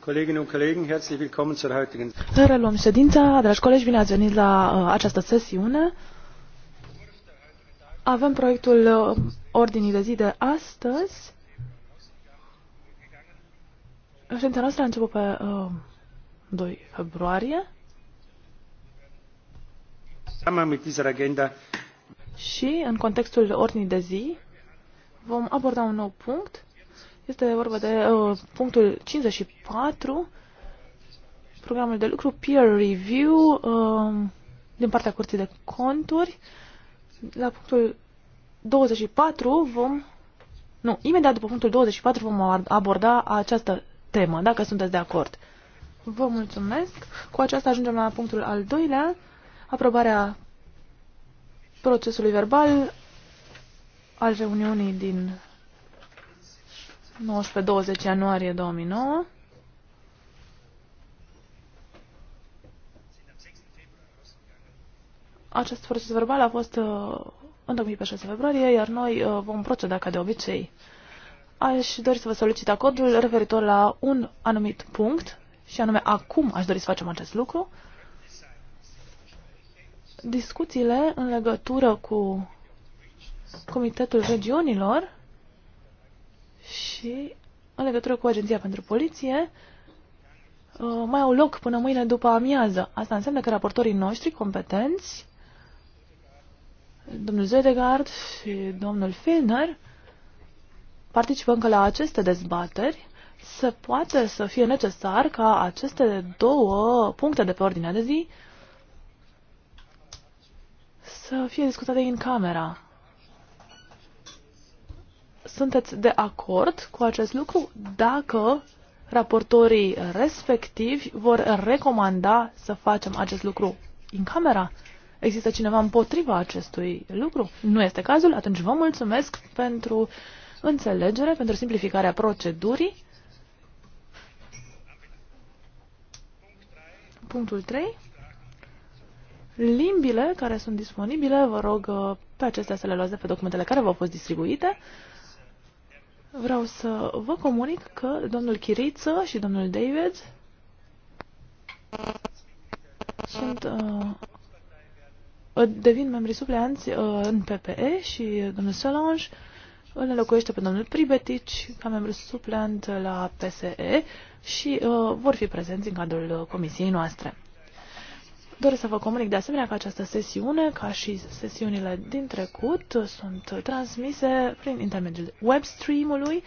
Kolleginnen und Reluăm ședința, dragi colegi, bine ați venit la uh, această sesiune. Avem proiectul uh, ordinii de zi de astăzi. Ședința noastră a început pe uh, 2 februarie. Am mit dieser Agenda și, în contextul ordinii de zi, vom aborda un nou punct. Este vorba de uh, punctul 54, programul de lucru, peer review, uh, din partea Curții de Conturi. La punctul 24 vom... Nu, imediat după punctul 24 vom aborda această temă, dacă sunteți de acord. Vă mulțumesc. Cu aceasta ajungem la punctul al doilea, aprobarea procesului verbal al reuniunii din 19-20 ianuarie 2009. Acest proces verbal a fost uh, în pe februarie, iar noi uh, vom proceda ca de obicei. Aș dori să vă solicit acordul referitor la un anumit punct, și anume acum aș dori să facem acest lucru discuțiile în legătură cu Comitetul Regiunilor și în legătură cu Agenția pentru Poliție uh, mai au loc până mâine după amiază. Asta înseamnă că raportorii noștri competenți, domnul Zedegard și domnul Filner, participă încă la aceste dezbateri. Se poate să fie necesar ca aceste două puncte de pe ordinea de zi să fie discutate în camera. Sunteți de acord cu acest lucru dacă raportorii respectivi vor recomanda să facem acest lucru în camera? Există cineva împotriva acestui lucru? Nu este cazul? Atunci vă mulțumesc pentru înțelegere, pentru simplificarea procedurii. Punctul 3 limbile care sunt disponibile, vă rog uh, pe acestea să le luați de pe documentele care v-au fost distribuite. Vreau să vă comunic că domnul Chiriță și domnul David sunt uh, devin membri supleanți uh, în PPE și domnul Solange îl înlocuiește pe domnul Pribetici ca membru supleant la PSE și uh, vor fi prezenți în cadrul uh, comisiei noastre. Doresc să vă comunic de asemenea că această sesiune, ca și sesiunile din trecut, sunt transmise prin intermediul webstream-ului,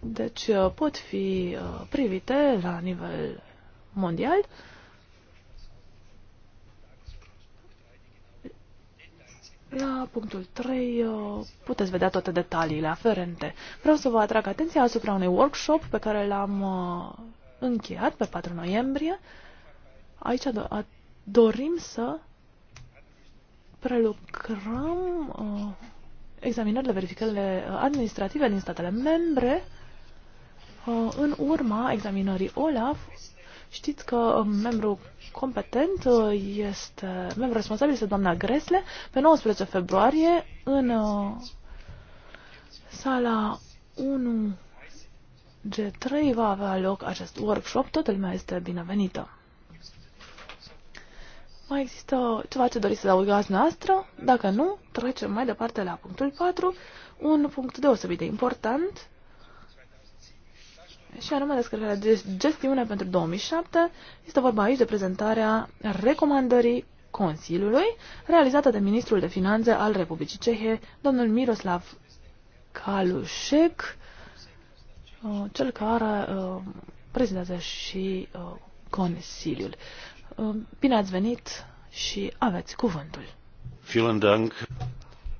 deci uh, pot fi uh, privite la nivel mondial. La punctul 3 uh, puteți vedea toate detaliile aferente. Vreau să vă atrag atenția asupra unui workshop pe care l-am încheiat pe 4 noiembrie. Aici dorim să prelucrăm uh, examinările, verificările uh, administrative din statele membre uh, în urma examinării OLAF. Știți că uh, membrul competent uh, este, membrul responsabil este doamna Gresle. Pe 19 februarie, în sala 1 G3 va avea loc acest workshop. Toată lumea este binevenită. Mai există ceva ce doriți să adăugați noastră? Dacă nu, trecem mai departe la punctul 4, un punct deosebit de important, și anume descărcarea de gestiune pentru 2007. Este vorba aici de prezentarea recomandării Consiliului, realizată de Ministrul de Finanțe al Republicii Cehe, domnul Miroslav Kalușec, uh, cel care uh, prezidează și uh, Consiliul. Um, bine ați venit și aveți cuvântul. Vielen Dank.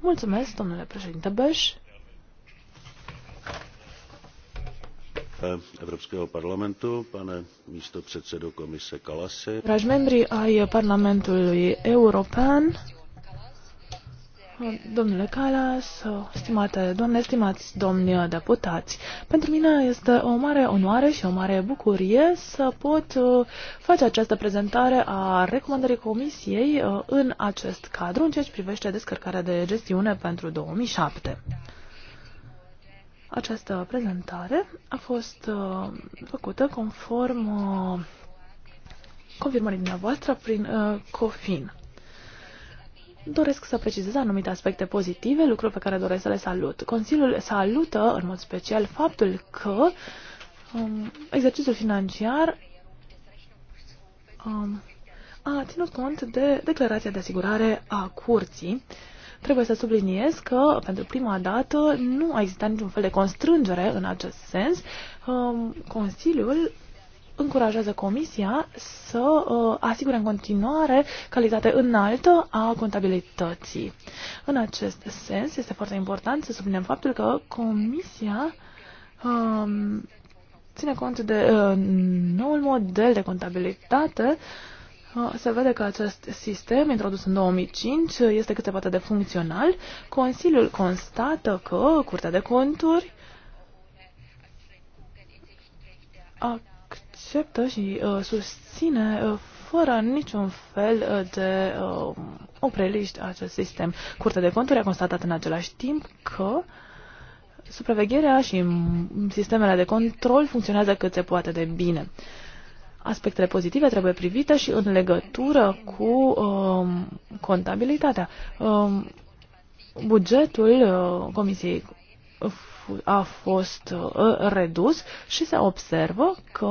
Mulțumesc, domnule președinte Beș. Eh, Evropského parlamentu, pane místopředsedo komise Kalase. Dragi membri ai Parlamentului European, domnule Calas, stimate doamne, stimați domni deputați. Pentru mine este o mare onoare și o mare bucurie să pot uh, face această prezentare a recomandării Comisiei uh, în acest cadru în ceea ce privește descărcarea de gestiune pentru 2007. Această prezentare a fost uh, făcută conform confirmării dumneavoastră prin COFIN doresc să precizez anumite aspecte pozitive, lucruri pe care doresc să le salut. Consiliul salută în mod special faptul că um, exercițiul financiar um, a ținut cont de declarația de asigurare a curții. Trebuie să subliniez că pentru prima dată nu a existat niciun fel de constrângere în acest sens. Um, Consiliul încurajează Comisia să uh, asigure în continuare calitate înaltă a contabilității. În acest sens, este foarte important să subliniem faptul că Comisia um, uh, ține cont de uh, noul model de contabilitate uh, se vede că acest sistem, introdus în 2005, este cât se poate de funcțional. Consiliul constată că Curtea de Conturi a acceptă și uh, susține uh, fără niciun fel uh, de uh, opreliști acest sistem. Curtea de conturi a constatat în același timp că supravegherea și sistemele de control funcționează cât se poate de bine. Aspectele pozitive trebuie privite și în legătură cu uh, contabilitatea. Uh, bugetul uh, Comisiei a fost uh, redus și se observă că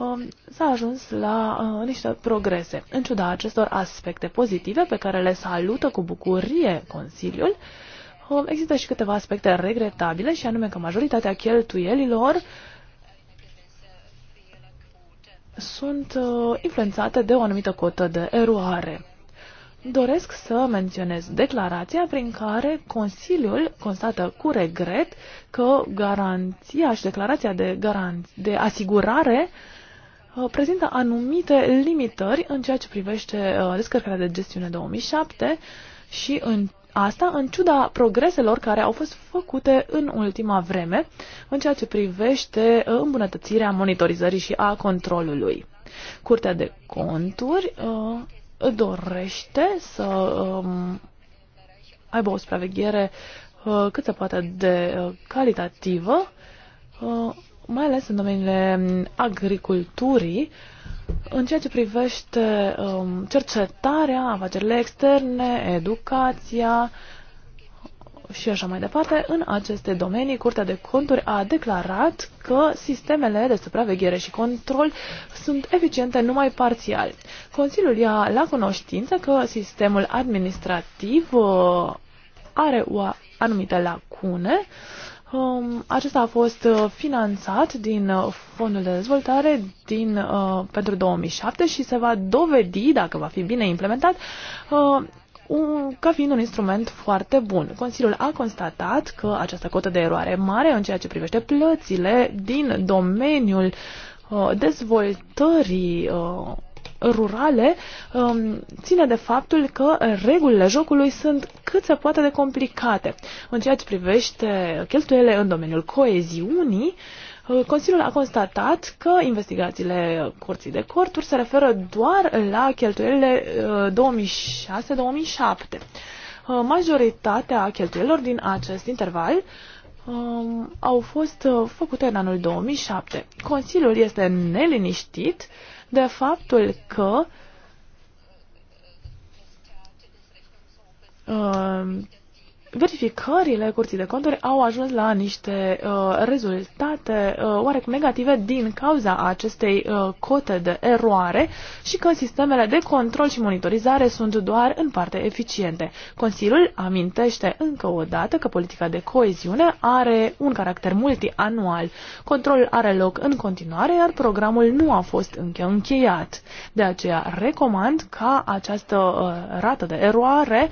Um, s-a ajuns la uh, niște progrese. În ciuda acestor aspecte pozitive pe care le salută cu bucurie Consiliul, uh, există și câteva aspecte regretabile și anume că majoritatea cheltuielilor sunt uh, influențate de o anumită cotă de eroare. Doresc să menționez declarația prin care Consiliul constată cu regret că garanția și declarația de, garanț- de asigurare uh, Uh, prezintă anumite limitări în ceea ce privește uh, descărcarea de gestiune 2007 și în asta în ciuda progreselor care au fost făcute în ultima vreme în ceea ce privește uh, îmbunătățirea monitorizării și a controlului. Curtea de conturi uh, dorește să um, aibă o supraveghere uh, cât se poate de uh, calitativă uh, mai ales în domeniile agriculturii, în ceea ce privește um, cercetarea, afacerile externe, educația și așa mai departe, în aceste domenii, Curtea de Conturi a declarat că sistemele de supraveghere și control sunt eficiente numai parțial. Consiliul ia la cunoștință că sistemul administrativ uh, are o anumite lacune Um, acesta a fost uh, finanțat din uh, Fondul de Dezvoltare din, uh, pentru 2007 și se va dovedi, dacă va fi bine implementat, ca fiind un instrument foarte bun. Consiliul a constatat că această cotă de eroare mare în ceea ce privește plățile din domeniul dezvoltării rurale um, ține de faptul că regulile jocului sunt cât se poate de complicate. În ceea ce privește cheltuielile în domeniul coeziunii, uh, Consiliul a constatat că investigațiile Curții de Corturi se referă doar la cheltuielile 2006-2007. Uh, uh, majoritatea cheltuielor din acest interval um, au fost făcute în anul 2007. Consiliul este neliniștit de faptul că uh, verificările curții de conturi au ajuns la niște uh, rezultate uh, oarecum negative din cauza acestei uh, cote de eroare și că sistemele de control și monitorizare sunt doar în parte eficiente. Consiliul amintește încă o dată că politica de coeziune are un caracter multianual. Controlul are loc în continuare, iar programul nu a fost încă încheiat. De aceea recomand ca această uh, rată de eroare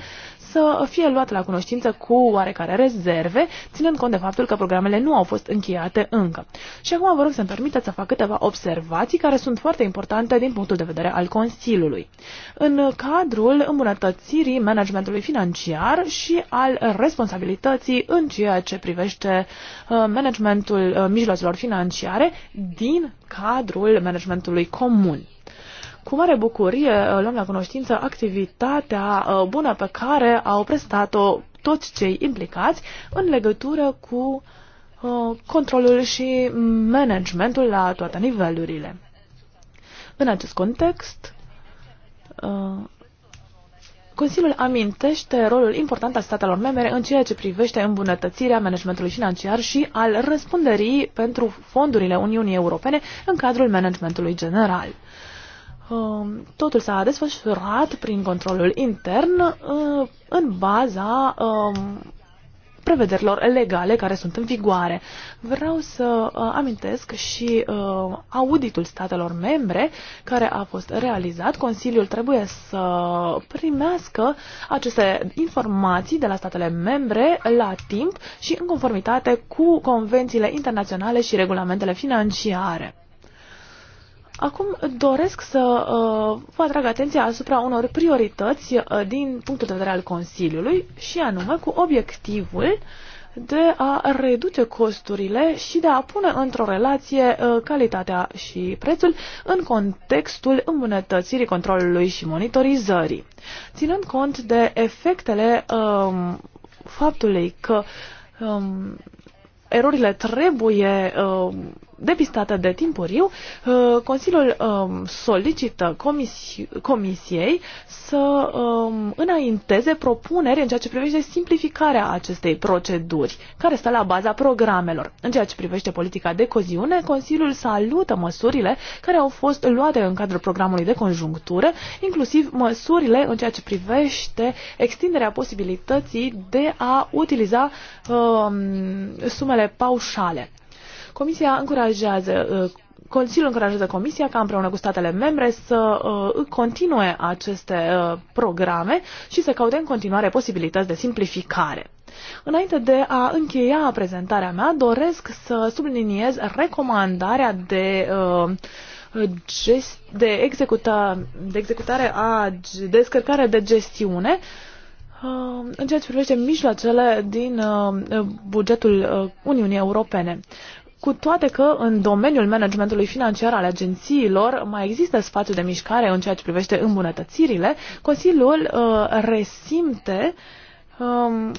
să fie luat la cunoștință cu oarecare rezerve, ținând cont de faptul că programele nu au fost încheiate încă. Și acum vă rog să-mi permiteți să fac câteva observații care sunt foarte importante din punctul de vedere al Consiliului. În cadrul îmbunătățirii managementului financiar și al responsabilității în ceea ce privește uh, managementul uh, mijloacelor financiare din cadrul managementului comun. Cu mare bucurie uh, luăm la cunoștință activitatea uh, bună pe care au prestat-o toți cei implicați în legătură cu uh, controlul și managementul la toate nivelurile. În acest context, Consiliul amintește rolul important al statelor membre în ceea ce privește îmbunătățirea managementului financiar și al răspunderii pentru fondurile Uniunii Europene în cadrul managementului general. Um, totul s-a desfășurat prin controlul intern uh, în baza um, prevederilor legale care sunt în vigoare. Vreau să uh, amintesc și uh, auditul statelor membre care a fost realizat. Consiliul trebuie să primească aceste informații de la statele membre la timp și în conformitate cu convențiile internaționale și regulamentele financiare. Acum doresc să uh, vă atrag atenția asupra unor priorități uh, din punctul de vedere al Consiliului și anume cu obiectivul de a reduce costurile și de a pune într-o relație uh, calitatea și prețul în contextul îmbunătățirii controlului și monitorizării. Ținând cont de efectele um, faptului că um, erorile trebuie um, depistată de timpuriu, uh, Consiliul um, solicită comisi- Comisiei să um, înainteze propuneri în ceea ce privește simplificarea acestei proceduri, care stă la baza programelor. În ceea ce privește politica de coziune, Consiliul salută măsurile care au fost luate în cadrul programului de conjunctură, inclusiv măsurile în ceea ce privește extinderea posibilității de a utiliza um, sumele paușale. Comisia încurajează, uh, Consiliul încurajează Comisia ca împreună cu statele membre să uh, continue aceste uh, programe și să caute în continuare posibilități de simplificare. Înainte de a încheia prezentarea mea, doresc să subliniez recomandarea de uh, de, executa, de executare a descărcare de gestiune în ceea ce privește mijloacele din bugetul Uniunii Europene cu toate că în domeniul managementului financiar al agențiilor mai există spațiu de mișcare în ceea ce privește îmbunătățirile, Consiliul uh, resimte um,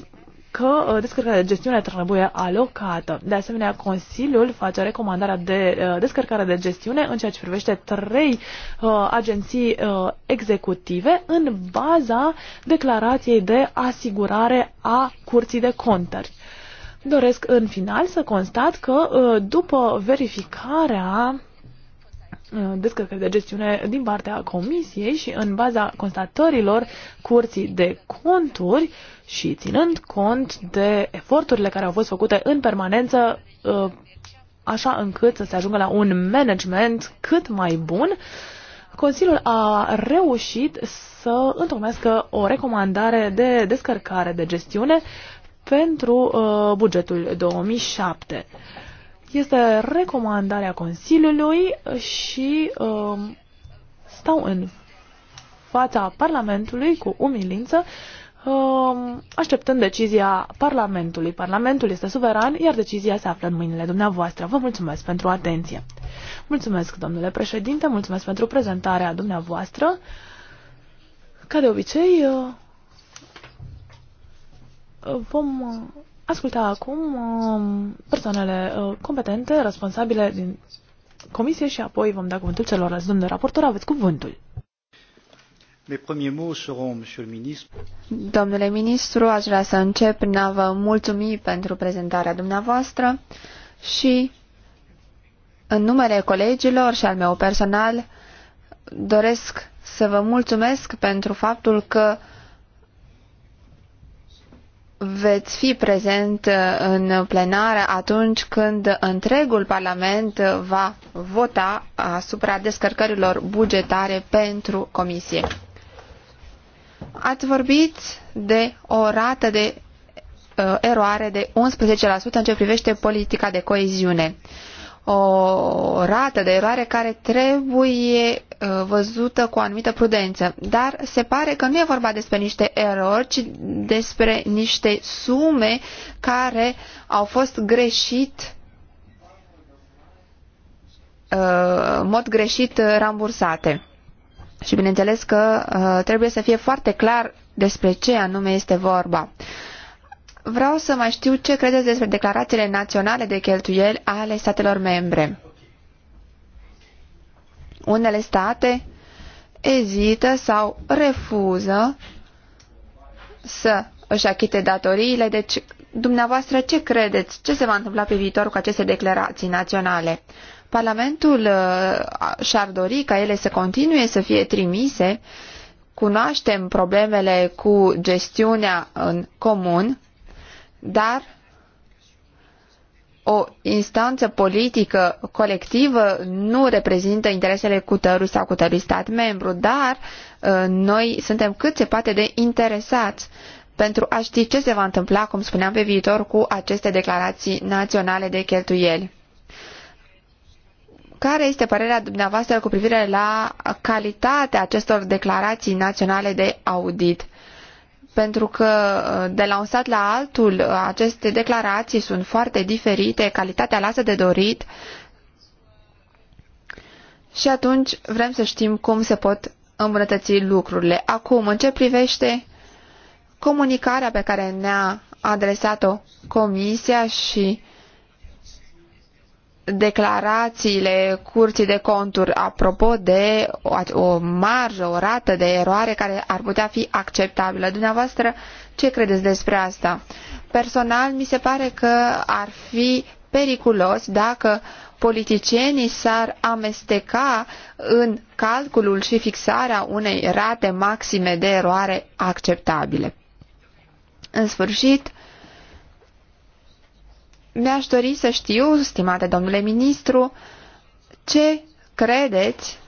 că uh, descărcarea de gestiune trebuie alocată. De asemenea, Consiliul face recomandarea de uh, descărcare de gestiune în ceea ce privește trei uh, agenții uh, executive în baza declarației de asigurare a Curții de conturi. Doresc în final să constat că ă, după verificarea ă, descărcării de gestiune din partea Comisiei și în baza constatărilor curții de conturi și ținând cont de eforturile care au fost făcute în permanență ă, așa încât să se ajungă la un management cât mai bun, Consiliul a reușit să întocmească o recomandare de descărcare de gestiune pentru uh, bugetul 2007. Este recomandarea Consiliului și uh, stau în fața Parlamentului cu umilință, um, așteptând decizia Parlamentului. Parlamentul este suveran, iar decizia se află în mâinile dumneavoastră. Vă mulțumesc pentru atenție. Mulțumesc, domnule președinte, mulțumesc pentru prezentarea dumneavoastră. Ca de obicei, uh, Uh, vom uh, asculta acum um, persoanele uh, competente, responsabile din comisie și apoi vom da cuvântul celorlalți. Domnule raportor, aveți cuvântul. Domnule ministru, aș vrea să încep prin a vă mulțumi pentru prezentarea dumneavoastră și în numele colegilor și al meu personal doresc să vă mulțumesc pentru faptul că uh, veți fi prezent uh, în plenară atunci când întregul Parlament uh, va vota asupra descărcărilor bugetare pentru Comisie. Ați vorbit de o rată de uh, eroare de 11% în ce privește politica de coeziune. O rată de eroare care trebuie Uh, văzută cu anumită prudență, dar se pare că nu e vorba despre niște erori, ci despre niște sume care au fost greșit uh, în mod greșit rambursate. Și bineînțeles că uh, trebuie să fie foarte clar despre ce anume este vorba. Vreau să mai știu ce credeți despre declarațiile naționale de cheltuieli ale statelor membre. Unele state ezită sau refuză să își achite datoriile, deci dumneavoastră ce credeți? Ce se va întâmpla pe viitor cu aceste declarații naționale? Parlamentul uh, și-ar dori ca ele să continue să fie trimise. Cunoaștem problemele cu gestiunea în comun, dar o instanță politică colectivă nu reprezintă interesele cutărului sau cutărului stat membru, dar uh, noi suntem cât se poate de interesați pentru a ști ce se va întâmpla, cum spuneam pe viitor, cu aceste declarații naționale de cheltuieli. Care este părerea dumneavoastră cu privire la calitatea acestor declarații naționale de audit? pentru că uh, de la un stat la altul uh, aceste declarații sunt foarte diferite, calitatea lasă de dorit și atunci vrem să știm cum se pot îmbunătăți lucrurile. Acum, în ce privește comunicarea pe care ne-a adresat-o Comisia și declarațiile curții de conturi apropo de o, o marjă, o rată de eroare care ar putea fi acceptabilă. Dumneavoastră, ce credeți despre asta? Personal, mi se pare că ar fi periculos dacă politicienii s-ar amesteca în calculul și fixarea unei rate maxime de eroare acceptabile. În sfârșit, mi-aș dori să știu, stimate domnule ministru, ce credeți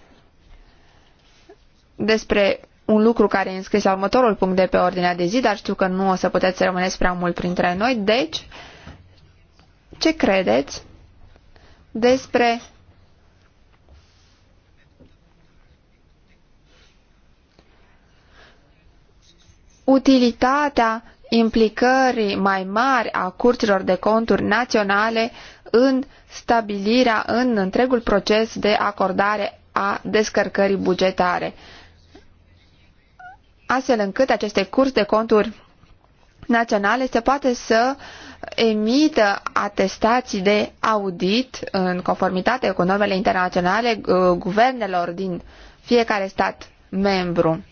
despre un lucru care e înscris la următorul punct de pe ordinea de zi, dar știu că nu o să puteți să rămâneți prea mult printre noi, deci ce credeți despre utilitatea implicării mai mari a curților de conturi naționale în stabilirea în întregul proces de acordare a descărcării bugetare, astfel încât aceste curți de conturi naționale se poate să emită atestații de audit în conformitate cu normele internaționale guvernelor din fiecare stat membru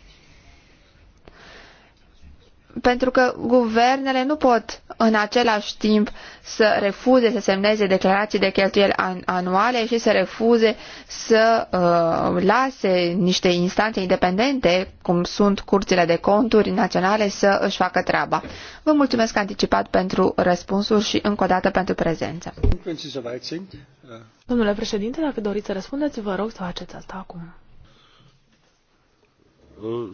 pentru că guvernele nu pot în același timp să refuze să semneze declarații de cheltuieli anuale și să refuze să uh, lase niște instanțe independente, cum sunt curțile de conturi naționale, să își facă treaba. Vă mulțumesc anticipat pentru răspunsuri și încă o dată pentru prezență. Uh, Domnule președinte, dacă doriți să răspundeți, vă rog să faceți asta acum.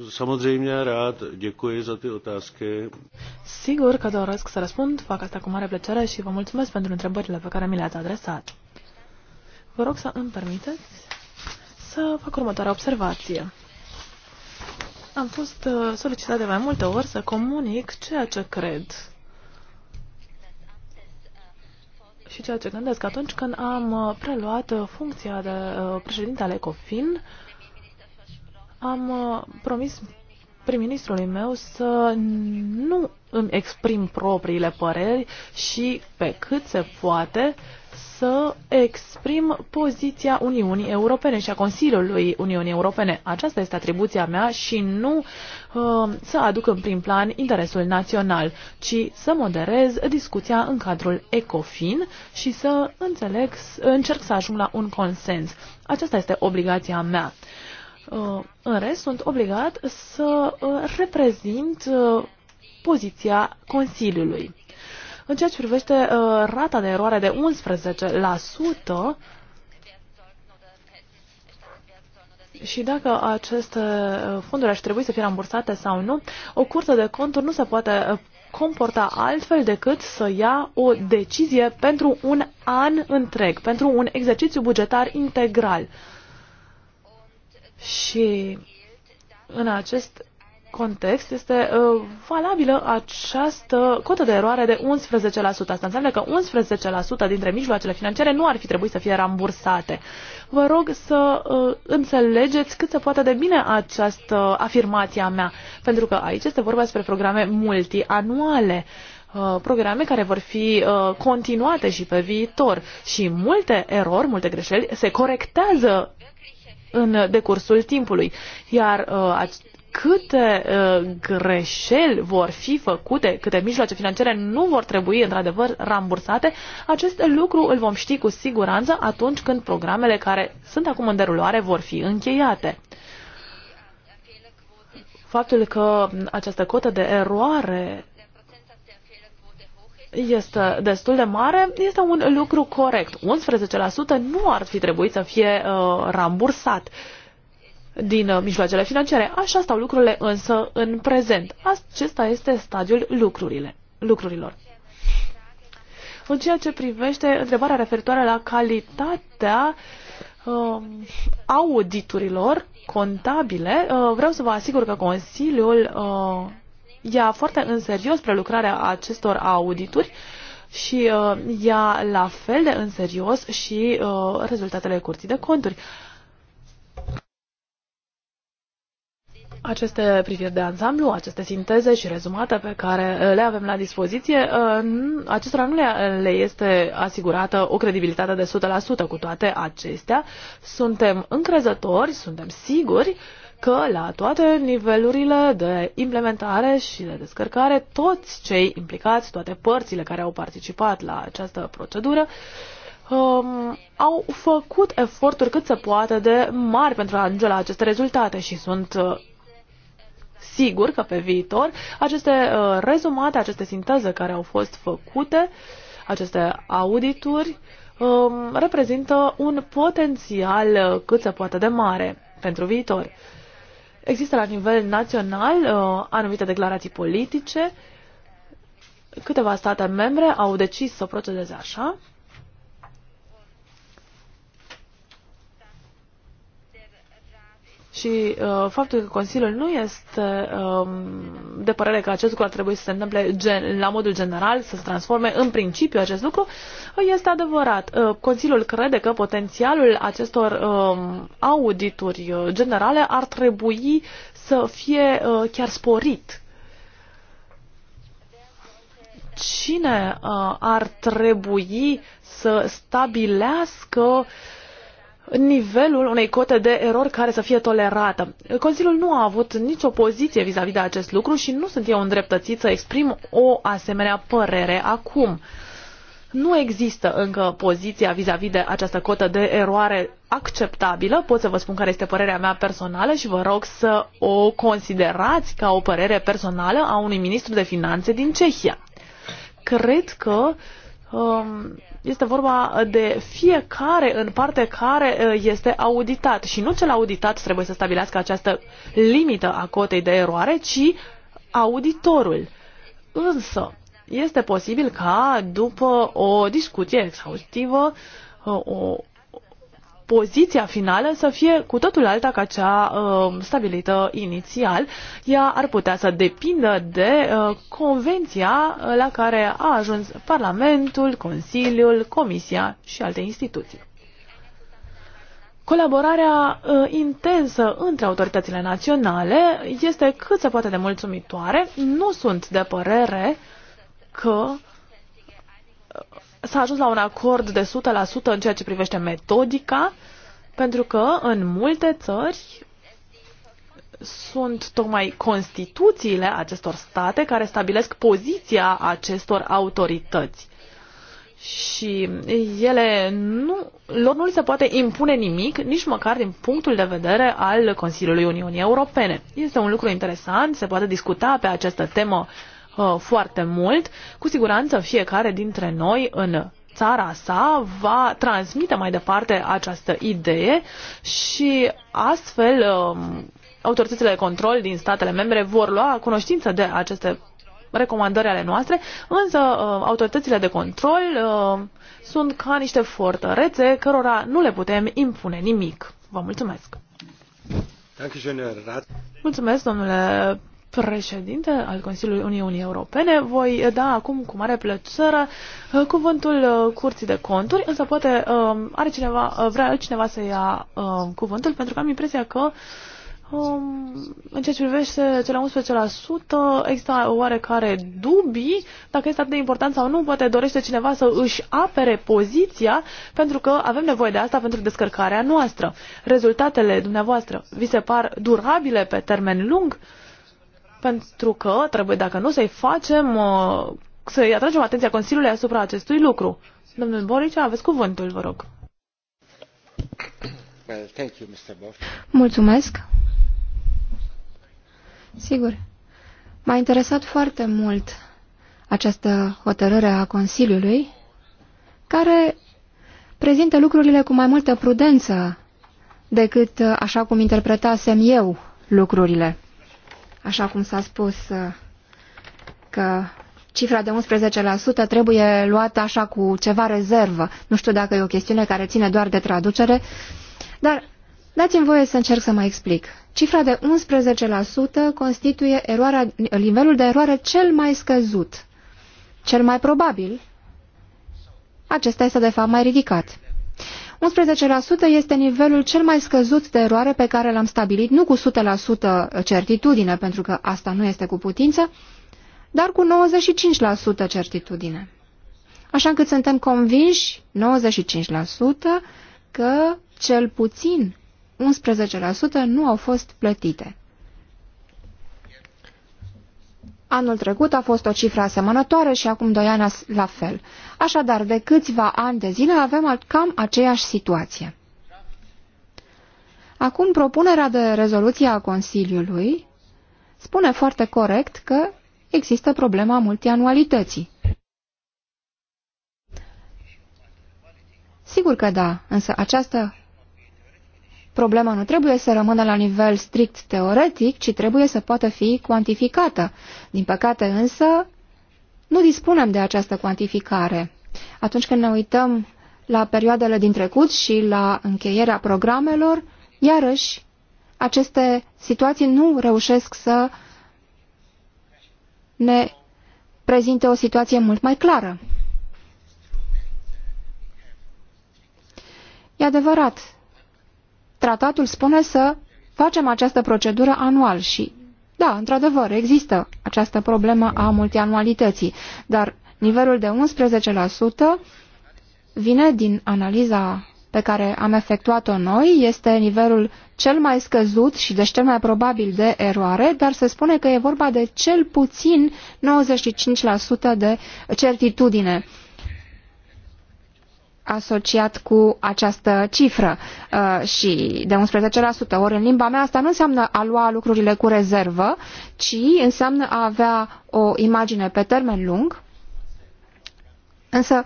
Samozřejmě rád děkuji za ty otázky. Sigur că doresc să răspund, fac asta cu mare plăcere și vă mulțumesc pentru întrebările pe care mi le-ați adresat. Vă rog să îmi permiteți să fac următoarea observație. Am fost uh, solicitat de mai multe ori să comunic ceea ce cred și ceea ce gândesc atunci când am uh, preluat uh, funcția de președinte al ECOFIN, am uh, promis prim-ministrului meu să nu îmi exprim propriile păreri și, pe cât se poate, să exprim poziția Uniunii Europene și a Consiliului Uniunii Europene. Aceasta este atribuția mea și nu uh, să aduc în prim plan interesul național, ci să moderez discuția în cadrul ECOFIN și să înțeleg, încerc să ajung la un consens. Aceasta este obligația mea. Uh, în rest, sunt obligat să uh, reprezint uh, poziția Consiliului. În ceea ce privește rata de eroare de 11%, Și dacă aceste fonduri ar trebui să fie rambursate sau nu, o curte de conturi nu se poate comporta altfel decât să ia o decizie pentru un an întreg, pentru un exercițiu bugetar integral. Și în acest context este uh, valabilă această cotă de eroare de 11%. Asta înseamnă că 11% dintre mijloacele financiare nu ar fi trebuit să fie rambursate. Vă rog să uh, înțelegeți cât se poate de bine această afirmație a mea, pentru că aici este vorba despre programe multianuale. Uh, programe care vor fi continuate și pe viitor și multe erori, multe greșeli se corectează în decursul timpului. Iar uh, câte uh, greșeli vor fi făcute, câte mijloace financiare nu vor trebui într-adevăr rambursate, acest lucru îl vom ști cu siguranță atunci când programele care sunt acum în derulare vor fi încheiate faptul că această cotă de eroare este destul de mare, este un lucru corect. 11% nu ar fi trebuit să fie uh, rambursat din uh, mijloacele financiare. Așa stau lucrurile însă în prezent. Acesta este stadiul lucrurile, lucrurilor. În ceea ce privește întrebarea referitoare la calitatea uh, auditurilor contabile, uh, vreau să vă asigur că Consiliul uh, ia foarte în serios prelucrarea acestor audituri și uh, ia la fel de în serios și uh, rezultatele curții de conturi. Aceste priviri de ansamblu, aceste sinteze și rezumate pe care le avem la dispoziție, uh, acestora nu le este asigurată o credibilitate de 100%. Cu toate acestea, suntem încrezători, suntem siguri că la toate nivelurile de implementare și de descărcare, toți cei implicați, toate părțile care au participat la această procedură, um, au făcut eforturi cât se poate de mari pentru a ajunge la aceste rezultate și sunt uh, sigur că pe viitor aceste uh, rezumate, aceste sinteze care au fost făcute, aceste audituri, um, reprezintă un potențial uh, cât se poate de mare pentru viitor. Există la nivel național uh, anumite declarații politice. Câteva state membre au decis să procedeze așa. și uh, faptul că Consiliul nu este uh, de părere că acest lucru ar trebui să se întâmple gen, la modul general, să se transforme în principiu acest lucru, uh, este adevărat. Uh, Consiliul crede că potențialul acestor um, uh, audituri generale ar trebui să fie uh, chiar sporit. Cine uh, ar trebui să stabilească uh, nivelul unei cote de erori care să fie tolerată. Consiliul nu a avut nicio poziție vis-a-vis -vis de acest lucru și nu sunt eu îndreptățit să exprim o asemenea părere acum. Nu există încă poziția vis-a-vis -vis de această cotă de eroare acceptabilă. Pot să vă spun care este părerea mea personală și vă rog să o considerați ca o părere personală a unui ministru de finanțe din Cehia. Cred că uh, Um, este vorba de fiecare în parte care uh, este auditat și nu cel auditat trebuie să stabilească această limită a cotei de eroare, ci auditorul. Însă, este posibil ca după o discuție exhaustivă, uh, o poziția finală să fie cu totul alta ca cea uh, stabilită inițial. Ea ar putea să depindă de uh, convenția la care a ajuns Parlamentul, Consiliul, Comisia și alte instituții. Colaborarea uh, intensă între autoritățile naționale este cât se poate de mulțumitoare. Nu sunt de părere că uh, S-a ajuns la un acord de 100% în ceea ce privește metodica, pentru că în multe țări sunt tocmai constituțiile acestor state care stabilesc poziția acestor autorități. Și ele nu, lor nu li se poate impune nimic, nici măcar din punctul de vedere al Consiliului Uniunii Europene. Este un lucru interesant, se poate discuta pe această temă uh, Uh, foarte mult. Cu siguranță fiecare dintre noi în țara sa va transmite mai departe această idee și astfel um, autoritățile de control din statele membre vor lua cunoștință de aceste recomandări ale noastre, însă uh, autoritățile de control uh, sunt ca niște fortărețe cărora nu le putem impune nimic. Vă mulțumesc! Mulțumesc, domnule președinte al Consiliului Uniunii Europene. Voi da acum cu mare plăcere uh, cuvântul uh, Curții de Conturi, însă poate um, are cineva, uh, vrea altcineva să ia um, cuvântul, pentru că am impresia că um, în ceea ce privește cele 11% există oarecare dubii dacă este atât de important sau nu, poate dorește cineva să își apere poziția, pentru că avem nevoie de asta pentru descărcarea noastră. Rezultatele dumneavoastră vi se par durabile pe termen lung? Uh, pentru că trebuie, dacă nu, să-i facem, uh, să-i atragem atenția Consiliului asupra acestui lucru. Domnul Boric, aveți cuvântul, vă rog. Well, thank you, Mr. Mulțumesc. Sigur. M-a interesat foarte mult această hotărâre a Consiliului, care prezintă lucrurile cu mai multă prudență decât uh, așa cum interpretasem eu lucrurile așa cum s-a spus uh, că cifra de 11% trebuie luată așa cu ceva rezervă. Nu știu dacă e o chestiune care ține doar de traducere, dar dați-mi voie să încerc să mă explic. Cifra de 11% constituie eroarea, nivelul de eroare cel mai scăzut. Cel mai probabil, acesta este de fapt mai ridicat. 11% este nivelul cel mai scăzut de eroare pe care l-am stabilit, nu cu 100% certitudine, pentru că asta nu este cu putință, dar cu 95% certitudine. Așa încât suntem convinși, 95%, că cel puțin 11% nu au fost plătite. Anul trecut a fost o cifră asemănătoare și acum doi ani la fel. Așadar, de câțiva ani de zile avem cam aceeași situație. Acum, propunerea de rezoluție a Consiliului spune foarte corect că există problema multianualității. Sigur că da, însă această problemă nu trebuie să rămână la nivel strict teoretic, ci trebuie să poată fi cuantificată. Din păcate însă, nu dispunem de această cuantificare. Atunci când ne uităm la perioadele din trecut și la încheierea programelor, iarăși, aceste situații nu reușesc să ne prezinte o situație mult mai clară. E adevărat, tratatul spune să facem această procedură anual și da, într-adevăr, există această problemă a multianualității, dar nivelul de 11% vine din analiza pe care am efectuat-o noi, este nivelul cel mai scăzut și deci cel mai probabil de eroare, dar se spune că e vorba de cel puțin 95% de certitudine asociat cu această cifră uh, și de 11%. Ori în limba mea asta nu înseamnă a lua lucrurile cu rezervă, ci înseamnă a avea o imagine pe termen lung. Însă,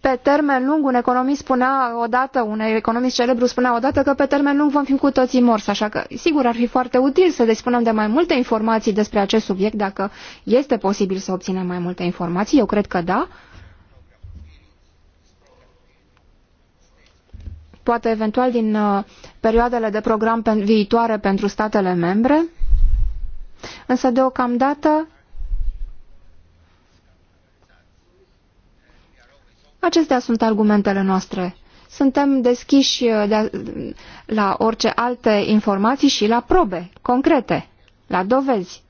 pe termen lung, un economist spunea odată, un economist celebru spunea odată că pe termen lung vom fi cu toții morți, așa că sigur ar fi foarte util să dispunem de mai multe informații despre acest subiect, dacă este posibil să obținem mai multe informații, eu cred că da, poate eventual din uh, perioadele de program viitoare pentru statele membre, însă deocamdată acestea sunt argumentele noastre. Suntem deschiși uh, de la orice alte informații și la probe concrete, la dovezi.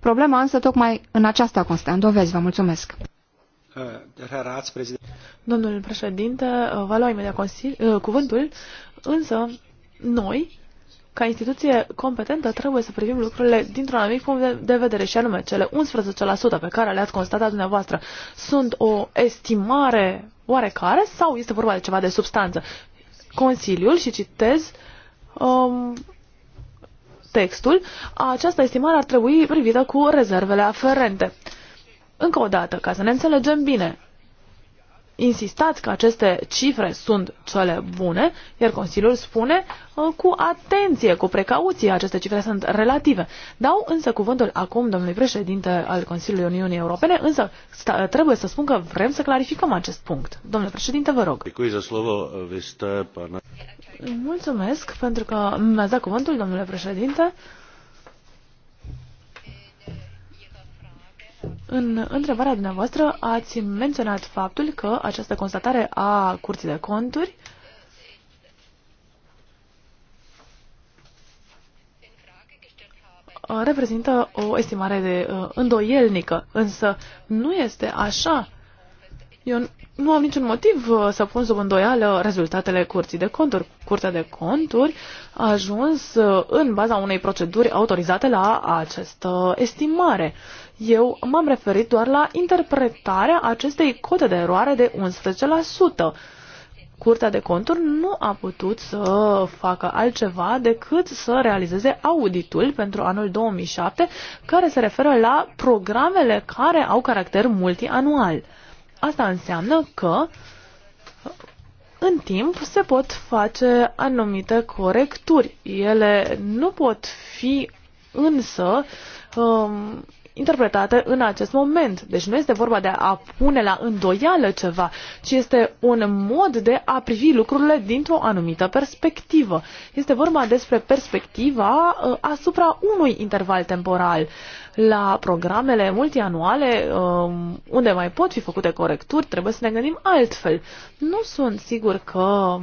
Problema însă tocmai în aceasta constă, în dovezi. Vă mulțumesc! Domnul președinte, uh, vă lua imediat uh, cuvântul, însă noi, ca instituție competentă, trebuie să privim lucrurile dintr-un anumit punct de vedere, și anume cele 11% pe care le-ați constatat dumneavoastră sunt o estimare oarecare sau este vorba de ceva de substanță? Consiliul, și citez, um, textul, această estimare ar trebui privită cu rezervele aferente. Încă o dată, ca să ne înțelegem bine, insistați că aceste cifre sunt cele bune, iar Consiliul spune uh, cu atenție, cu precauție, aceste cifre sunt relative. Dau însă cuvântul acum domnului președinte al Consiliului Uniunii Europene, însă trebuie să spun că vrem să clarificăm acest punct. Domnule președinte, vă rog. Mulțumesc pentru că mi-ați dat cuvântul, domnule președinte. În întrebarea dumneavoastră ați menționat faptul că această constatare a Curții de Conturi reprezintă o estimare de uh, îndoielnică, însă nu este așa. Eu nu am niciun motiv uh, să pun sub îndoială rezultatele curții de conturi. Curtea de conturi a ajuns uh, în baza unei proceduri autorizate la această estimare. Eu m-am referit doar la interpretarea acestei cote de eroare de 11%. Curtea de conturi nu a putut să facă altceva decât să realizeze auditul pentru anul 2007 care se referă la programele care au caracter multianual. Asta înseamnă că în timp se pot face anumite corecturi. Ele nu pot fi însă um, interpretate în acest moment. Deci nu este vorba de a pune la îndoială ceva, ci este un mod de a privi lucrurile dintr-o anumită perspectivă. Este vorba despre perspectiva uh, asupra unui interval temporal. La programele multianuale, um, unde mai pot fi făcute corecturi, trebuie să ne gândim altfel. Nu sunt sigur că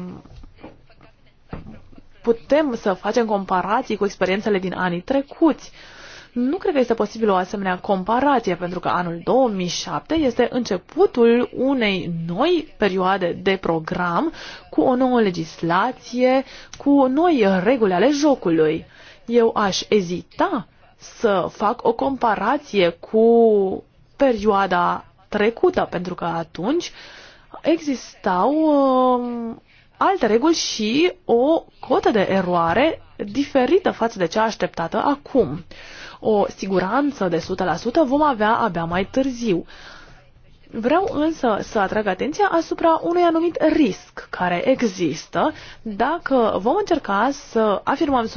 putem să facem comparații cu experiențele din anii trecuți. Uh, nu cred că este posibil o asemenea comparație, pentru că anul 2007 este începutul unei noi perioade de program cu o nouă legislație, cu noi reguli ale jocului. Eu aș ezita să fac o comparație cu perioada trecută, pentru că atunci existau uh, alte reguli și o cotă de eroare diferită față de cea așteptată acum. Uh, o siguranță de 100%, vom avea abia mai târziu. Vreau însă să atrag atenția asupra unui anumit risc care există dacă vom încerca să afirmăm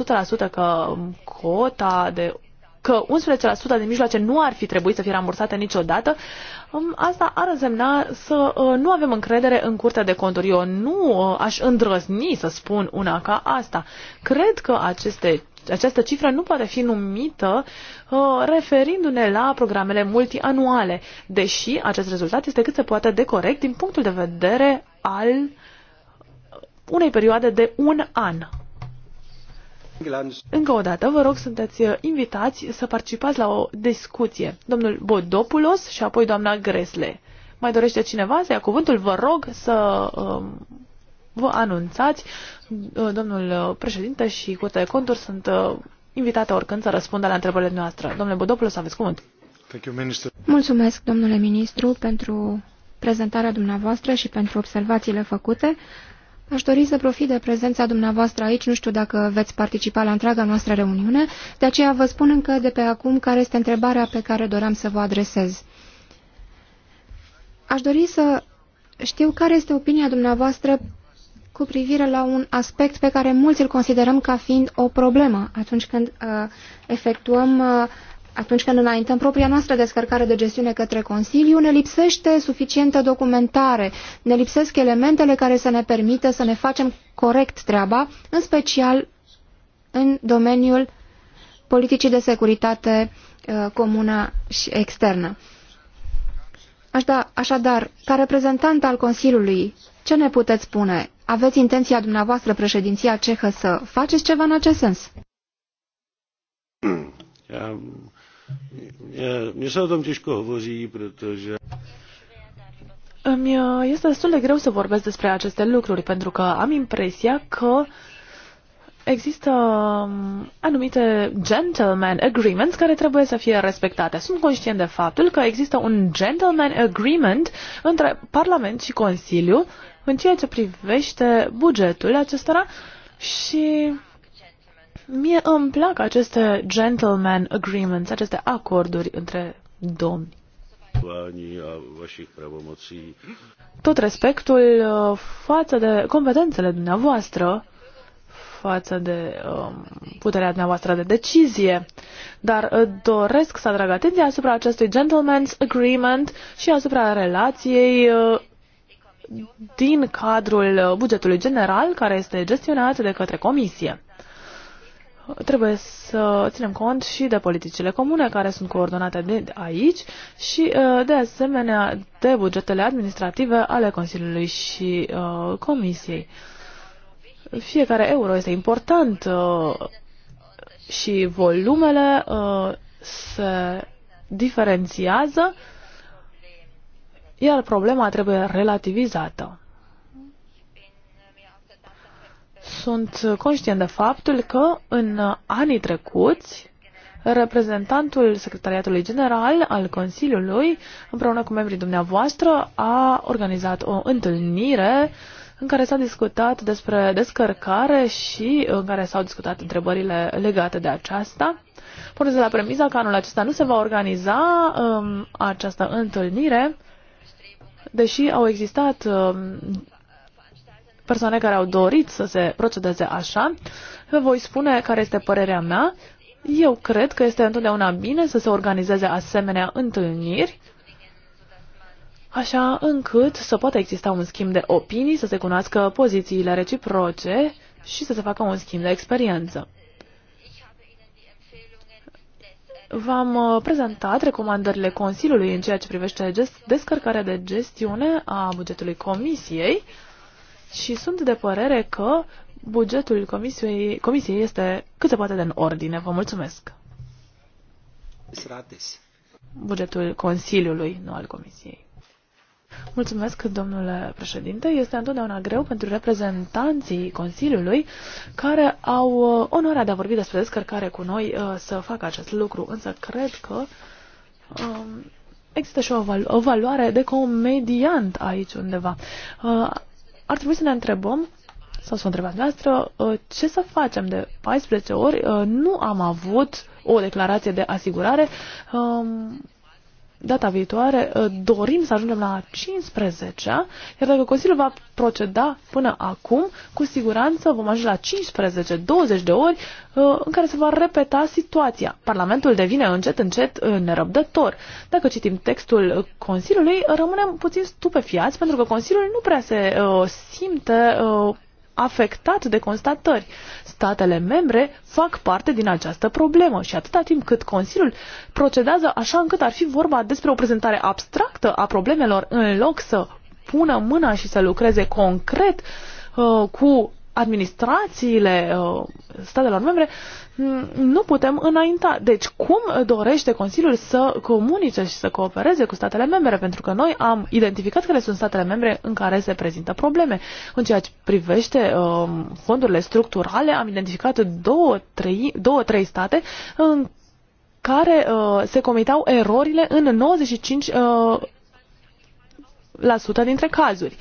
100% că cota de că 11% din mijloace nu ar fi trebuit să fie rambursate niciodată, um, asta ar însemna să uh, nu avem încredere în Curtea de Conturi. Eu nu uh, aș îndrăzni să spun una ca asta. Cred că aceste această cifră nu poate fi numită uh, referindu-ne la programele multianuale, deși acest rezultat este cât se poate de corect din punctul de vedere al unei perioade de un an. Încă o dată, vă rog, sunteți uh, invitați să participați la o discuție. Domnul Bodopulos și apoi doamna Gresle. Mai dorește cineva să ia cuvântul? Vă rog să Uh, vă anunțați. Uh, domnul uh, președinte și Curtea de Conturi sunt uh, invitate oricând să răspundă la întrebările noastre. Domnule Bodopoulos, aveți cuvânt. Mulțumesc, domnule ministru, pentru prezentarea dumneavoastră și pentru observațiile făcute. Aș dori să profit de prezența dumneavoastră aici, nu știu dacă veți participa la întreaga noastră reuniune, de aceea vă spun încă de pe acum care este întrebarea pe care doream să vă adresez. Aș dori să știu care este opinia dumneavoastră cu privire la un aspect pe care mulți îl considerăm ca fiind o problemă atunci când uh, efectuăm uh, atunci când înaintăm propria noastră descărcare de gestiune către Consiliu, ne lipsește suficientă documentare, ne lipsesc elementele care să ne permită să ne facem corect treaba, în special în domeniul politicii de securitate uh, comună și externă. Așadar, așadar, ca reprezentant al Consiliului, ce ne puteți spune? Aveți intenția dumneavoastră, președinția cehă, să faceți ceva în acest sens? Hmm. Îmi uh, este destul de greu să vorbesc despre aceste lucruri, pentru că am impresia că există um, anumite gentleman agreements care trebuie să fie respectate. Sunt conștient de faptul că există un gentleman agreement între Parlament și Consiliu în ceea ce privește bugetul acestora și mie îmi plac aceste gentleman agreements, aceste acorduri între domni. Tot respectul uh, față de competențele dumneavoastră față de um, puterea dumneavoastră de decizie, dar uh, doresc să atrag atenția asupra acestui gentleman's agreement și asupra relației uh, din cadrul uh, bugetului general care este gestionat de către Comisie. Trebuie să ținem cont și de politicile comune care sunt coordonate de aici și uh, de asemenea de bugetele administrative ale Consiliului și uh, Comisiei fiecare euro este important uh, și volumele uh, se diferențiază, iar problema trebuie relativizată. Sunt conștient de faptul că în anii trecuți reprezentantul Secretariatului General al Consiliului, împreună cu membrii dumneavoastră, a organizat o întâlnire uh, în care s-a discutat despre descărcare și în care s-au discutat întrebările legate de aceasta. Pornesc de la premiza că anul acesta nu se va organiza um, această întâlnire, deși au existat um, persoane care au dorit să se procedeze așa. Vă voi spune care este părerea mea. Eu cred că este întotdeauna bine să se organizeze asemenea întâlniri așa încât să poată exista un schimb de opinii, să se cunoască pozițiile reciproce și să se facă un schimb de experiență. V-am uh, prezentat recomandările Consiliului în ceea ce privește descărcarea de gestiune a bugetului Comisiei și sunt de părere că bugetul Comisiei, comisiei este cât se poate de în ordine. Vă mulțumesc! Bugetul Consiliului, nu al Comisiei. Mulțumesc, domnule președinte. Este întotdeauna greu pentru reprezentanții Consiliului care au uh, onoarea de a vorbi despre descărcare cu noi uh, să facă acest lucru, însă cred că um, există și o, o valoare de comediant aici undeva. Uh, ar trebui să ne întrebăm sau să o întrebați noastră, uh, ce să facem de 14 ori? Nu am avut o declarație de asigurare. Um, data viitoare uh, dorim să ajungem la 15 iar dacă Consiliul va proceda până acum, cu siguranță vom ajunge la 15-20 de ori uh, în care se va repeta situația. Parlamentul devine încet, încet uh, nerăbdător. Dacă citim textul Consiliului, rămânem puțin stupefiați pentru că Consiliul nu prea se simte afectat de constatări. Statele membre fac parte din această problemă și atâta timp cât Consiliul procedează așa încât ar fi vorba despre o prezentare abstractă a problemelor în loc să pună mâna și să lucreze concret uh, cu administrațiile uh, statelor membre, Mm, nu putem înainta. Deci cum dorește Consiliul să comunice și să coopereze cu statele membre? Pentru că noi am identificat care sunt statele membre în care se prezintă probleme. În ceea ce privește um, fondurile structurale, am identificat două, trei, două, trei state în care uh, se comitau erorile în 95 uh, la sută dintre cazuri.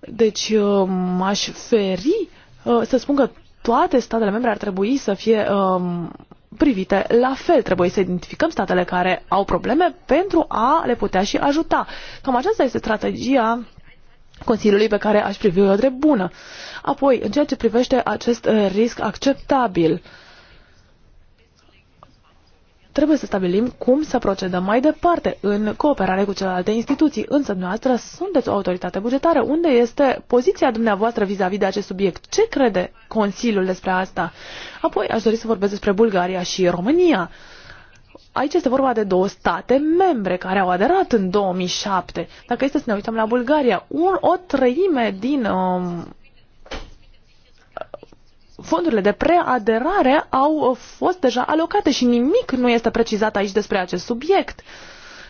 Deci uh, m-aș feri uh, să spun că toate statele membre ar trebui să fie um, privite la fel. Trebuie să identificăm statele care au probleme pentru a le putea și ajuta. Cam aceasta este strategia Consiliului pe care aș privi-o drept bună. Apoi, în ceea ce privește acest uh, risc acceptabil, uh, trebuie să stabilim cum să procedăm mai departe în cooperare cu celelalte instituții. Însă dumneavoastră sunteți o autoritate bugetară. Unde este poziția dumneavoastră vis-a-vis -vis de acest subiect? Ce crede Consiliul despre asta? Apoi aș dori să vorbesc despre Bulgaria și România. Aici este vorba de două state membre care au aderat în 2007. Dacă este să ne uităm la Bulgaria, un, o treime din um, fondurile de preaderare au uh, fost deja alocate și nimic nu este precizat aici despre acest subiect.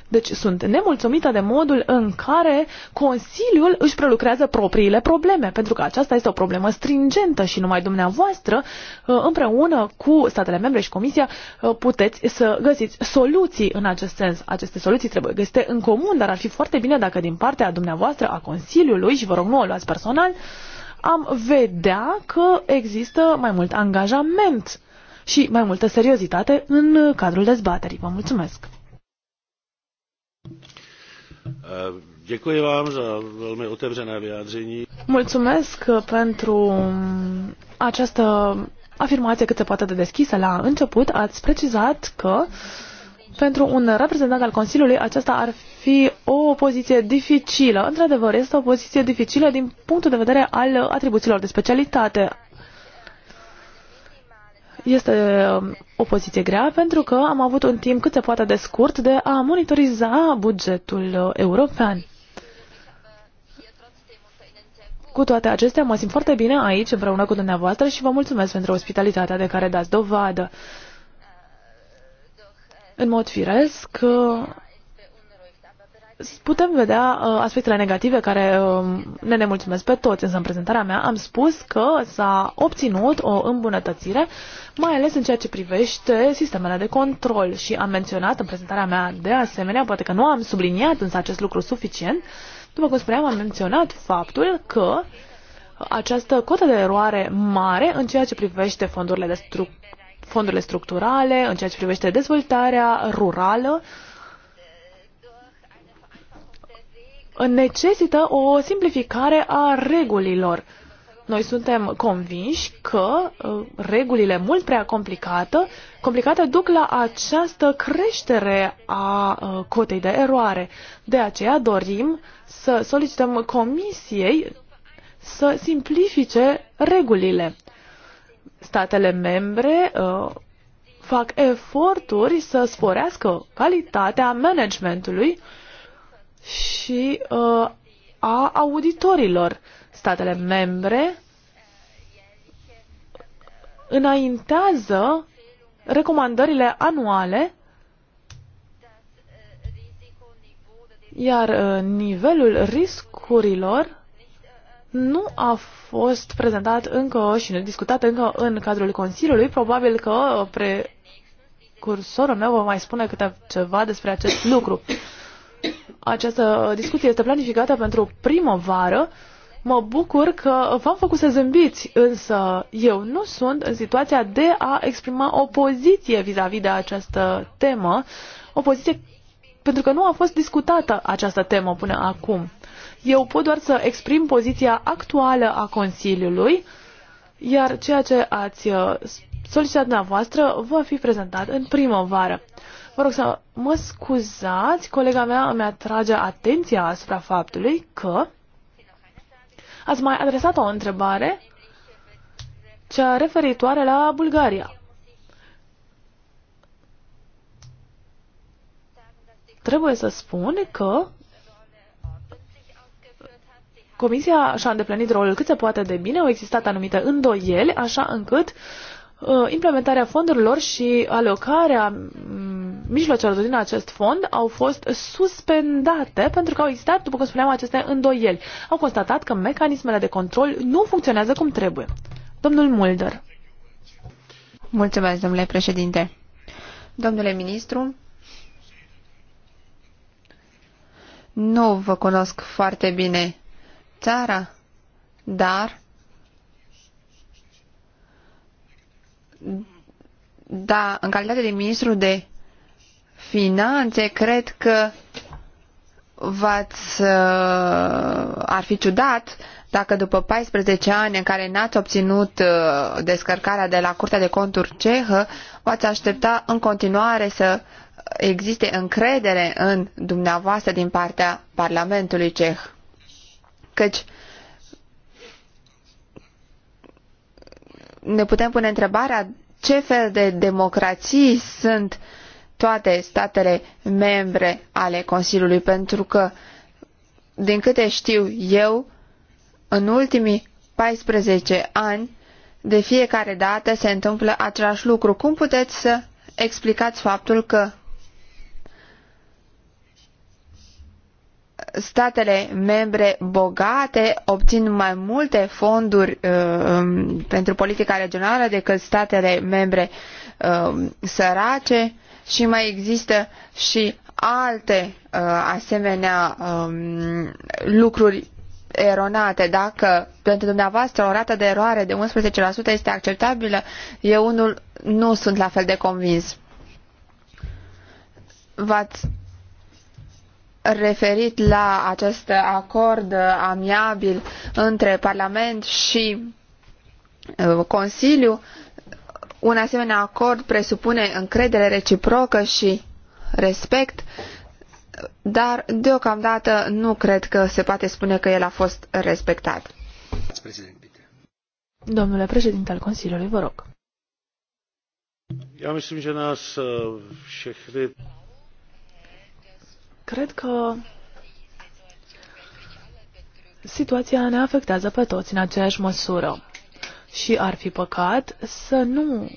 Deci sunt nemulțumită de modul în care Consiliul își prelucrează propriile probleme, pentru că aceasta este o problemă stringentă și numai dumneavoastră, uh, împreună cu statele membre și Comisia, uh, puteți să găsiți soluții în acest sens. Aceste soluții trebuie găsite în comun, dar ar fi foarte bine dacă din partea dumneavoastră a Consiliului, și vă rog nu o luați personal, am vedea că există mai mult angajament și mai multă seriozitate în cadrul dezbaterii. Vă mulțumesc! Eh, mulțumesc pentru această afirmație cât se poate de deschisă la început. Ați precizat că uh, pentru un reprezentant al Consiliului aceasta ar fi o poziție dificilă. Într-adevăr, este o poziție dificilă din punctul de vedere al atribuțiilor de specialitate. Este um, o poziție grea pentru că am avut un timp cât se poate de scurt de a monitoriza bugetul european. Cu toate acestea, mă simt foarte bine aici împreună cu dumneavoastră și vă mulțumesc pentru ospitalitatea de care dați dovadă. În mod firesc, uh, putem vedea uh, aspectele negative care uh, ne nemulțumesc pe toți, însă în prezentarea mea am spus că s-a obținut o îmbunătățire, mai ales în ceea ce privește sistemele de control și am menționat în prezentarea mea de asemenea, poate că nu am subliniat însă acest lucru suficient, după cum spuneam, am menționat faptul că această cotă de eroare mare în ceea ce privește fondurile de, structură fondurile structurale, în ceea ce privește dezvoltarea rurală, necesită o simplificare a regulilor. Noi suntem convinși că uh, regulile mult prea complicate, complicate duc la această creștere a uh, cotei de eroare. De aceea dorim să solicităm comisiei să simplifice regulile statele membre uh, fac eforturi să sporească calitatea managementului și uh, a auditorilor. Statele membre înaintează recomandările anuale iar uh, nivelul riscurilor nu a fost prezentat încă și nu discutat încă în cadrul Consiliului. Probabil că precursorul meu vă mai spune câte ceva despre acest lucru. Această discuție este planificată pentru primăvară. Mă bucur că v-am făcut să zâmbiți, însă eu nu sunt în situația de a exprima o poziție vis-a-vis -vis de această temă, o poziție pentru că nu a fost discutată această temă până acum. Eu pot doar să exprim poziția actuală a Consiliului, iar ceea ce ați uh, solicitat dumneavoastră va fi prezentat în primăvară. Vă rog să mă scuzați, colega mea îmi atrage atenția asupra faptului că ați mai adresat o întrebare, cea referitoare la Bulgaria. Trebuie să spun că Comisia și-a îndeplinit rolul cât se poate de bine, au existat anumite îndoieli, așa încât uh, implementarea fondurilor și alocarea mijlocelor mm, mijloacelor din acest fond au fost suspendate pentru că au existat, după cum spuneam, aceste îndoieli. Au constatat că mecanismele de control nu funcționează cum trebuie. Domnul Mulder. Mulțumesc, domnule președinte. Domnule ministru, nu vă cunosc foarte bine țara, dar da, în calitate de ministru de finanțe, cred că v-ați, uh, ar fi ciudat dacă după 14 ani în care n-ați obținut uh, descărcarea de la Curtea de Conturi Cehă, v-ați aștepta în continuare să existe încredere în dumneavoastră din partea Parlamentului Ceh. Căci ne putem pune întrebarea ce fel de democrații sunt toate statele membre ale Consiliului, pentru că, din câte știu eu, în ultimii 14 ani, de fiecare dată se întâmplă același lucru. Cum puteți să explicați faptul că statele membre bogate obțin mai multe fonduri uh, um, pentru politica regională decât statele membre uh, sărace și mai există și alte uh, asemenea um, lucruri eronate. Dacă pentru dumneavoastră o rată de eroare de 11% este acceptabilă, eu unul nu sunt la fel de convins. V-ați referit la acest acord amiabil între Parlament și uh, Consiliu, un asemenea acord presupune încredere reciprocă și respect, dar deocamdată nu cred că se poate spune că el a fost respectat. Domnule președinte al Consiliului, vă rog. Ja că že nás eh, všechny Cred că situația ne afectează pe toți în aceeași măsură și ar fi păcat să nu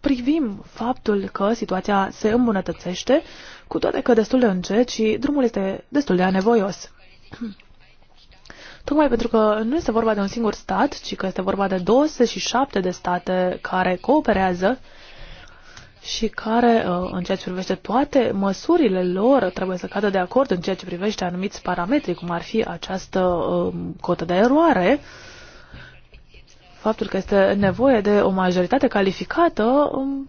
privim faptul că situația se îmbunătățește, cu toate că destul de încet și drumul este destul de anevoios. Tocmai pentru că nu este vorba de un singur stat, ci că este vorba de 27 de state care cooperează și care, uh, în ceea ce privește toate măsurile lor, trebuie să cadă de acord în ceea ce privește anumiți parametri, cum ar fi această um, cotă de eroare, faptul că este nevoie de o majoritate calificată um,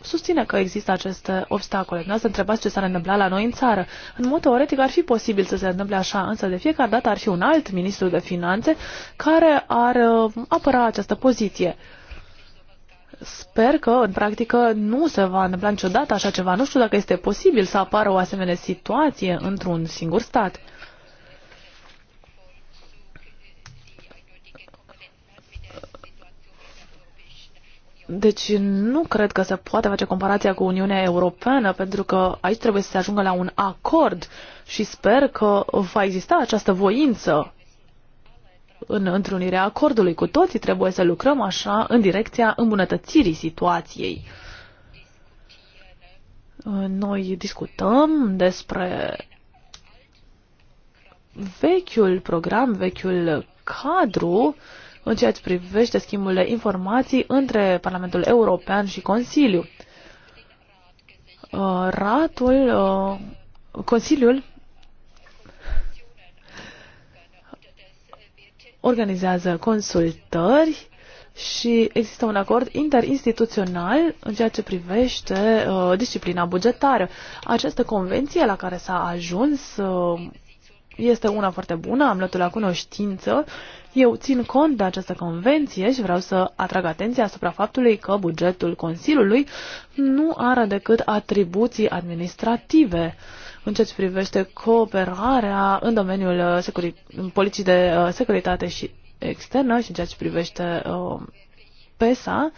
susține că există aceste obstacole. Dumneavoastră întrebați ce s-ar întâmpla la noi în țară. În mod teoretic ar fi posibil să se întâmple așa, însă de fiecare dată ar fi un alt ministru de finanțe care ar uh, apăra această poziție. Sper că, în practică, nu se va întâmpla niciodată așa ceva. Nu știu dacă este posibil să apară o asemenea situație într-un singur stat. Deci nu cred că se poate face comparația cu Uniunea Europeană, pentru că aici trebuie să se ajungă la un acord și sper că va exista această voință în întrunirea acordului. Cu toții trebuie să lucrăm așa în direcția îmbunătățirii situației. Noi discutăm despre vechiul program, vechiul cadru în ceea ce privește schimbul de informații între Parlamentul European și Consiliu. Uh, ratul, uh, Consiliul organizează consultări și există un acord interinstituțional în ceea ce privește uh, disciplina bugetară. Această convenție la care s-a ajuns uh, este una foarte bună, am luat-o la cunoștință. Eu țin cont de această convenție și vreau să atrag atenția asupra faptului că bugetul Consiliului nu are decât atribuții administrative. Uh, în ceea ce privește cooperarea în domeniul uh, securi- politicii de uh, securitate și externă și în ceea ce privește uh, PESA,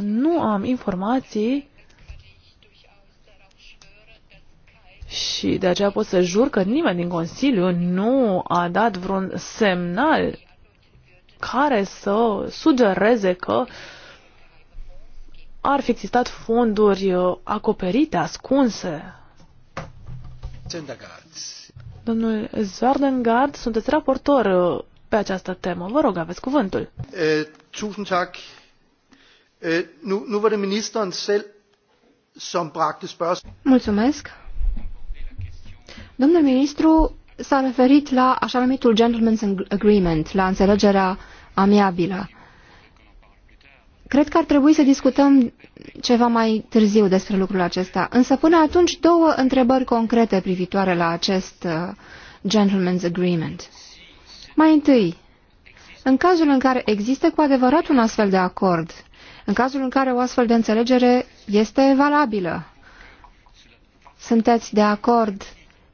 nu am informații și de aceea pot să jur că nimeni din Consiliu nu a dat vreun semnal care să sugereze că ar fi existat fonduri acoperite, ascunse Domnul Zardengard, sunteți raportor uh, pe această temă. Vă rog, aveți cuvântul. Eh, tusind tak. Eh, nu, nu var ministrul ministeren som Mulțumesc. Domnul ministru s-a referit la așa numitul Gentleman's Agreement, la înțelegerea amiabilă. Cred că ar trebui să discutăm ceva mai târziu despre lucrul acesta, însă până atunci două întrebări concrete privitoare la acest uh, gentleman's agreement. Mai întâi, în cazul în care există cu adevărat un astfel de acord, în cazul în care o astfel de înțelegere este valabilă, sunteți de acord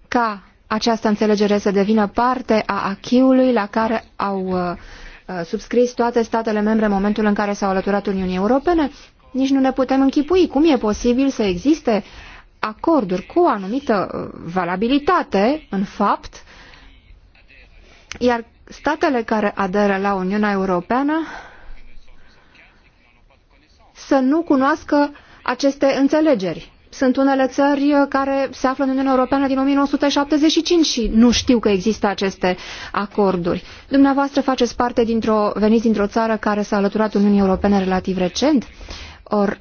ca această înțelegere să devină parte a achiului la care au uh, Uh, subscris toate statele membre în momentul în care s-au alăturat Uniunii Europene, nici nu ne putem închipui cum e posibil să existe acorduri cu o anumită uh, valabilitate, în fapt, iar statele care aderă la Uniunea Europeană să nu cunoască aceste înțelegeri sunt unele țări uh, care se află în Uniunea Europeană din 1975 și nu știu că există aceste acorduri. Dumneavoastră faceți parte dintr-o, veniți dintr-o țară care s-a alăturat Uniunii Europene relativ recent? Or,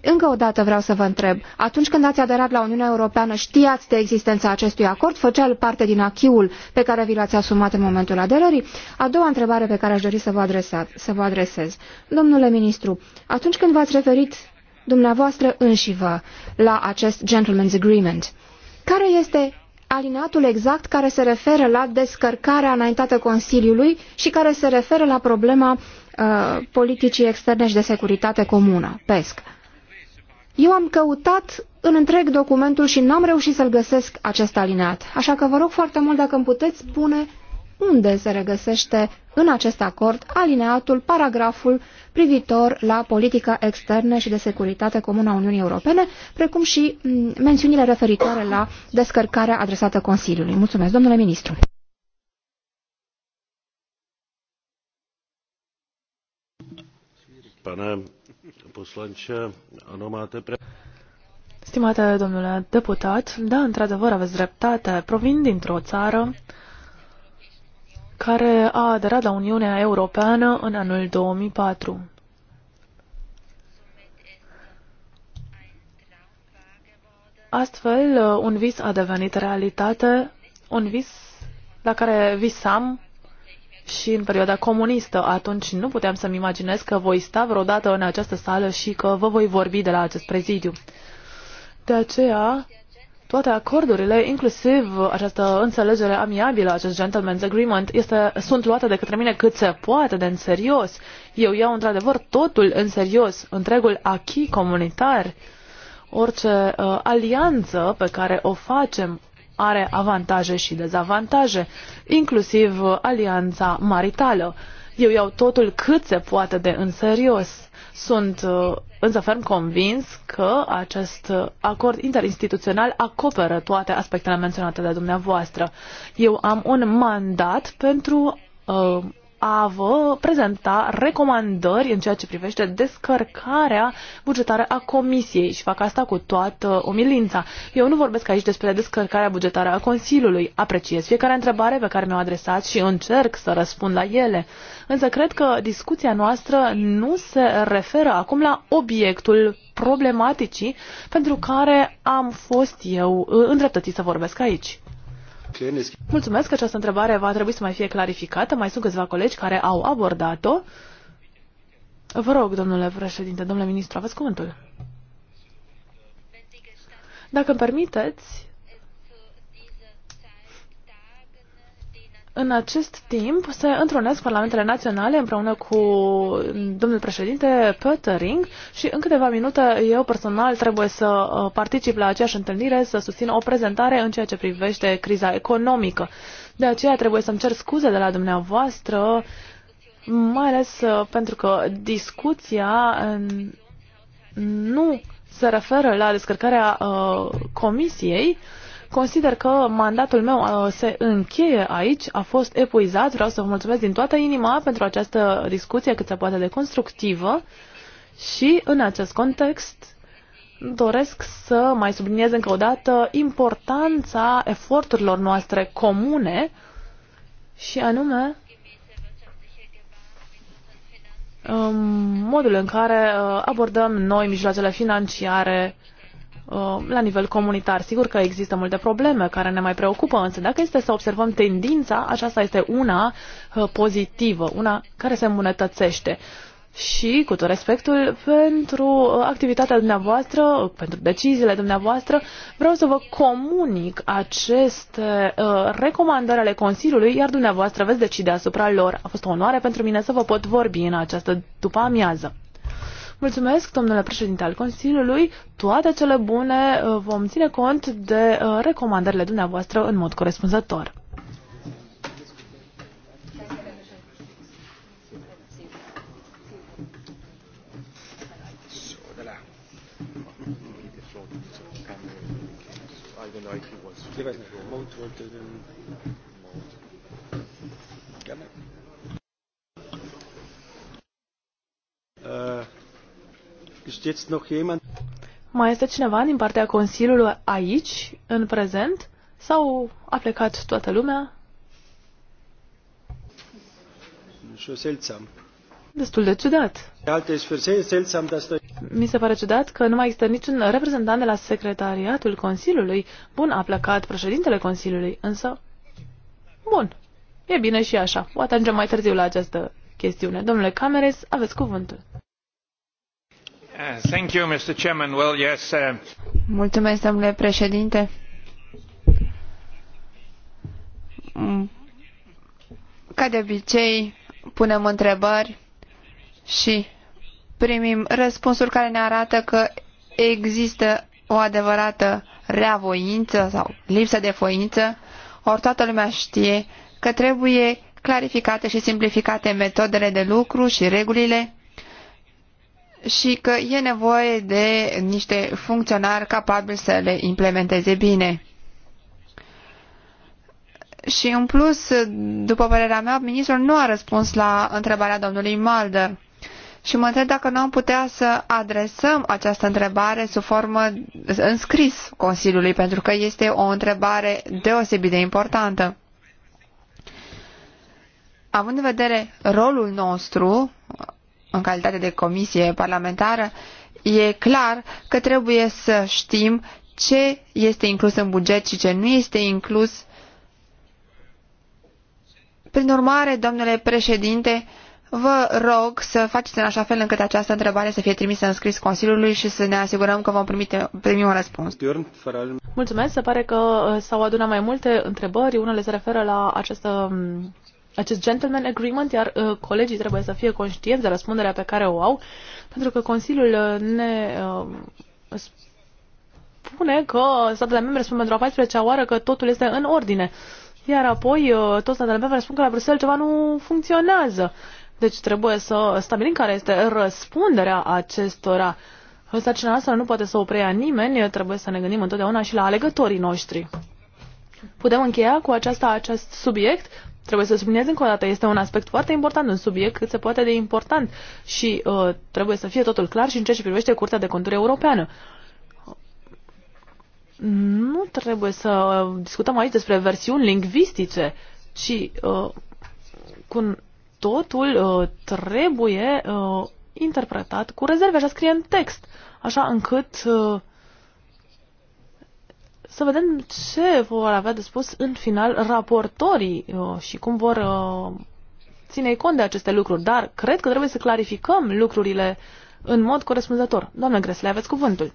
încă o dată vreau să vă întreb, atunci când ați aderat la Uniunea Europeană, știați de existența acestui acord? Făcea parte din achiul pe care vi l-ați asumat în momentul aderării? A doua întrebare pe care aș dori să vă, adresa, să vă adresez. Domnule ministru, atunci când v-ați referit dumneavoastră înșivă la acest gentleman's agreement. Care este alinatul exact care se referă la descărcarea înaintată Consiliului și care se referă la problema uh, politicii externe și de securitate comună, PESC. Eu am căutat în întreg documentul și n-am reușit să-l găsesc acest alineat. Așa că vă rog foarte mult dacă îmi puteți spune unde se regăsește în acest acord alineatul, paragraful privitor la politica externă și de securitate comună a Uniunii Europene, precum și mm, mențiunile referitoare la descărcarea adresată Consiliului. Mulțumesc, domnule ministru! Pane poslanče, ano, máte pre... Stimate domnule deputat, da, într-adevăr aveți dreptate. Provin dintr-o țară care a aderat la Uniunea Europeană în anul 2004. Astfel, un vis a devenit realitate, un vis la care visam și în perioada comunistă. Atunci nu puteam să-mi imaginez că voi sta vreodată în această sală și că vă voi vorbi de la acest prezidiu. De aceea, toate acordurile, inclusiv această înțelegere amiabilă, acest gentleman's agreement, este, sunt luate de către mine cât se poate de în serios. Eu iau într-adevăr totul în serios, întregul achi comunitar. Orice uh, alianță pe care o facem are avantaje și dezavantaje, inclusiv uh, alianța maritală. Eu iau totul cât se poate de în serios. Sunt uh, însă ferm convins că acest acord interinstituțional acoperă toate aspectele menționate de dumneavoastră. Eu am un mandat pentru uh, a vă prezenta recomandări în ceea ce privește descărcarea bugetară a Comisiei și fac asta cu toată umilința. Eu nu vorbesc aici despre descărcarea bugetară a Consiliului. Apreciez fiecare întrebare pe care mi-o adresat și încerc să răspund la ele. Însă cred că discuția noastră nu se referă acum la obiectul problematicii pentru care am fost eu uh, îndreptățit să vorbesc aici. Mulțumesc, această întrebare va trebui să mai fie clarificată. Mai sunt câțiva colegi care au abordat-o. Vă rog, domnule președinte, domnule ministru, aveți cuvântul. Dacă îmi permiteți, În acest timp se întrunesc parlamentele naționale împreună cu domnul președinte Pöttering și în câteva minute eu personal trebuie să uh, particip la aceeași întâlnire, să susțin o prezentare în ceea ce privește criza economică. De aceea trebuie să-mi cer scuze de la dumneavoastră, mai ales uh, pentru că discuția uh, nu se referă la descărcarea uh, comisiei, uh, Consider că mandatul meu uh, se încheie aici, a fost epuizat. Vreau să vă mulțumesc din toată inima pentru această discuție cât se poate de constructivă și în acest context doresc să mai subliniez încă o dată importanța eforturilor noastre comune și anume um, modul în care uh, abordăm noi mijloacele financiare Uh, la nivel comunitar. Sigur că există multe probleme care ne mai preocupă, însă dacă este să observăm tendința, aceasta este una uh, pozitivă, una care se îmbunătățește. Și cu tot respectul pentru uh, activitatea dumneavoastră, pentru deciziile dumneavoastră, vreau să vă comunic aceste uh, recomandări ale Consiliului, iar dumneavoastră veți decide asupra lor. A fost o onoare pentru mine să vă pot vorbi în această după amiază. Mulțumesc, domnule președinte al Consiliului. Toate cele bune uh, vom ține cont de uh, recomandările dumneavoastră în mod corespunzător. Uh, mai este cineva din partea Consiliului aici, în prezent? Sau a plecat toată lumea? Destul de ciudat. Mi se pare ciudat că nu mai există niciun reprezentant de la secretariatul Consiliului. Bun, a plecat președintele Consiliului, însă... Bun, e bine și așa. Poate ajungem mai târziu la această chestiune. Domnule Cameres, aveți cuvântul. Uh, Mulțumesc, domnule președinte. Mm, ca de obicei, punem întrebări și primim răspunsuri care ne arată că există o adevărată voință sau lipsă de voință, ori toată lumea știe că trebuie clarificate și simplificate metodele de lucru și regulile și că e nevoie de niște funcționari capabili să le implementeze bine. Și în plus, după părerea mea, ministrul nu a răspuns la întrebarea domnului Mulder. Și mă întreb dacă nu am putea să adresăm această întrebare sub formă înscris Consiliului, pentru că este o întrebare deosebit de importantă. Având în vedere rolul nostru în calitate de comisie parlamentară, e clar că trebuie să știm ce este inclus în buget și ce nu este inclus. Prin urmare, domnule președinte, vă rog să faceți în așa fel încât această întrebare să fie trimisă în scris Consiliului și să ne asigurăm că vom primi un răspuns. Mulțumesc, se pare că uh, s-au adunat mai multe întrebări, unele se referă la această um, acest gentleman agreement, iar uh, colegii trebuie să fie conștienți de răspunderea pe care o au, pentru că Consiliul uh, ne uh, spune că statele membre spun pentru a 14-a oară că totul este în ordine. Iar apoi uh, toți statele membre spun că la Bruxelles ceva nu funcționează. Deci trebuie să stabilim care este răspunderea acestora. Sarcina noastră nu poate să o preia nimeni, trebuie să ne gândim întotdeauna și la alegătorii noștri. Putem încheia cu aceasta acest subiect. Trebuie să subliniez încă o dată, este un aspect foarte important, un subiect cât se poate de important și uh, trebuie să fie totul clar și în ceea ce privește Curtea de Conturi Europeană. Nu trebuie să discutăm aici despre versiuni lingvistice, ci uh, cu totul uh, trebuie uh, interpretat cu rezerve, așa scrie în text, așa încât uh, să vedem ce vor avea de spus în final raportorii uh, și cum vor uh, ține cont de aceste lucruri, dar cred că trebuie să clarificăm lucrurile în mod corespunzător. Doamnă Gresle, aveți cuvântul.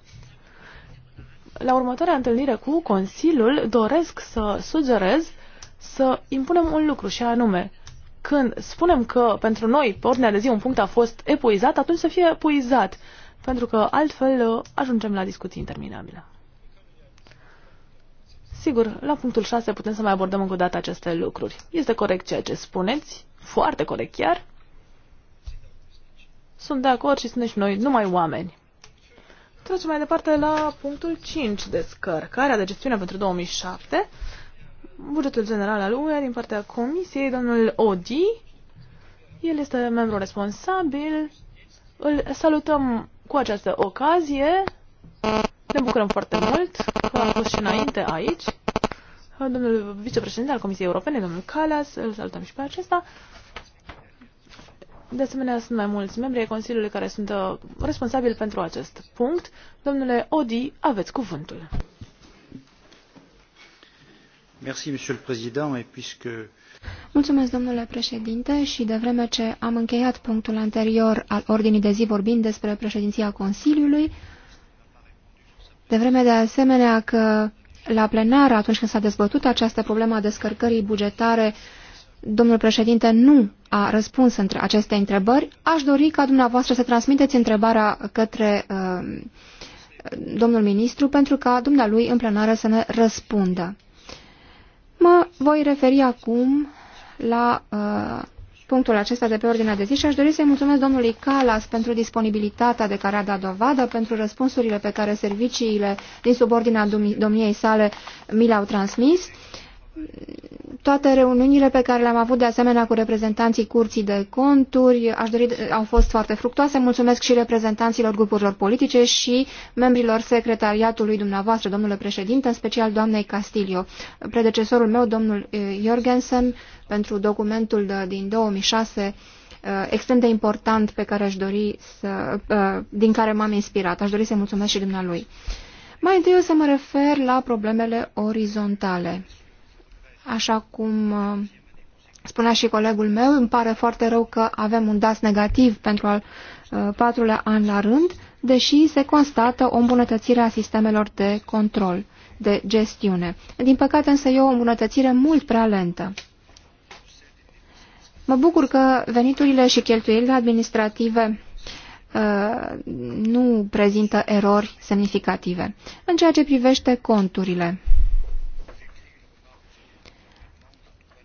La următoarea întâlnire cu Consiliul doresc să sugerez să impunem un lucru și anume, când spunem că pentru noi pe ordinea de zi un punct a fost epuizat, atunci să fie epuizat, pentru că altfel uh, ajungem la discuții interminabile. Sigur, la punctul 6 putem să mai abordăm încă o dată aceste lucruri. Este corect ceea ce spuneți, foarte corect chiar. Sunt de acord și suntem și noi numai oameni. Trecem mai departe la punctul 5, descărcarea de gestiune pentru 2007, bugetul general al UE din partea Comisiei, domnul Odi. El este membru responsabil. Îl salutăm cu această ocazie ne bucurăm foarte mult că a fost și înainte aici domnul vicepreședinte al Comisiei Europene, domnul Calas, îl salutăm și pe acesta. De asemenea, sunt mai mulți membri ai Consiliului care sunt uh, responsabili pentru acest punct. Domnule Odi, aveți cuvântul. Merci, Monsieur le Président, et puisque... Mulțumesc, domnule președinte, și de vreme ce am încheiat punctul anterior al ordinii de zi vorbind despre președinția Consiliului, de vreme de asemenea că la plenar, atunci când s-a dezbătut această problemă a descărcării bugetare, domnul președinte nu a răspuns între aceste întrebări, aș dori ca dumneavoastră să transmiteți întrebarea către uh, domnul ministru pentru ca dumnealui în plenară să ne răspundă. Mă voi referi acum la uh, punctul acesta de pe ordinea de zi și aș dori să-i mulțumesc domnului Calas pentru disponibilitatea de care a dat dovadă, pentru răspunsurile pe care serviciile din subordinea domniei sale mi le-au transmis. Toate reuniunile pe care le-am avut de asemenea cu reprezentanții curții de conturi aș dori, au fost foarte fructoase. Mulțumesc și reprezentanților grupurilor politice și membrilor secretariatului dumneavoastră, domnule președinte, în special doamnei Castilio. Predecesorul meu, domnul eh, Jorgensen, pentru documentul de din 2006 uh, extrem de important pe care aș dori să, uh, din care m-am inspirat. Aș dori să mulțumesc și dumnealui. Mai întâi o să mă refer la problemele orizontale. Așa cum uh, spunea și colegul meu, îmi pare foarte rău că avem un DAS negativ pentru al patrulea an la rând, deși se constată o îmbunătățire a sistemelor de control, de gestiune. Din păcate însă e o îmbunătățire mult prea lentă. Mă bucur că veniturile și cheltuielile administrative uh, nu prezintă erori semnificative. În ceea ce privește conturile,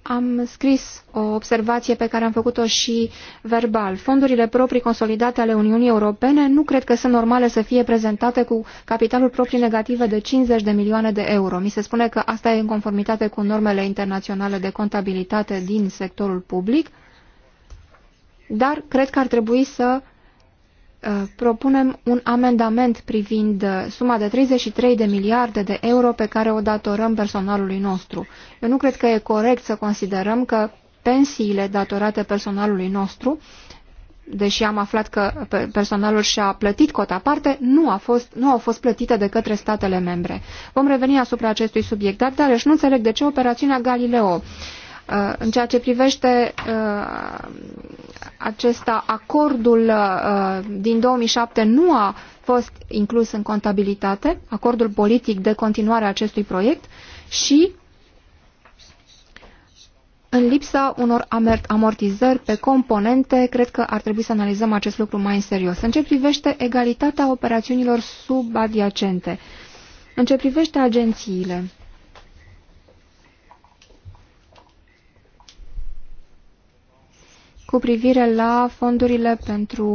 am scris o observație pe care am făcut-o și verbal. Fondurile proprii consolidate ale Uniunii Europene nu cred că sunt normale să fie prezentate cu capitalul proprii negative de 50 de milioane de euro. Mi se spune că asta e în conformitate cu normele internaționale de contabilitate din sectorul public, dar cred că ar trebui să Uh, propunem un amendament privind uh, suma de 33 de miliarde de euro pe care o datorăm personalului nostru. Eu nu cred că e corect să considerăm că pensiile datorate personalului nostru, deși am aflat că personalul și-a plătit cota parte, nu, a fost, nu au fost plătite de către statele membre. Vom reveni asupra acestui subiect, dar dar deci, nu înțeleg de ce operațiunea Galileo Uh, în ceea ce privește uh, acesta, acordul uh, din 2007 nu a fost inclus în contabilitate, acordul politic de continuare a acestui proiect și în lipsa unor amortizări pe componente, cred că ar trebui să analizăm acest lucru mai în serios. În ce privește egalitatea operațiunilor subadiacente, în ce privește agențiile, cu privire la fondurile pentru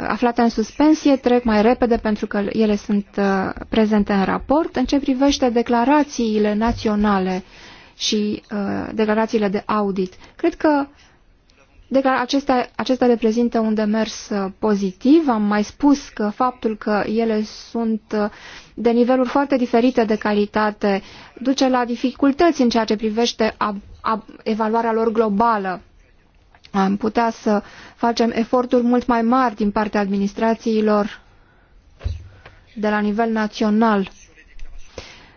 uh, aflate în suspensie, trec mai repede pentru că ele sunt uh, prezente în raport. În ce privește declarațiile naționale și uh, declarațiile de audit, cred că acesta acestea, acestea reprezintă un demers uh, pozitiv. Am mai spus că faptul că ele sunt de niveluri foarte diferite de calitate duce la dificultăți în ceea ce privește a, a, evaluarea lor globală. Am putea să facem eforturi mult mai mari din partea administrațiilor de la nivel național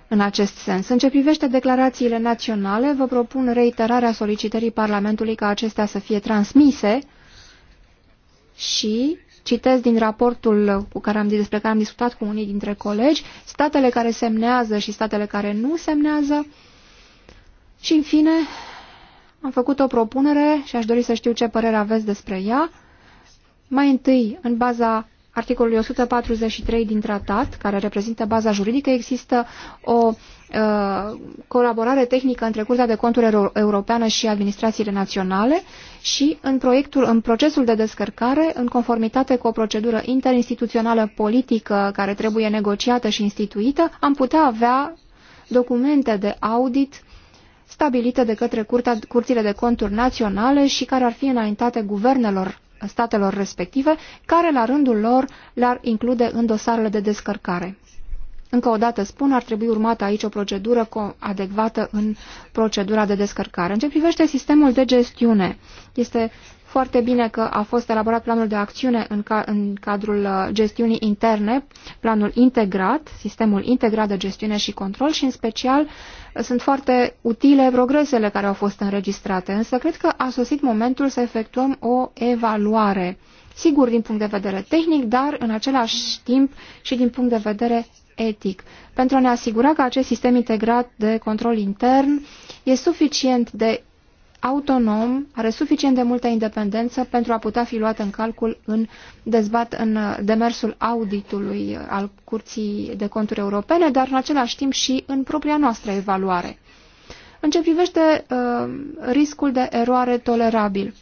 în acest sens. În ce privește declarațiile naționale, vă propun reiterarea solicitării Parlamentului ca acestea să fie transmise și, citesc din raportul cu care am, despre care am discutat cu unii dintre colegi, statele care semnează și statele care nu semnează și, în fine, am făcut o propunere și aș dori să știu ce părere aveți despre ea. Mai întâi, în baza articolului 143 din tratat, care reprezintă baza juridică, există o uh, colaborare tehnică între Curtea de Conturi Europeană și administrațiile naționale și în, proiectul, în procesul de descărcare, în conformitate cu o procedură interinstituțională politică care trebuie negociată și instituită, am putea avea documente de audit stabilite de către curtea, curțile de conturi naționale și care ar fi înaintate guvernelor statelor respective, care la rândul lor le-ar include în dosarele de descărcare. Încă o dată spun, ar trebui urmată aici o procedură adecvată în procedura de descărcare. În ce privește sistemul de gestiune, este foarte bine că a fost elaborat planul de acțiune în, ca, în cadrul uh, gestiunii interne, planul integrat, sistemul integrat de gestiune și control și, în special, sunt foarte utile progresele care au fost înregistrate. Însă, cred că a sosit momentul să efectuăm o evaluare, sigur din punct de vedere tehnic, dar, în același timp, și din punct de vedere etic, pentru a ne asigura că acest sistem integrat de control intern e suficient de autonom, are suficient de multă independență pentru a putea fi luat în calcul în, dezbat, în uh, demersul auditului uh, al Curții de Conturi Europene, dar în același timp și în propria noastră evaluare. În ce privește uh, riscul de eroare tolerabil,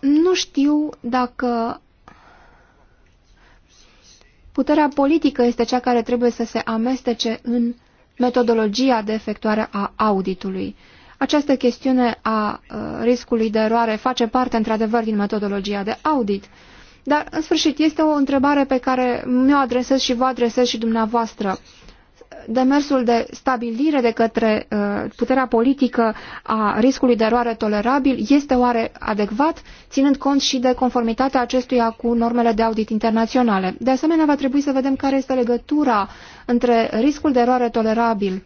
nu știu dacă puterea politică este cea care trebuie să se amestece în uh, metodologia de efectuare a auditului. Această chestiune a uh, riscului de eroare face parte într-adevăr din metodologia de audit, dar în sfârșit este o întrebare pe care mi-o adresez și vă adresez și dumneavoastră demersul de stabilire de către uh, puterea politică a riscului de eroare tolerabil este oare adecvat, ținând cont și de conformitatea acestuia cu normele de audit internaționale. De asemenea, va trebui să vedem care este legătura între riscul de eroare tolerabil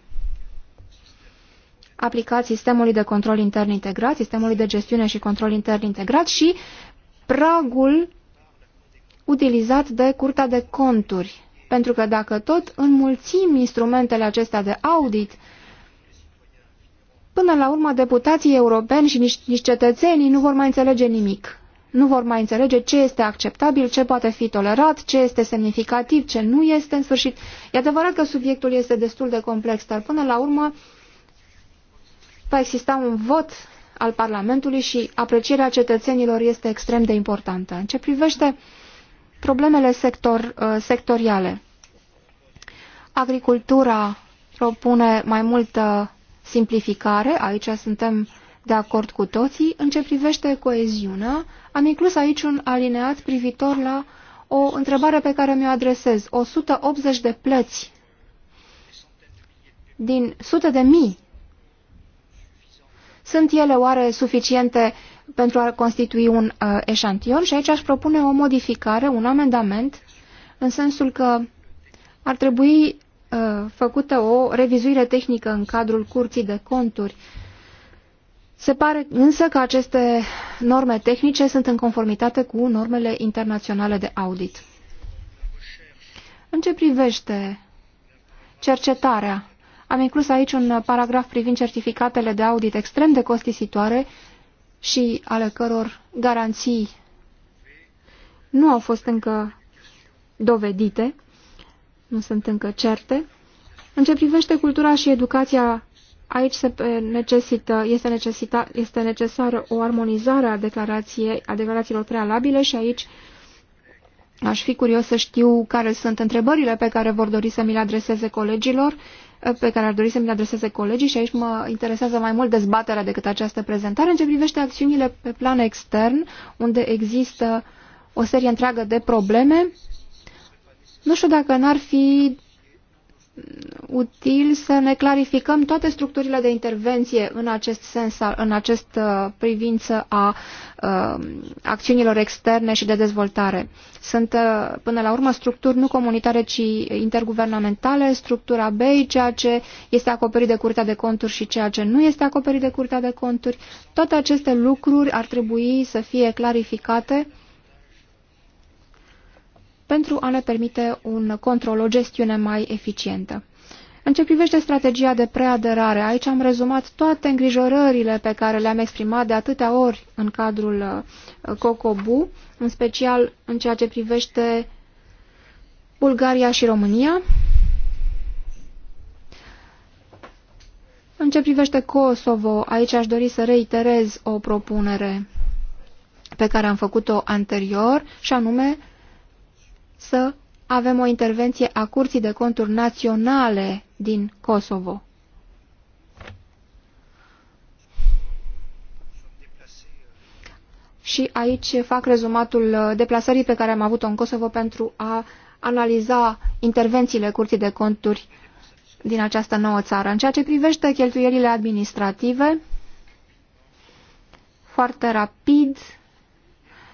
aplicat sistemului de control intern integrat, sistemului de gestiune și control intern integrat și pragul utilizat de Curtea de Conturi pentru că dacă tot înmulțim instrumentele acestea de audit, până la urmă deputații europeni și nici, nici cetățenii nu vor mai înțelege nimic. Nu vor mai înțelege ce este acceptabil, ce poate fi tolerat, ce este semnificativ, ce nu este în sfârșit. E adevărat că subiectul este destul de complex, dar până la urmă va exista un vot al Parlamentului și aprecierea cetățenilor este extrem de importantă. În ce privește problemele sector, uh, sectoriale. Agricultura propune mai multă simplificare, aici suntem de acord cu toții. În ce privește coeziunea, am inclus aici un alineat privitor la o întrebare pe care mi-o adresez. 180 de plăți din sute de mii sunt ele oare suficiente pentru a constitui un uh, eșantion? Și aici aș propune o modificare, un amendament, în sensul că ar trebui uh, făcută o revizuire tehnică în cadrul curții de conturi. Se pare însă că aceste norme tehnice sunt în conformitate cu normele internaționale de audit. În ce privește cercetarea am inclus aici un paragraf privind certificatele de audit extrem de costisitoare și ale căror garanții nu au fost încă dovedite, nu sunt încă certe. În ce privește cultura și educația, aici se necesită, este, necesita, este necesară o armonizare a, declarației, a declarațiilor prealabile și aici aș fi curios să știu care sunt întrebările pe care vor dori să mi le adreseze colegilor pe care ar dori să mi le adreseze colegii și aici mă interesează mai mult dezbaterea decât această prezentare în ce privește acțiunile pe plan extern, unde există o serie întreagă de probleme. Nu știu dacă n-ar fi util să ne clarificăm toate structurile de intervenție în acest sens, în acest privință a acțiunilor externe și de dezvoltare. Sunt, până la urmă, structuri nu comunitare, ci interguvernamentale, structura BEI, ceea ce este acoperit de Curtea de Conturi și ceea ce nu este acoperit de Curtea de Conturi. Toate aceste lucruri ar trebui să fie clarificate pentru a ne permite un control, o gestiune mai eficientă. În ce privește strategia de preaderare, aici am rezumat toate îngrijorările pe care le-am exprimat de atâtea ori în cadrul uh, COCOBU, în special în ceea ce privește Bulgaria și România. În ce privește Kosovo, aici aș dori să reiterez o propunere pe care am făcut-o anterior, și anume să avem o intervenție a Curții de Conturi Naționale din Kosovo. Și aici fac rezumatul uh, deplasării pe care am avut-o în Kosovo pentru a analiza intervențiile Curții de Conturi din această nouă țară. În ceea ce privește cheltuielile administrative, foarte rapid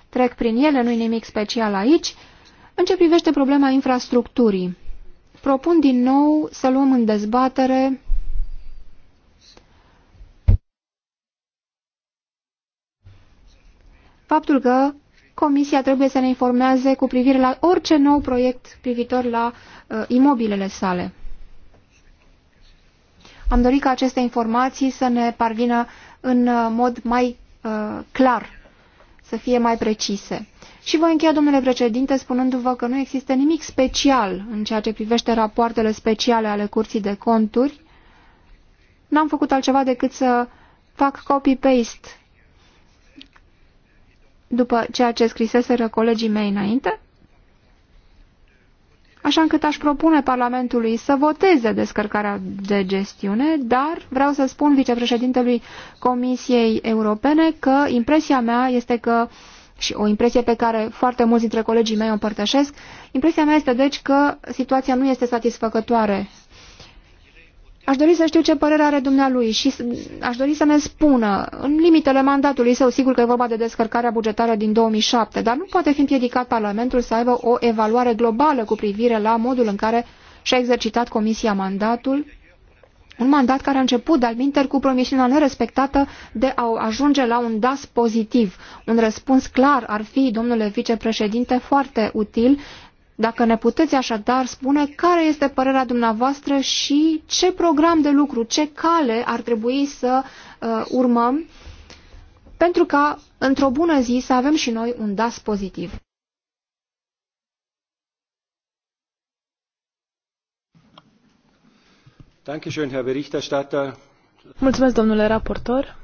trec prin ele, nu-i nimic special aici. În ce privește problema infrastructurii, propun din nou să luăm în dezbatere faptul că Comisia trebuie să ne informeze cu privire la orice nou proiect privitor la uh, imobilele sale. Am dorit ca aceste informații să ne parvină în uh, mod mai uh, clar să fie mai precise. Și voi încheia, domnule președinte, spunându-vă că nu există nimic special în ceea ce privește rapoartele speciale ale Curții de Conturi. N-am făcut altceva decât să fac copy-paste după ceea ce scriseseră colegii mei înainte așa încât aș propune Parlamentului să voteze descărcarea de gestiune, dar vreau să spun vicepreședintelui Comisiei Europene că impresia mea este că, și o impresie pe care foarte mulți dintre colegii mei o împărtășesc, impresia mea este deci că situația nu este satisfăcătoare Aș dori să știu ce părere are dumnealui și aș dori să ne spună, în limitele mandatului său, sigur că e vorba de descărcarea bugetară din 2007, dar nu poate fi împiedicat Parlamentul să aibă o evaluare globală cu privire la modul în care și-a exercitat Comisia mandatul, un mandat care a început de-al cu promisiunea nerespectată de a ajunge la un DAS pozitiv. Un răspuns clar ar fi, domnule vicepreședinte, foarte util dacă ne puteți așadar spune care este părerea dumneavoastră și ce program de lucru, ce cale ar trebui să uh, urmăm pentru ca într-o bună zi să avem și noi un DAS pozitiv. Mulțumesc, domnule raportor.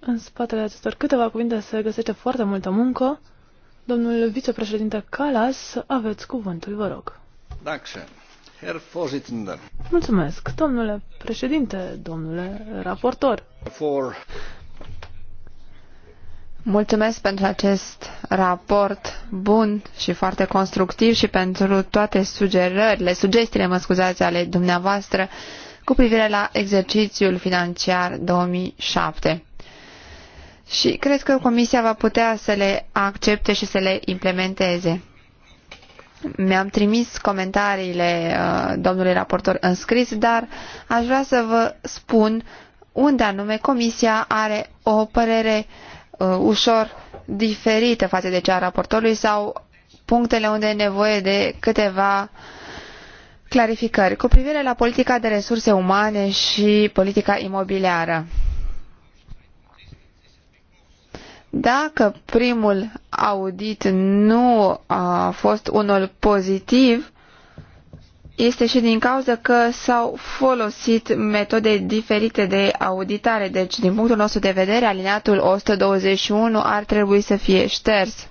În spatele acestor câteva cuvinte se găsește foarte multă muncă. Domnul vicepreședinte Calas, aveți cuvântul, vă rog. Mulțumesc, domnule președinte, domnule raportor. Mulțumesc pentru acest raport bun și foarte constructiv și pentru toate sugerările, sugestiile, mă scuzați, ale dumneavoastră cu privire la exercițiul financiar 2007 și cred că Comisia va putea să le accepte și să le implementeze. Mi-am trimis comentariile uh, domnului raportor în scris, dar aș vrea să vă spun unde anume Comisia are o părere uh, ușor diferită față de cea a raportorului sau punctele unde e nevoie de câteva clarificări cu privire la politica de resurse umane și politica imobiliară. Dacă primul audit nu a fost unul pozitiv, este și din cauza că s-au folosit metode diferite de auditare, deci din punctul nostru de vedere, alineatul 121 ar trebui să fie șters.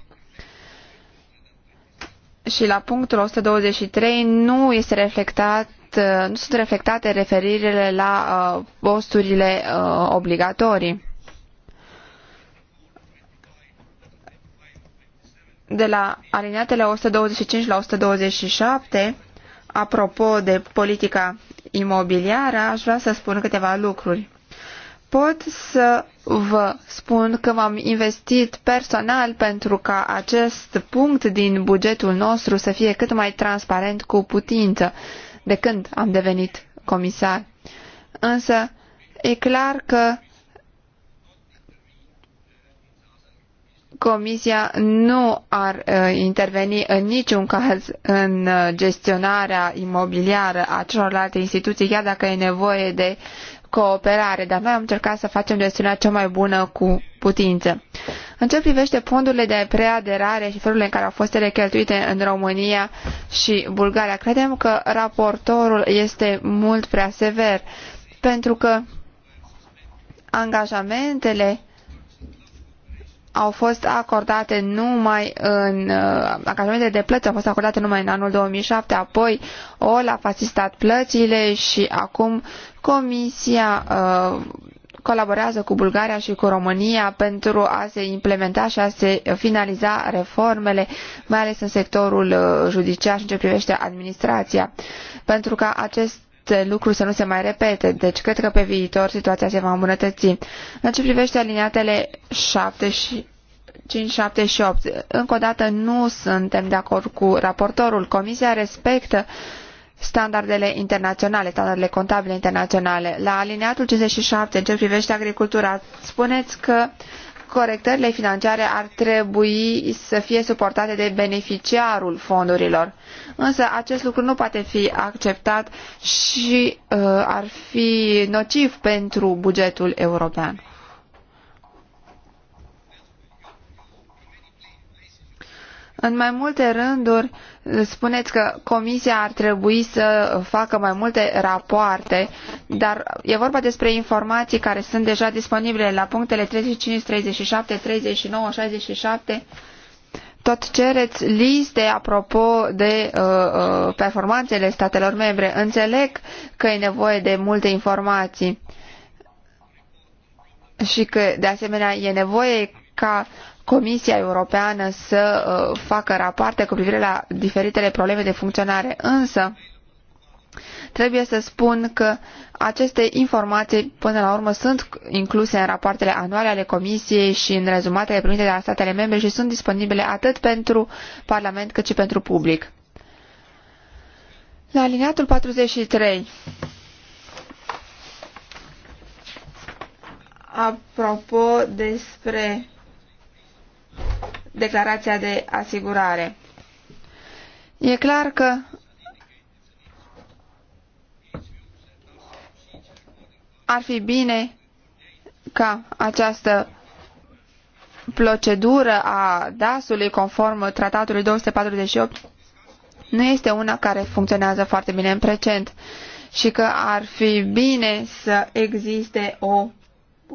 Și la punctul 123 nu este reflectat, nu sunt reflectate referirile la uh, posturile uh, obligatorii. de la alineatele 125 la 127, apropo de politica imobiliară, aș vrea să spun câteva lucruri. Pot să vă spun că m-am investit personal pentru ca acest punct din bugetul nostru să fie cât mai transparent cu putință de când am devenit comisar. Însă e clar că Comisia nu ar uh, interveni în niciun caz în uh, gestionarea imobiliară a celorlalte instituții, chiar dacă e nevoie de cooperare, dar noi am încercat să facem gestiunea cea mai bună cu putință. În ce privește fondurile de preaderare și felurile în care au fost ele cheltuite în România și Bulgaria, credem că raportorul este mult prea sever, pentru că angajamentele au fost acordate numai în uh, angajamente de plăți au fost acordate numai în anul 2007, apoi OL a facilitat plățile și acum Comisia uh, colaborează cu Bulgaria și cu România pentru a se implementa și a se finaliza reformele, mai ales în sectorul uh, judiciar și în ce privește administrația, pentru ca acest acest lucru să nu se mai repete, deci cred că pe viitor situația se va îmbunătăți. În ce privește aliniatele 7 și 5, 7 și 8, încă o dată nu suntem de acord cu raportorul. Comisia respectă standardele internaționale, standardele contabile internaționale. La alineatul 57, în ce privește agricultura, spuneți că uh, corectările financiare ar trebui să fie suportate de beneficiarul fondurilor. Însă acest lucru nu poate fi acceptat și uh, ar fi nociv pentru bugetul european. În mai multe rânduri spuneți că comisia ar trebui să facă mai multe rapoarte, dar e vorba despre informații care sunt deja disponibile la punctele 35, 37, 39, 67. Tot cereți liste apropo de uh, uh, performanțele statelor membre. Înțeleg că e nevoie de multe informații și că de asemenea e nevoie ca Comisia Europeană să uh, facă rapoarte cu privire la diferitele probleme de funcționare, însă trebuie să spun că aceste informații până la urmă sunt incluse în rapoartele anuale ale Comisiei și în rezumatele primite de la statele membre și sunt disponibile atât pentru Parlament cât și pentru public. La alineatul 43 apropo despre declarația de asigurare. E clar că ar fi bine ca această procedură a DAS-ului conform tratatului 248 nu este una care funcționează foarte bine în prezent și că ar fi bine să existe o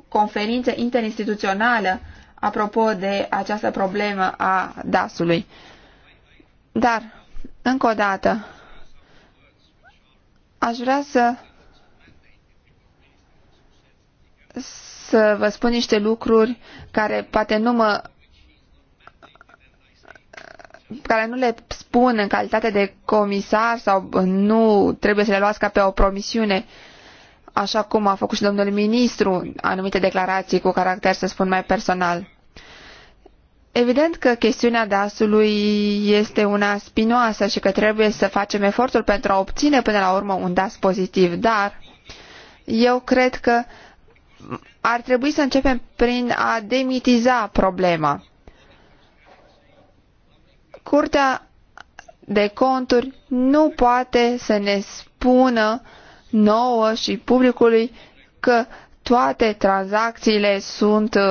conferință interinstituțională apropo de această problemă a DAS-ului. Dar, încă o dată, aș vrea să să vă spun niște lucruri care poate nu mă care nu le spun în calitate de comisar sau nu trebuie să le luați ca pe o promisiune uh, așa cum a făcut și domnul ministru anumite declarații cu caracter, să spun, mai personal. Evident că chestiunea DAS-ului este una spinoasă și că trebuie să facem efortul pentru a obține până la urmă un das pozitiv, dar eu cred că ar trebui să începem prin a demitiza problema. Curtea de conturi nu poate să ne spună uh, nouă și publicului că toate tranzacțiile sunt uh,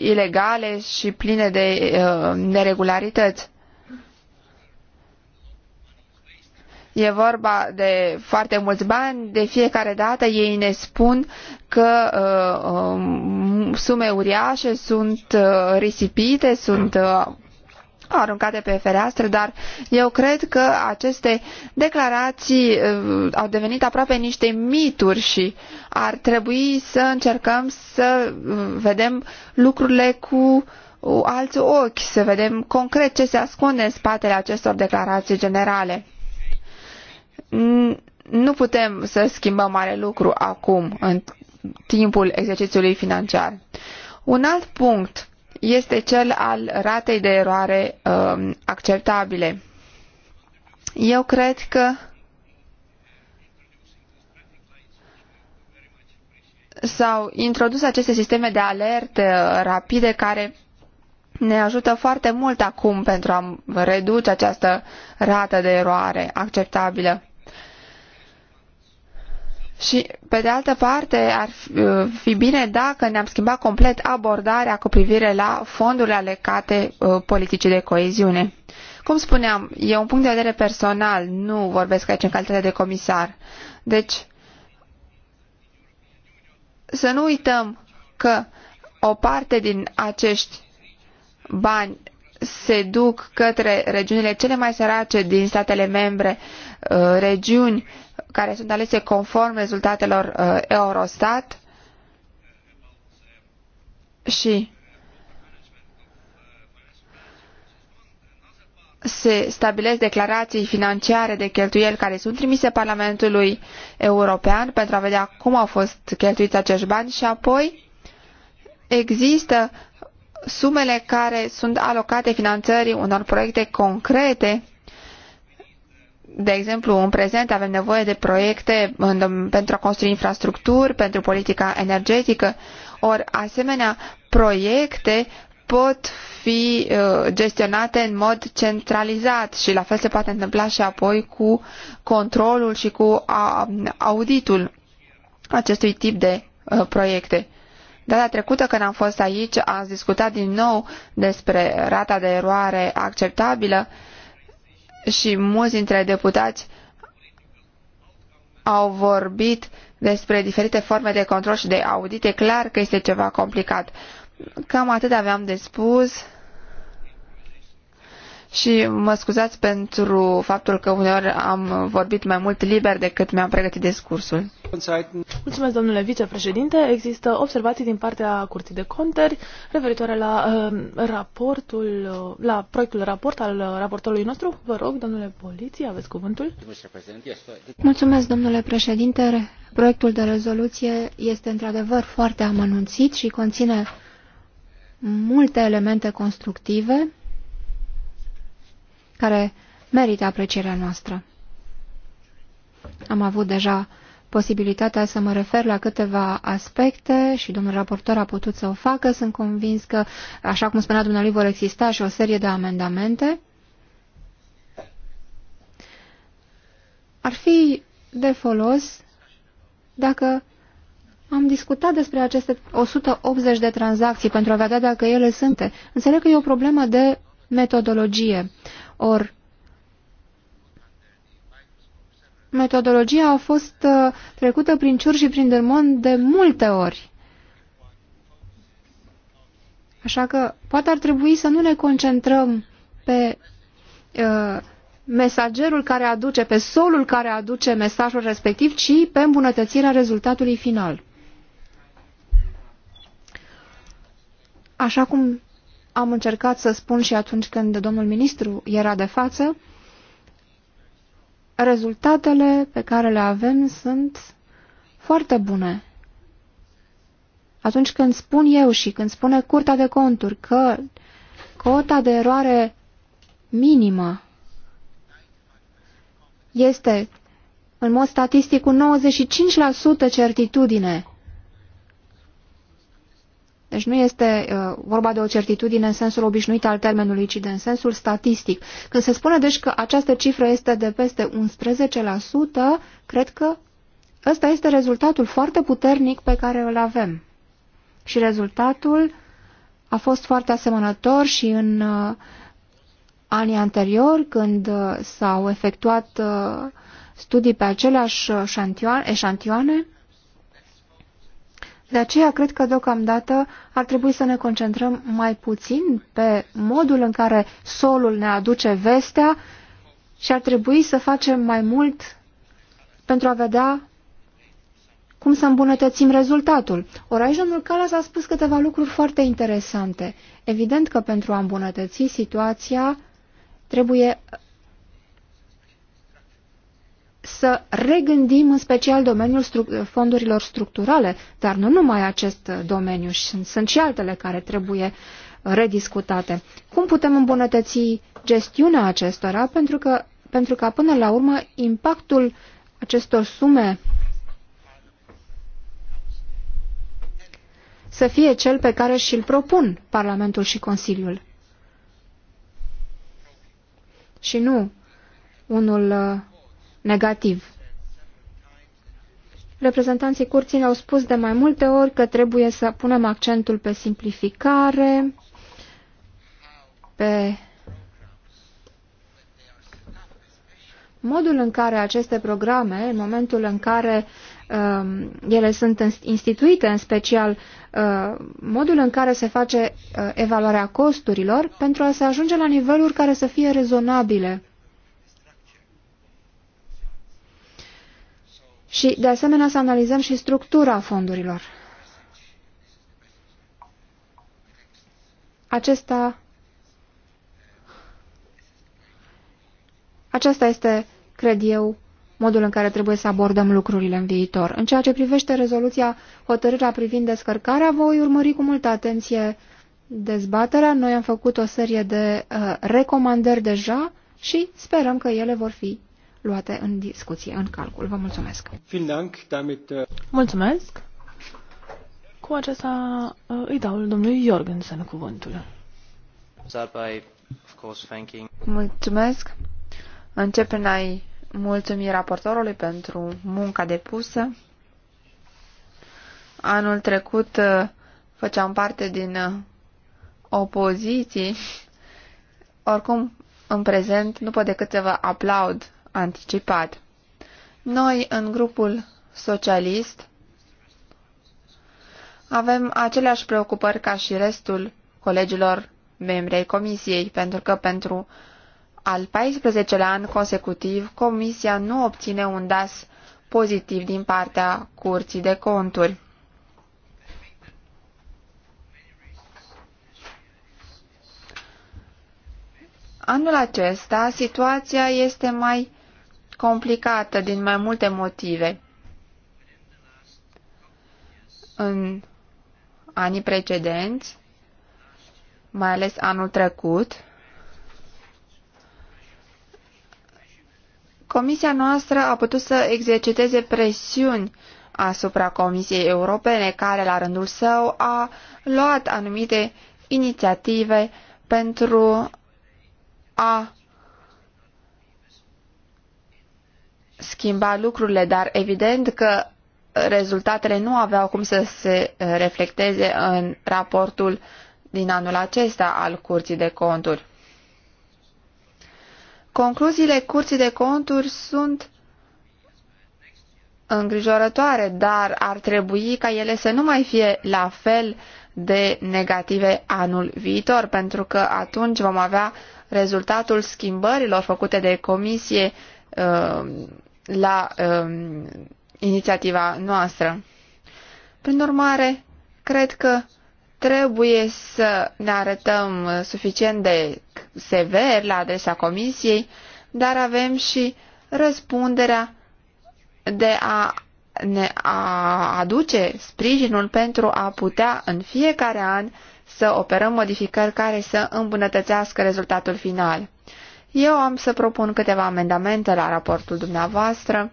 ilegale și pline de uh, neregularități. E vorba de foarte mulți bani, de fiecare dată ei ne spun că uh, um, sume uriașe sunt uh, risipite, sunt uh, aruncate pe fereastră, dar eu cred că aceste declarații uh, au devenit aproape niște mituri și ar trebui să încercăm să uh, vedem lucrurile cu uh, alți ochi, să vedem concret ce se ascunde în spatele acestor declarații generale. Nu putem să schimbăm mare lucru acum, în timpul exercițiului financiar. Un alt punct este cel al ratei de eroare um, acceptabile. Eu cred că s-au introdus aceste sisteme de alerte rapide care ne ajută foarte mult acum pentru a reduce această rată de eroare acceptabilă. Și, pe de altă parte, ar uh, fi bine dacă ne-am schimbat complet abordarea cu privire la fondurile alecate uh, politicii de coeziune. Cum spuneam, e un punct de vedere personal, nu vorbesc aici în calitate de comisar. Deci, să nu uităm că o parte din acești bani se duc către regiunile cele mai sărace din statele membre, uh, regiuni care sunt alese conform rezultatelor uh, Eurostat și se stabilesc declarații financiare de cheltuieli care sunt trimise Parlamentului European pentru a vedea cum au fost cheltuiți acești bani și apoi există sumele care sunt alocate finanțării unor proiecte concrete de exemplu, în prezent avem nevoie de proiecte pentru a construi infrastructuri, pentru politica energetică, ori asemenea proiecte pot fi uh, gestionate în mod centralizat și la fel se poate întâmpla și apoi cu controlul și cu auditul acestui tip de uh, proiecte. Data trecută când am fost aici, ați discutat din nou despre rata de eroare acceptabilă și mulți dintre deputați au vorbit despre diferite forme de control și de audit. E clar că este ceva complicat. Cam atât aveam de spus și mă scuzați pentru faptul că uneori am vorbit mai mult liber decât mi-am pregătit discursul. Mulțumesc, domnule vicepreședinte. Există observații din partea Curții de Conteri referitoare la um, uh, raportul, la proiectul raport al uh, raportorului nostru. Vă rog, domnule poliție, aveți cuvântul. Mulțumesc, domnule președinte. Proiectul de rezoluție este într-adevăr foarte amănunțit și conține multe elemente constructive care merită aprecierea noastră. Am avut deja posibilitatea să mă refer la câteva aspecte și domnul raportor a putut să o facă. Sunt convins că, așa cum spunea dumneavoastră, vor exista și o serie de amendamente. Ar fi de folos dacă am discutat despre aceste 180 de tranzacții pentru a vedea dacă ele sunt. Înțeleg că e o problemă de metodologie. Or, metodologia a fost uh, trecută prin ciur și prin dărmon de multe ori. Așa că poate ar trebui să nu ne concentrăm pe uh, mesagerul care aduce, pe solul care aduce mesajul respectiv, ci pe îmbunătățirea rezultatului final. Așa cum am încercat să spun și atunci când domnul ministru era de față, rezultatele pe care le avem sunt foarte bune. Atunci când spun eu și când spune Curtea de Conturi că cota de eroare minimă este în mod statistic cu 95% certitudine deci nu este uh, vorba de o certitudine în sensul obișnuit al termenului, ci de în sensul statistic. Când se spune deci că această cifră este de peste 11%, cred că ăsta este rezultatul foarte puternic pe care îl avem. Și rezultatul a fost foarte asemănător și în uh, anii anteriori, când uh, s-au efectuat uh, studii pe aceleași eșantioane, de aceea cred că deocamdată ar trebui să ne concentrăm mai puțin pe modul în care solul ne aduce vestea și ar trebui să facem mai mult pentru a vedea cum să îmbunătățim rezultatul. Ori aici domnul Calas a spus câteva lucruri foarte interesante. Evident că pentru a îmbunătăți situația trebuie să regândim în special domeniul stru fondurilor structurale, dar nu numai acest domeniu, sunt, sunt și altele care trebuie rediscutate. Cum putem îmbunătăți gestiunea acestora pentru, că, pentru că până la urmă impactul acestor sume să fie cel pe care și-l propun Parlamentul și Consiliul. Și nu unul negativ. Reprezentanții curții ne-au spus de mai multe ori că trebuie să punem accentul pe simplificare, pe modul în care aceste programe, în momentul în care uh, ele sunt instituite, în special uh, modul în care se face uh, evaluarea costurilor, pentru a se ajunge la niveluri care să fie rezonabile și, de asemenea, să analizăm și structura fondurilor. Acesta, acesta este, cred eu, modul în care trebuie să abordăm lucrurile în viitor. În ceea ce privește rezoluția, hotărârea privind descărcarea, voi urmări cu multă atenție dezbaterea. Noi am făcut o serie de uh, recomandări deja și sperăm că ele vor fi luate în discuție, în calcul. Vă mulțumesc! Uh, mulțumesc! Cu acesta uh, îi dau domnului Jorgensen cuvântul. Mulțumesc! Încep în a-i mulțumi raportorului pentru munca depusă. Anul trecut uh, făceam parte din opoziții. Oricum, în prezent, nu pot decât să vă aplaud anticipat. Noi, în grupul socialist, avem aceleași preocupări ca și restul colegilor membri ai comisiei, pentru că pentru al 14-lea an consecutiv, comisia nu obține un DAS pozitiv din partea curții de conturi. Anul acesta, situația este mai complicată din mai multe motive. În anii precedenți, mai ales anul trecut, Comisia noastră a putut să exerciteze presiuni asupra Comisiei Europene, care la rândul său a luat anumite inițiative pentru a schimba lucrurile, dar evident că rezultatele nu aveau cum să se eh, reflecteze în raportul din anul acesta al Curții de Conturi. Concluziile Curții de Conturi sunt îngrijorătoare, dar ar trebui ca ele să nu mai fie la fel de negative anul viitor, pentru că atunci vom avea rezultatul schimbărilor făcute de comisie eh, la uh, inițiativa noastră. Prin urmare, cred că trebuie să ne arătăm suficient de sever la adresa comisiei, dar avem și răspunderea de a ne a aduce sprijinul pentru a putea în fiecare an să operăm modificări care să îmbunătățească rezultatul final. Eu am să propun câteva amendamente la raportul dumneavoastră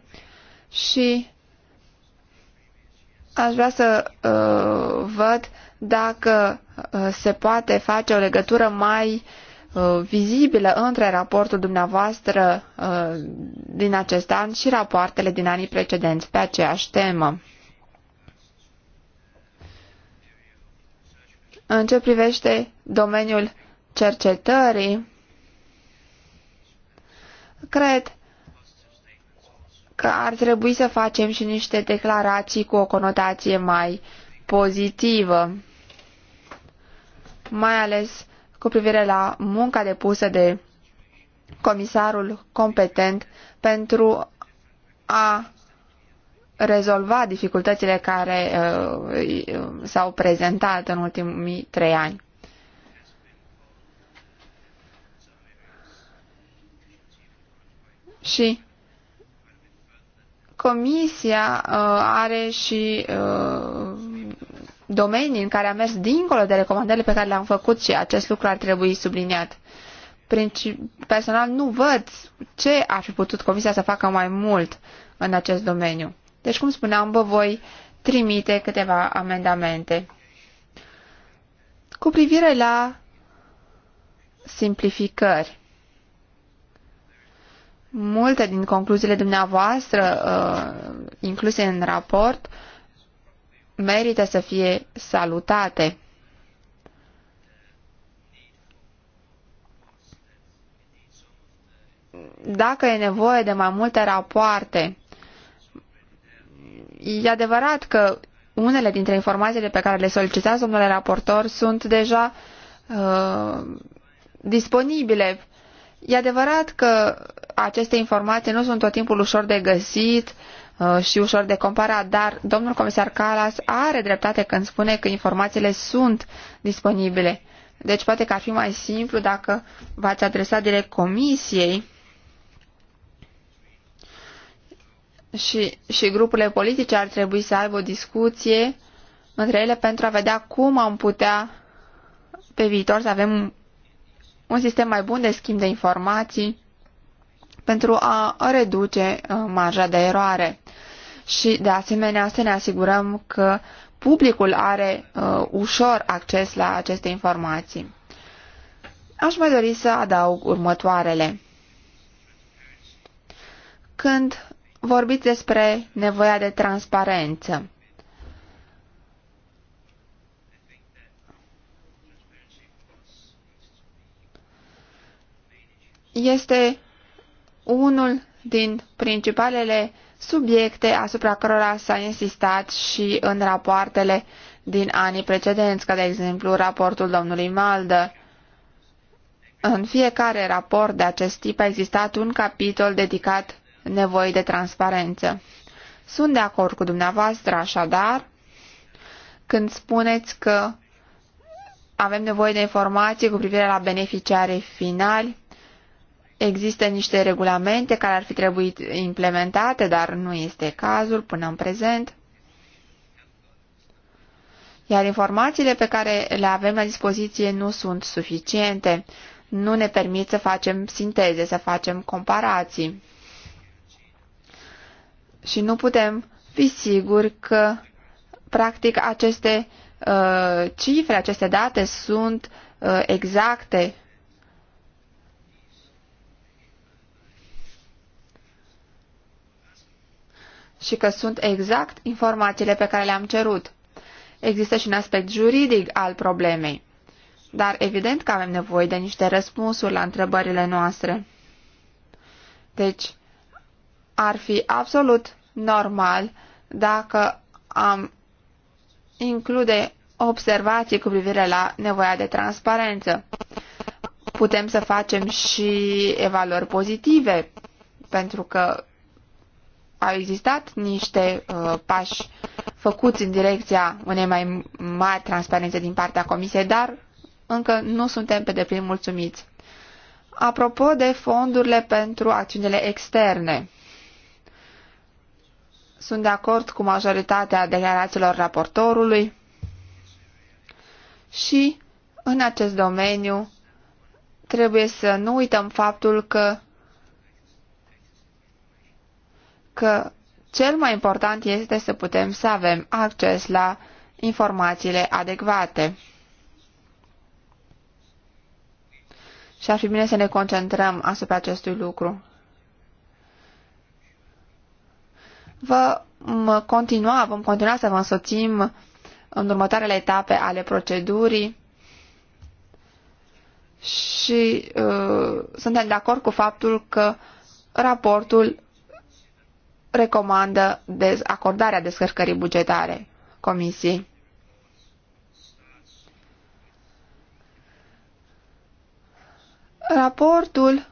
și aș vrea să uh, văd dacă uh, se poate face o legătură mai uh, vizibilă între raportul dumneavoastră uh, din acest an și rapoartele din anii precedenți pe aceeași temă. În ce privește domeniul cercetării, cred că ar trebui să facem și niște declarații cu o conotație mai pozitivă, mai ales cu privire la munca depusă de comisarul competent pentru a rezolva dificultățile care uh, uh s-au prezentat în ultimii trei ani. Și Comisia uh, are și uh, domenii în care a mers dincolo de recomandările pe care le-am făcut și acest lucru ar trebui subliniat. Princip personal nu văd ce ar fi putut Comisia să facă mai mult în acest domeniu. Deci, cum spuneam, vă voi trimite câteva amendamente. Cu privire la simplificări, multe din concluziile dumneavoastră uh, incluse în raport merită să fie salutate. Dacă e nevoie de mai multe rapoarte, e adevărat că unele dintre informațiile pe care le solicitați, domnule raportor, sunt deja uh, disponibile E adevărat că aceste informații nu sunt tot timpul ușor de găsit uh, și ușor de comparat, dar domnul comisar Calas are dreptate când spune că informațiile sunt disponibile. Deci poate că ar fi mai simplu dacă v-ați adresa direct comisiei și, și grupurile politice ar trebui să aibă o discuție între ele pentru a vedea cum am putea pe viitor să avem un sistem mai bun de schimb de informații pentru a reduce uh, marja de eroare. Și, de asemenea, să ne asigurăm că publicul are uh, ușor acces la aceste informații. Aș mai dori să adaug următoarele. Când vorbiți despre nevoia de transparență, este unul din principalele subiecte asupra cărora s-a insistat și în rapoartele din anii precedenți, ca de exemplu raportul domnului Maldă. În fiecare raport de acest tip a existat un capitol dedicat nevoii de transparență. Sunt de acord cu dumneavoastră, așadar, când spuneți că avem nevoie de informații cu privire la beneficiarii finali Există niște regulamente care ar fi trebuit implementate, dar nu este cazul până în prezent. Iar informațiile pe care le avem la dispoziție nu sunt suficiente, nu ne permit să facem sinteze, să facem comparații. Și nu putem fi siguri că, practic, aceste uh, cifre, aceste date sunt uh, exacte și că sunt exact informațiile pe care le-am cerut. Există și un aspect juridic al problemei. Dar evident că avem nevoie de niște răspunsuri la întrebările noastre. Deci, ar fi absolut normal dacă am include observații cu privire la nevoia de transparență. Putem să facem și evaluări pozitive, pentru că au existat niște uh, pași făcuți în direcția unei mai mari transparențe din partea Comisiei, dar încă nu suntem pe deplin mulțumiți. Apropo de fondurile pentru acțiunile externe, sunt de acord cu majoritatea declarațiilor raportorului și în acest domeniu trebuie să nu uităm faptul că că cel mai important este să putem să avem acces la informațiile adecvate. Și ar fi bine să ne concentrăm asupra acestui lucru. Vă continua, vom continua să vă însoțim în următoarele etape ale procedurii și uh, suntem de acord cu faptul că raportul recomandă acordarea descărcării bugetare comisiei. Raportul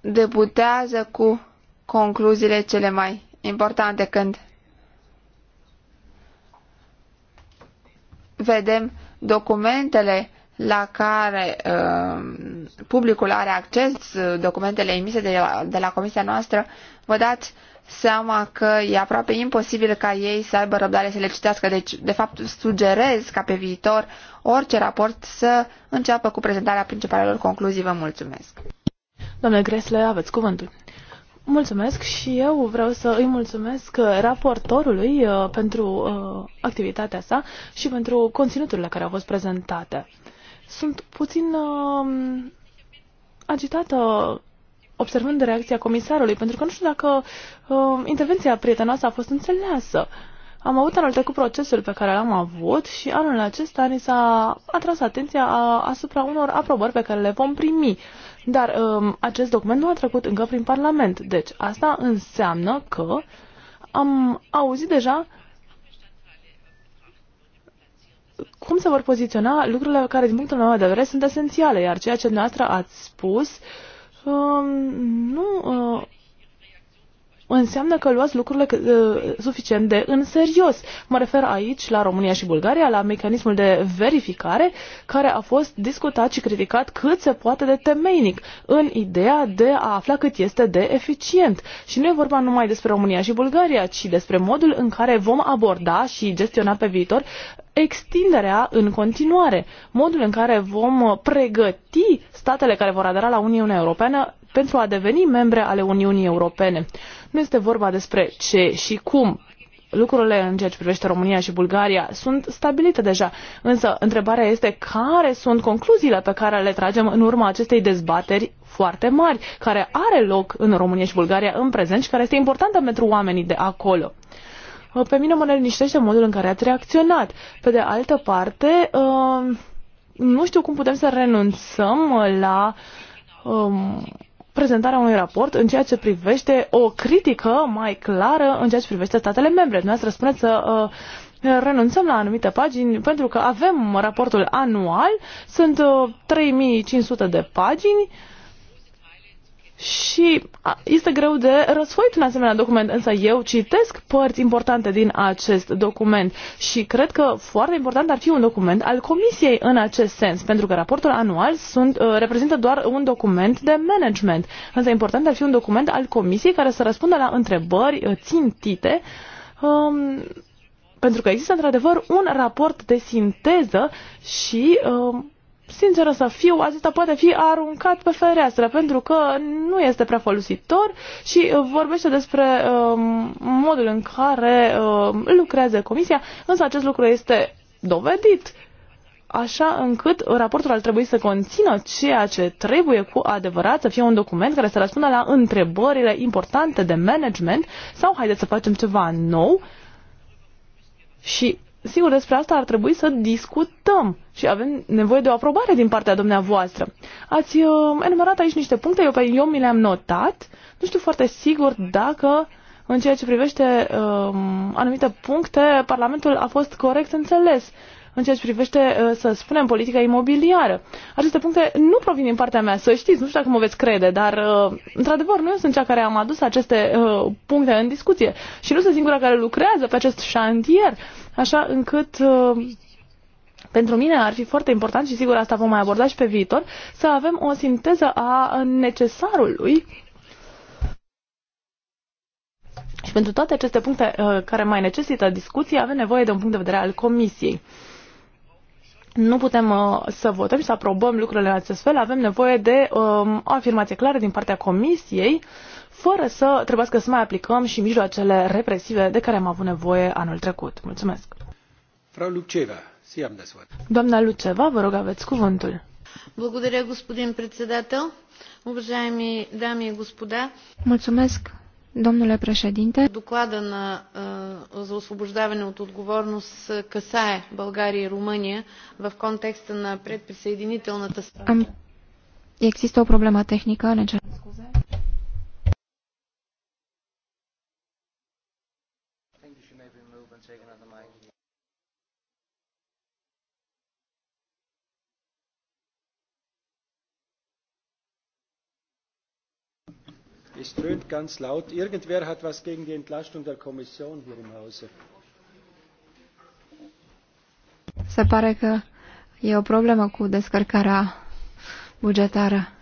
debutează cu concluziile cele mai importante când vedem documentele la care uh, publicul are acces, uh, documentele emise de la, de la comisia noastră, vă dați seama că e aproape imposibil ca ei să aibă răbdare să le citească. Deci, de fapt, sugerez ca pe viitor orice raport să înceapă cu prezentarea principalelor concluzii. Vă mulțumesc! Doamne Gresle, aveți cuvântul. Mulțumesc și eu vreau să îi mulțumesc uh, raportorului uh, pentru activitatea sa și pentru conținuturile care au fost prezentate. Sunt puțin uh, agitată observând reacția comisarului, pentru că nu știu dacă uh, intervenția prietenoasă a fost înțeleasă. Am avut anul trecut procesul pe care l-am avut și anul acesta ni s-a atras atenția a, asupra unor aprobări pe care le vom primi. Dar um, acest document nu a trecut încă prin Parlament. Deci asta înseamnă că am auzit deja cum se vor poziționa lucrurile care, din punctul meu de vedere, sunt esențiale, iar ceea ce dumneavoastră ați spus uh, nu uh, înseamnă că luați lucrurile uh, suficient de în serios. Mă refer aici la România și Bulgaria, la mecanismul de verificare care a fost discutat și criticat cât se poate de temeinic în ideea de a afla cât este de eficient. Și nu e vorba numai despre România și Bulgaria, ci despre modul în care vom aborda și gestiona pe viitor extinderea în continuare, modul în care vom pregăti statele care vor adera la Uniunea Europeană pentru a deveni membre ale Uniunii Europene. Nu este vorba despre ce și cum. Lucrurile în ceea ce privește România și Bulgaria sunt stabilite deja, însă întrebarea este care sunt concluziile pe care le tragem în urma acestei dezbateri foarte mari, care are loc în România și Bulgaria în prezent și care este importantă pentru oamenii de acolo pe mine mă neliniștește modul în care ați reacționat. Pe de altă parte, uh, nu știu cum putem să renunțăm la um, prezentarea unui raport în ceea ce privește o critică mai clară în ceea ce privește statele membre. Dumneavoastră spuneți să uh, renunțăm la anumite pagini pentru că avem raportul anual, sunt uh, 3500 de pagini, uh, și este greu de răsfoit un asemenea document, însă eu citesc părți importante din acest document și cred că foarte important ar fi un document al Comisiei în acest sens, pentru că raportul anual sunt, uh, reprezintă doar un document de management, însă important ar fi un document al Comisiei care să răspundă la întrebări uh, țintite um, pentru că există într-adevăr un raport de sinteză și um, sinceră să fiu, acesta poate fi aruncat pe fereastră, pentru că nu este prea folositor și uh, vorbește despre uh, modul în care uh, lucrează comisia, însă acest lucru este dovedit așa încât raportul ar trebui să conțină ceea ce trebuie cu adevărat să fie un document care să răspundă la întrebările importante de management sau haideți să facem ceva nou și Sigur, despre asta ar trebui să discutăm și avem nevoie de o aprobare din partea dumneavoastră. Ați uh, enumerat aici niște puncte, eu, pe, eu mi le-am notat, nu știu foarte sigur dacă în ceea ce privește uh, anumite puncte, Parlamentul a fost corect înțeles în ceea ce privește, uh, să spunem, politica imobiliară. Aceste puncte nu provin din partea mea, să știți, nu știu dacă mă veți crede, dar, uh, într-adevăr, nu eu sunt cea care am adus aceste uh, puncte în discuție și nu sunt singura care lucrează pe acest șantier, așa încât pentru mine ar fi foarte important și sigur asta vom mai aborda și pe viitor, să avem o sinteză a necesarului și pentru toate aceste puncte care mai necesită discuții, avem nevoie de un punct de vedere al Comisiei nu putem uh, să votăm și să aprobăm lucrurile în acest fel. Avem nevoie de um, o afirmație clară din partea Comisiei, fără să trebuiască să mai aplicăm și mijloacele represive de care am avut nevoie anul trecut. Mulțumesc. Frau Luceva, si am desvăt. Doamna Luceva, vă rog, aveți cuvântul. Благодаря, господин председател. Уважаеми дами и господа. Mulțumesc, Domnule președinte, доклада на, за освобождаване от отговорност касае България и Румъния в контекста на предприсъединителната страна. Există o problemă tehnică, ne cer scuze. Es dröhnt ganz laut. Irgendwer hat was gegen die Entlastung der Kommission hier im Hause. Se pare că e o problemă cu descărcarea bugetară.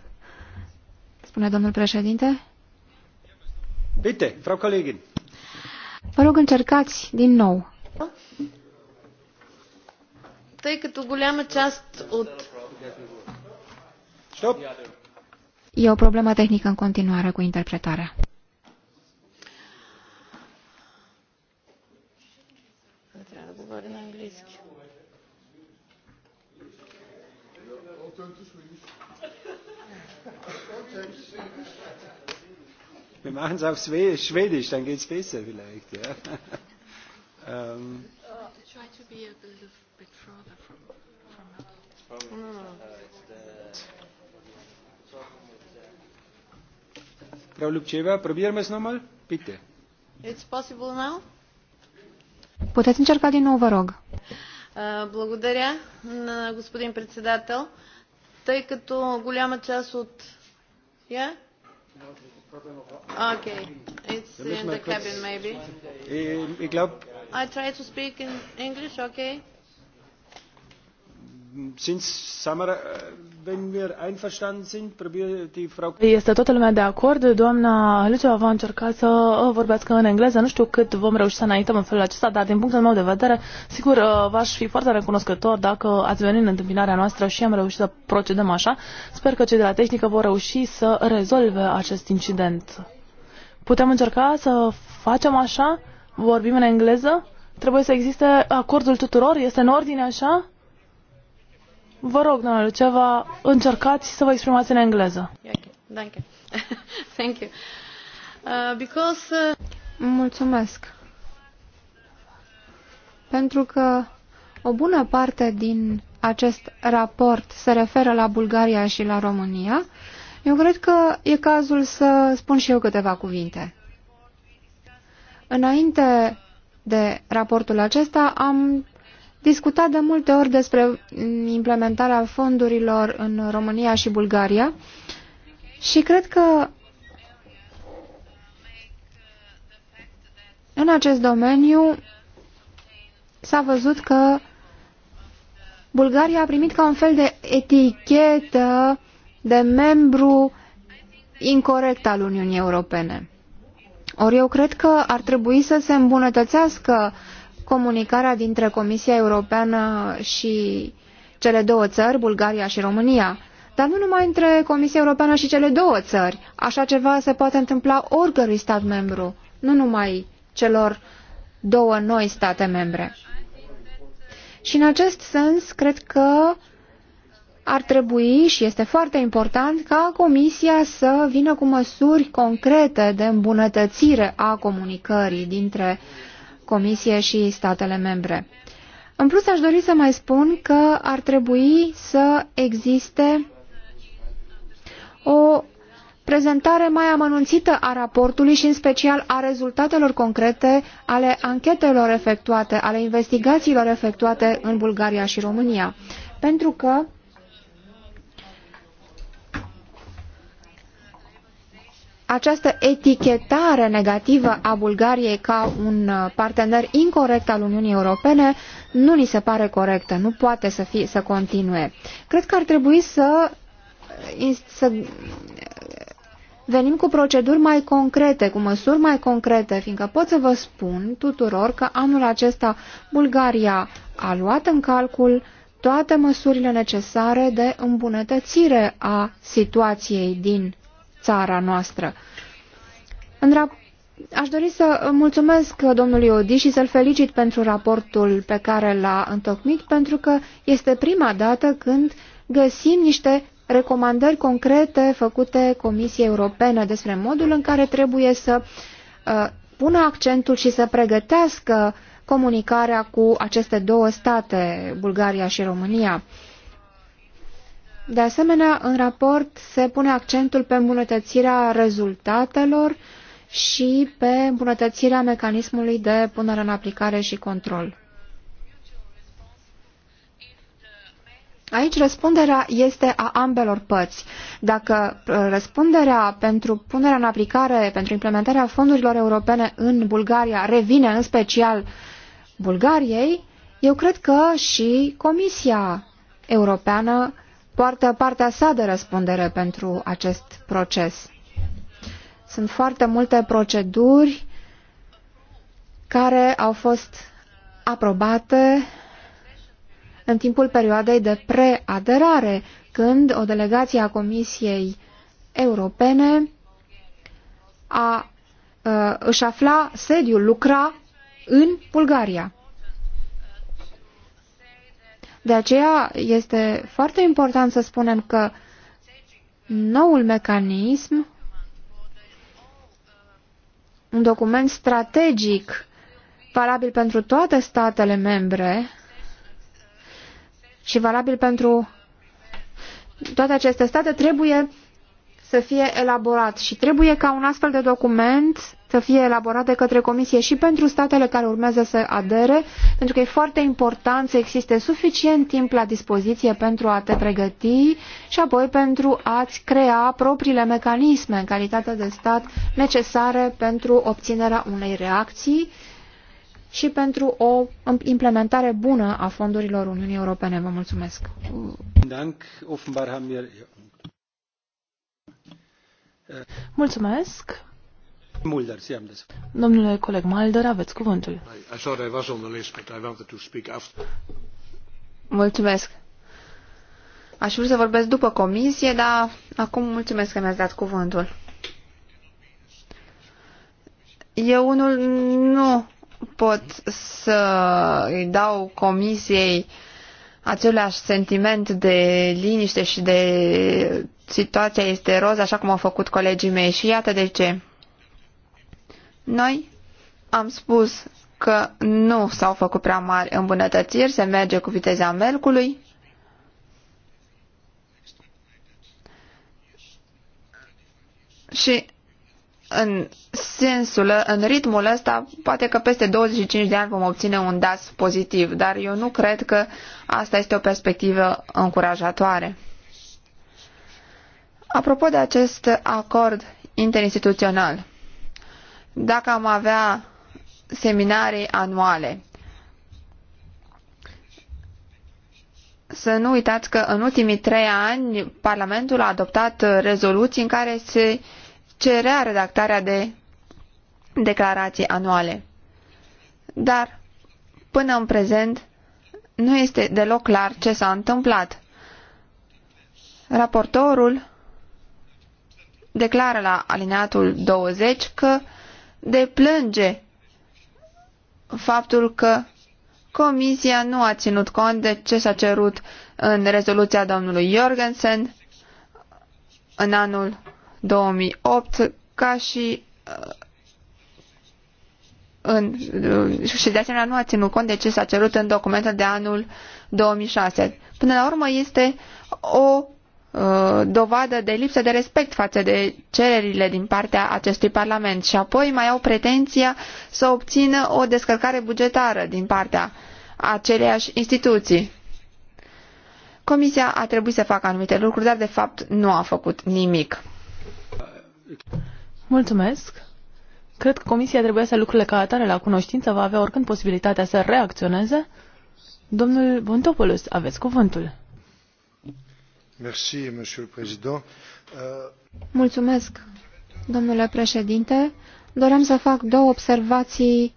Spune domnul președinte. Bitte, Frau Kollegin. Vă rog, încercați din nou. Тъй като голяма част от... Stop! E o problemă tehnică în continuare cu interpretarea. Wir machen es auf Schwedisch, dann geht es besser vielleicht. Ja. ähm. Try to be a bit further from, from, from hmm. no, Frau Lupceva, probieren wir es nochmal? Bitte. It's possible now? Puteți încerca din nou, vă rog. Uh, благодаря на господин председател. Тъй като голяма част от... Yeah? Okay. It's in the cabin maybe. Eh, eh, I try to speak in English, okay? Äh, este toată lumea de acord. Doamna Luceva va încerca să uh, vorbească în engleză. Nu știu cât vom reuși să înaintăm în felul acesta, dar din punctul meu de vedere, sigur, uh, v-aș fi foarte recunoscător dacă ați venit în întâmpinarea noastră și am reușit să procedăm așa. Sper că cei de la tehnică vor reuși să rezolve acest incident. Putem încerca să facem așa? Vorbim în engleză? Trebuie să existe acordul tuturor? Este în ordine așa? Vă rog, doamna Luceva, încercați să vă exprimați în engleză. Thank you. Uh, because, uh... Mulțumesc. Pentru că o bună parte din acest raport se referă la Bulgaria și la România, eu cred că e cazul să spun și eu câteva cuvinte. Înainte de raportul acesta am discutat de multe ori despre implementarea fondurilor în România și Bulgaria și cred că în acest domeniu s-a văzut că Bulgaria a primit ca un fel de etichetă de membru incorrect al Uniunii Europene. Ori eu cred că ar trebui să se îmbunătățească uh, comunicarea dintre Comisia Europeană și cele două țări, Bulgaria și România. Dar nu numai între Comisia Europeană și cele două țări. Așa ceva se poate întâmpla oricărui stat membru, nu numai celor două noi state membre. Și în acest sens, cred că ar trebui și este foarte important ca Comisia să vină cu măsuri concrete de îmbunătățire a comunicării dintre uh, Comisie și statele membre. În plus, aș dori să mai spun că ar trebui să existe o prezentare mai amănunțită a raportului și în special a rezultatelor concrete ale anchetelor efectuate, ale investigațiilor efectuate în Bulgaria și România. Pentru că această etichetare negativă a Bulgariei ca un uh, partener incorrect al Uniunii Europene nu ni se pare corectă, nu poate să, fie, să continue. Cred că ar trebui să, uh, să uh, venim cu proceduri mai concrete, cu măsuri mai concrete, fiindcă pot să vă spun tuturor că anul acesta Bulgaria a luat în calcul toate măsurile necesare de îmbunătățire a situației din țara noastră. Aș dori să mulțumesc domnului Odi și să-l felicit pentru raportul pe care l-a întocmit, pentru că este prima dată când găsim niște recomandări concrete făcute Comisiei Europene despre modul în care trebuie să uh, pună accentul și să pregătească comunicarea cu aceste două state, Bulgaria și România. De asemenea, în raport se pune accentul pe îmbunătățirea rezultatelor și pe îmbunătățirea mecanismului de punere în aplicare și control. Aici răspunderea este a ambelor părți. Dacă uh, răspunderea pentru punerea în aplicare, pentru implementarea fondurilor europene în Bulgaria revine în special Bulgariei, eu cred că și Comisia Europeană poartă partea sa de răspundere pentru acest proces. Sunt foarte multe proceduri care au fost aprobate în timpul perioadei de preaderare, când o delegație a Comisiei Europene a, a, uh, își afla sediul, lucra în Bulgaria. De aceea este foarte important să spunem că noul mecanism, un document strategic valabil pentru toate statele membre și valabil pentru toate aceste state, trebuie să fie elaborat și trebuie ca un astfel de document să fie elaborate către Comisie și pentru statele care urmează să adere, pentru că e foarte important să existe suficient timp la dispoziție pentru a te pregăti și apoi pentru a-ți crea propriile mecanisme în calitate de stat necesare pentru obținerea unei reacții și pentru o implementare bună a fondurilor Uniunii Europene. Vă mulțumesc! Mulțumesc! Mulder, Domnule coleg Mulder, aveți cuvântul. Mulțumesc. Aș vrea să vorbesc după comisie, dar acum mulțumesc că mi-ați dat cuvântul. Eu unul nu pot să îi dau comisiei același sentiment de liniște și de situația este roz, așa cum au făcut colegii mei și iată de ce. Noi am spus că nu s-au făcut prea mari îmbunătățiri, se merge cu viteza melcului. Și în sensul, în ritmul ăsta, poate că peste 25 de ani vom obține un DAS pozitiv, dar eu nu cred că asta este o perspectivă încurajatoare. Apropo de acest acord interinstituțional, dacă am avea seminarii anuale. Să nu uitați că în ultimii trei ani Parlamentul a adoptat rezoluții în care se cerea redactarea de declarații anuale. Dar, până în prezent, nu este deloc clar ce s-a întâmplat. Raportorul declară la alineatul 20 că deplânge faptul că Comisia nu a ținut cont de ce s-a cerut în rezoluția domnului Jorgensen în anul 2008 ca și uh, în, uh, și de asemenea nu a ținut cont de ce s-a cerut în documentul de anul 2006. Până la urmă este o Uh, dovadă de lipsă de respect față de cererile din partea acestui Parlament și apoi mai au pretenția să obțină o descărcare bugetară din partea aceleiași instituții. Comisia a trebuit să facă anumite lucruri, dar de fapt nu a făcut nimic. Mulțumesc. Cred că Comisia trebuia să lucrurile ca atare la cunoștință va avea oricând posibilitatea să reacționeze. Domnul Bontopoulos, aveți cuvântul. Euh, Mulțumesc, domnule președinte. Doream să fac două observații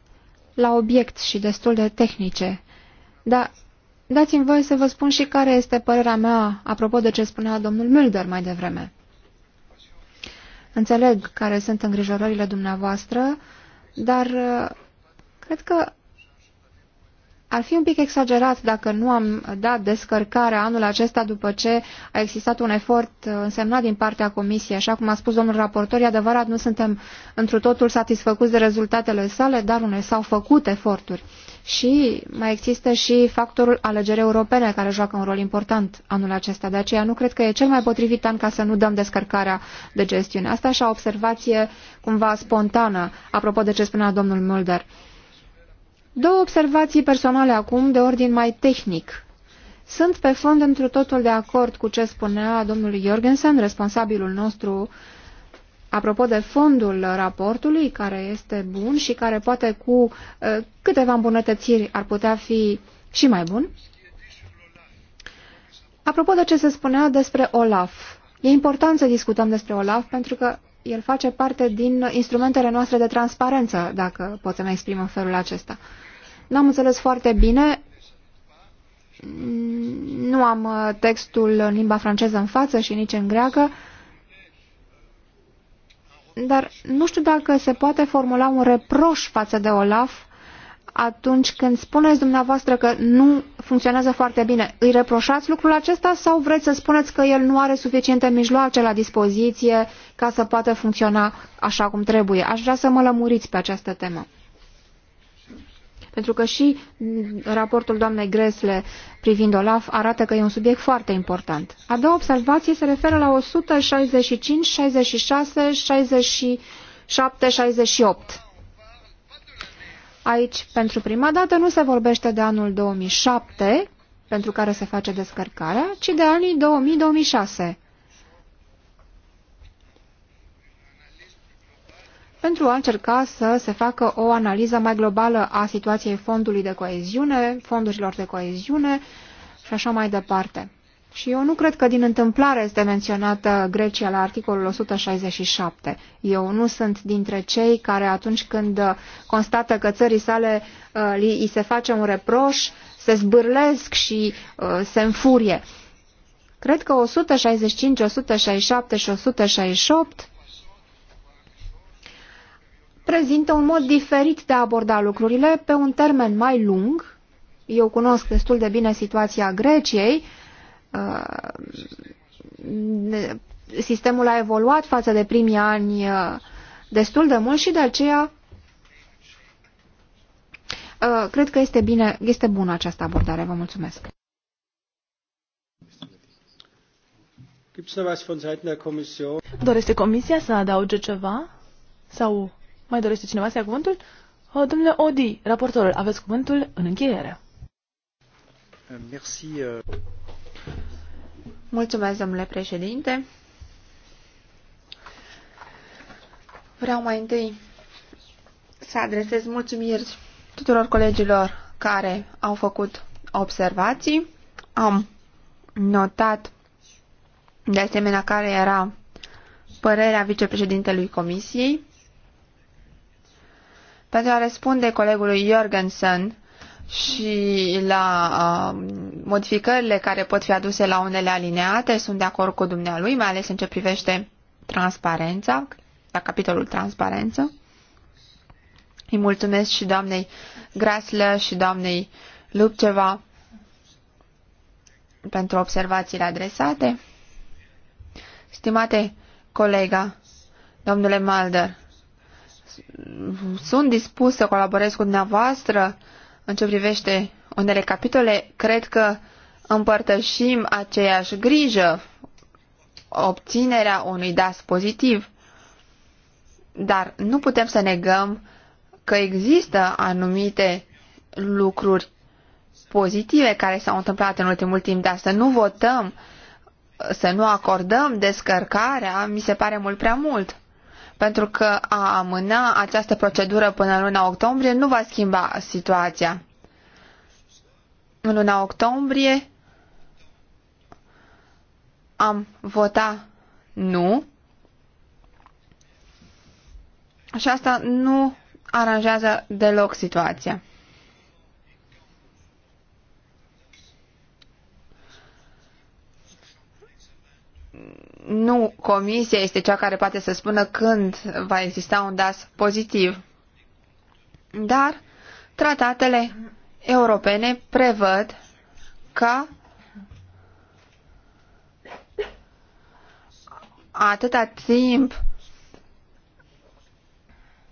la obiect și destul de tehnice. Dar dați-mi voie să vă spun și care este părerea mea apropo de ce spunea domnul Mulder mai devreme. Înțeleg care sunt îngrijorările dumneavoastră, dar uh, cred că ar fi un pic exagerat dacă nu am dat descărcarea anul acesta după ce a existat un efort uh, însemnat din partea Comisiei. Așa cum a spus domnul raportor, e adevărat, nu suntem întru totul satisfăcuți de rezultatele sale, dar unei s-au făcut eforturi. Și mai există și factorul alegerii europene care joacă un rol important anul acesta. De aceea nu cred că e cel mai potrivit an ca să nu dăm descărcarea de gestiune. Asta așa o observație cumva spontană, apropo de ce spunea domnul Mulder. Două observații personale acum, de ordin mai tehnic. Sunt pe fond întru totul de acord cu ce spunea domnul Jorgensen, responsabilul nostru, apropo de fondul raportului, care este bun și care poate cu uh, câteva îmbunătățiri ar putea fi și mai bun. Apropo de ce se spunea despre OLAF, e important să discutăm despre OLAF pentru că el face parte din instrumentele noastre de transparență, dacă pot să mă exprim în felul acesta. N-am înțeles foarte bine, nu am uh, textul în limba franceză în față și nici în greacă, dar nu știu dacă se poate formula un reproș față de Olaf atunci când spuneți dumneavoastră că nu funcționează foarte bine, îi reproșați lucrul acesta sau vreți să spuneți că el nu are suficiente mijloace la dispoziție ca să poată funcționa așa cum trebuie? Aș vrea să mă lămuriți pe această temă. Pentru că și raportul doamnei Gresle privind OLAF arată că e un subiect foarte important. A doua observație se referă la 165, 66, 67, 68 Aici, pentru prima dată, nu se vorbește de anul 2007, pentru care se face descărcarea, ci de anii 2000-2006. pentru a încerca să se facă o analiză mai globală a situației fondului de coeziune, fondurilor de coeziune și așa mai departe. Și eu nu cred că din întâmplare este menționată Grecia la articolul 167. Eu nu sunt dintre cei care atunci când uh, constată că țării sale uh, îi se face un reproș, se zbârlesc și uh, se înfurie. Cred că 165, 167 și 168 prezintă un mod diferit de a aborda lucrurile pe un termen mai lung. Eu cunosc destul de bine situația Greciei, sistemul a evoluat față de primii ani uh, destul de mult și de aceea uh, cred că este, bine, este bună această abordare. Vă mulțumesc. Dorește Comisia să adauge ceva? Sau mai dorește cineva să ia cuvântul? Uh, domnule Odi, raportorul, aveți cuvântul în încheiere. Merci. Mulțumesc, domnule președinte. Vreau mai întâi să adresez mulțumiri tuturor colegilor care au făcut observații. Am notat de asemenea care era părerea vicepreședintelui Comisiei. Pentru a răspunde colegului Jorgensen, și la uh, modificările care pot fi aduse la unele alineate. Sunt de acord cu dumnealui, mai ales în ce privește transparența, la capitolul transparență. Îi mulțumesc și doamnei Graslă și doamnei Lupceva pentru observațiile adresate. Stimate colega, domnule Malder, sunt dispus să colaborez cu dumneavoastră în ce privește unele capitole, cred că împărtășim aceeași grijă, obținerea unui DAS pozitiv. Dar nu putem să negăm că există anumite lucruri pozitive care s-au întâmplat în ultimul timp, dar să nu votăm, să nu acordăm descărcarea, mi se pare mult prea mult pentru că a amâna această procedură până în luna octombrie nu va schimba situația. În luna octombrie am votat nu și asta nu aranjează deloc situația. nu comisia este cea care poate să spună când va exista un DAS pozitiv. Dar tratatele europene prevăd ca atâta timp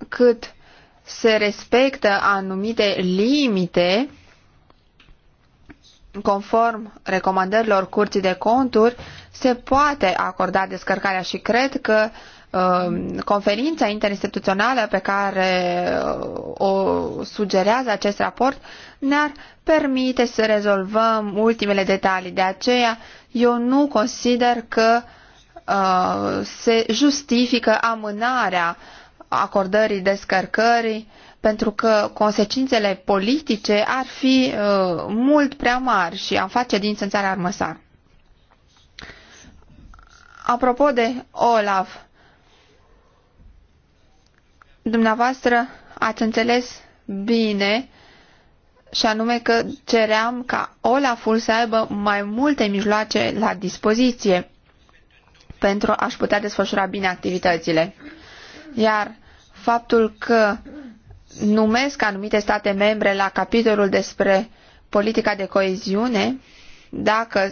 cât se respectă anumite limite conform recomandărilor curții de conturi, se poate acorda descărcarea și cred că um, conferința interinstituțională pe care uh, o sugerează acest raport ne-ar permite să rezolvăm ultimele detalii. De aceea, eu nu consider că uh, se justifică amânarea acordării descărcării, pentru că consecințele politice ar fi uh, mult prea mari și am face din țânțarea armăsar. Apropo de Olaf, dumneavoastră ați înțeles bine și anume că ceream ca Olaful să aibă mai multe mijloace la dispoziție pentru a-și putea desfășura bine activitățile. Iar faptul că numesc anumite state membre la capitolul despre politica de coeziune, dacă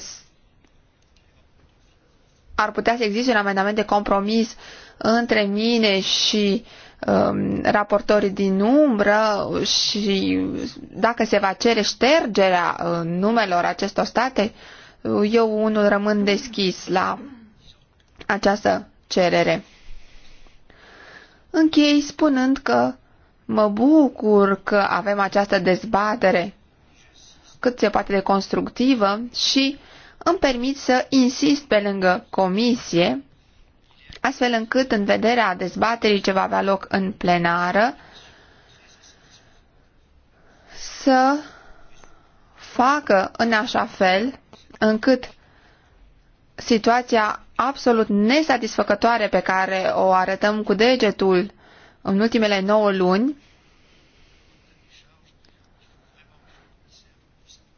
ar putea să existe un amendament de compromis între mine și um, raportorii din umbră și dacă se va cere ștergerea uh, numelor acestor state, eu unul rămân deschis la această cerere. Închei spunând că mă bucur că avem această dezbatere cât se poate de constructivă și îmi permit să insist pe lângă comisie, astfel încât în vederea dezbaterii ce va avea loc în plenară, să facă în așa fel încât situația absolut nesatisfăcătoare pe care o arătăm cu degetul în ultimele 9 luni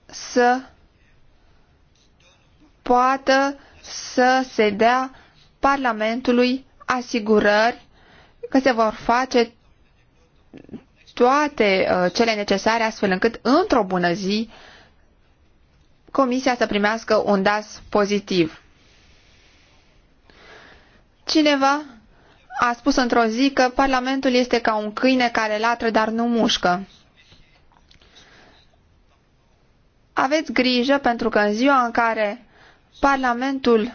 să poată să se dea Parlamentului asigurări că se vor face toate uh, cele necesare astfel încât într-o bună zi Comisia să primească un DAS pozitiv. Cineva a spus într-o zi că Parlamentul este ca un câine care latră, dar nu mușcă. Aveți grijă pentru că în ziua în care Parlamentul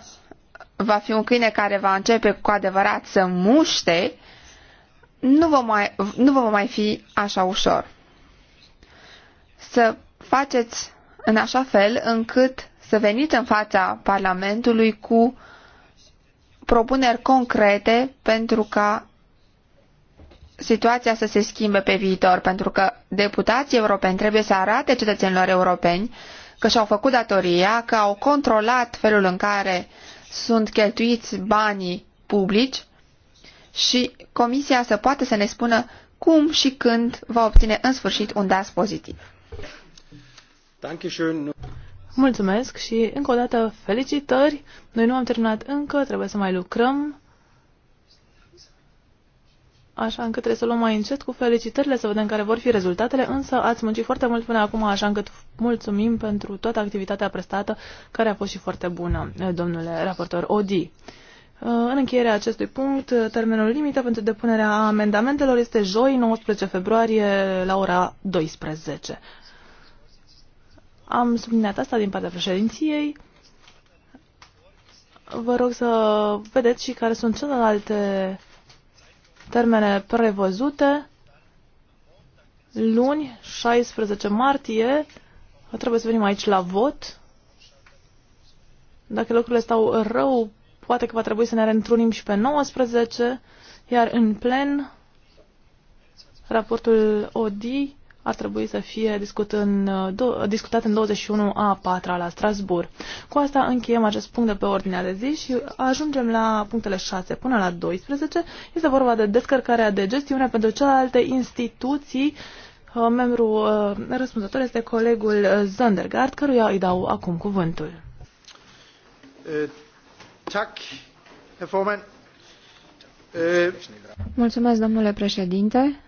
va fi un câine care va începe cu adevărat să muște, nu vă mai, nu vă mai fi așa ușor. Să faceți în așa fel încât să veniți în fața Parlamentului cu propuneri concrete pentru ca situația să se schimbe pe viitor, pentru că deputații europeni trebuie să arate cetățenilor europeni că și-au făcut datoria, că au controlat felul în care sunt cheltuiți banii publici și comisia să poată să ne spună cum și când va obține în sfârșit un DAS pozitiv. Mulțumesc și încă o dată felicitări. Noi nu am terminat încă, trebuie să mai lucrăm. Așa încât trebuie să luăm mai încet cu felicitările, să vedem care vor fi rezultatele, însă ați muncit foarte mult până acum, așa încât mulțumim pentru toată activitatea prestată, care a fost și foarte bună, domnule raportor Odi. În încheierea acestui punct, termenul limită pentru depunerea amendamentelor este joi, 19 februarie, la ora 12. Am subliniat asta din partea președinției. Vă rog să vedeți și care sunt celelalte termene prevăzute. Luni, 16 martie, trebuie să venim aici la vot. Dacă lucrurile stau rău, poate că va trebui să ne reîntrunim și pe 19, iar în plen, raportul ODI ar trebui să fie discut în, uh, do, discutat în 21 a 4 la Strasbourg. Cu asta încheiem acest punct de pe ordinea de zi și ajungem la punctele 6 până la 12. Este vorba de descărcarea de gestiune pentru celelalte instituții. Uh, Membru uh, răspunzător este colegul Zandergaard, căruia îi dau acum cuvântul. Eh, eh, Mulțumesc, domnule președinte.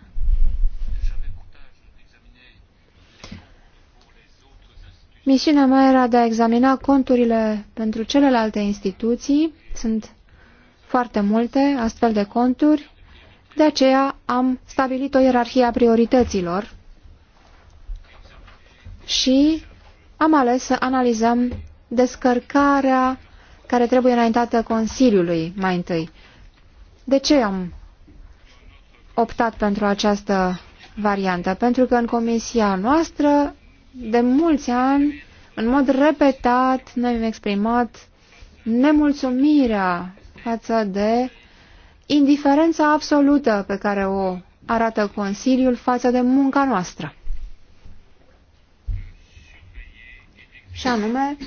Misiunea mea era de a examina conturile pentru celelalte instituții. Sunt foarte multe astfel de conturi. De aceea am stabilit o ierarhie a priorităților și am ales să analizăm descărcarea care trebuie înaintată Consiliului mai întâi. De ce am optat pentru această variantă? Pentru că în comisia noastră de mulți ani, în mod repetat, noi am exprimat nemulțumirea față de indiferența absolută pe care o arată Consiliul față de munca noastră. Și anume,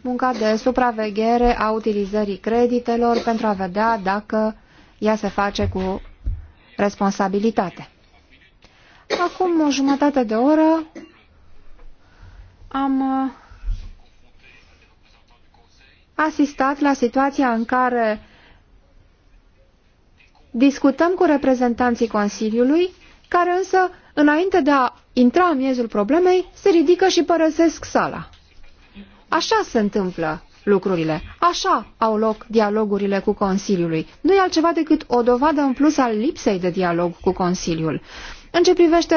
munca de supraveghere a utilizării creditelor pentru a vedea dacă ea se face cu responsabilitate. Acum o jumătate de oră am uh, asistat la situația în care discutăm cu reprezentanții Consiliului, care însă, înainte de a intra în miezul problemei, se ridică și părăsesc sala. Așa se întâmplă lucrurile. Așa au loc dialogurile cu Consiliului. Nu e altceva decât o dovadă în plus al lipsei de dialog cu Consiliul. În ce privește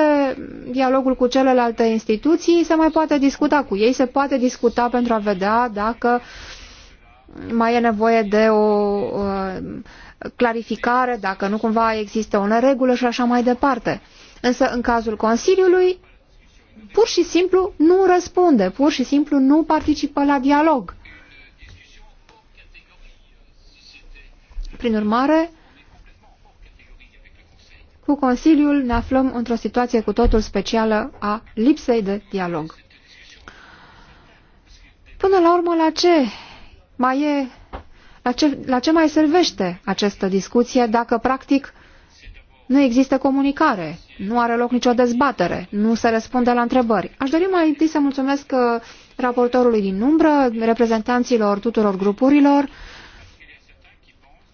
dialogul cu celelalte instituții, se mai poate discuta cu ei, se poate discuta pentru a vedea dacă mai e nevoie de o uh, clarificare, dacă nu cumva există o neregulă și așa mai departe. Însă, în cazul Consiliului, pur și simplu nu răspunde, pur și simplu nu participă la dialog. Prin urmare, cu Consiliul ne aflăm într-o situație cu totul specială a lipsei de dialog. Până la urmă, la ce mai e, la ce, la ce mai servește această discuție dacă, practic, nu există comunicare, nu are loc nicio dezbatere, nu se răspunde la întrebări. Aș dori mai întâi să mulțumesc uh, raportorului din umbră, reprezentanților tuturor grupurilor,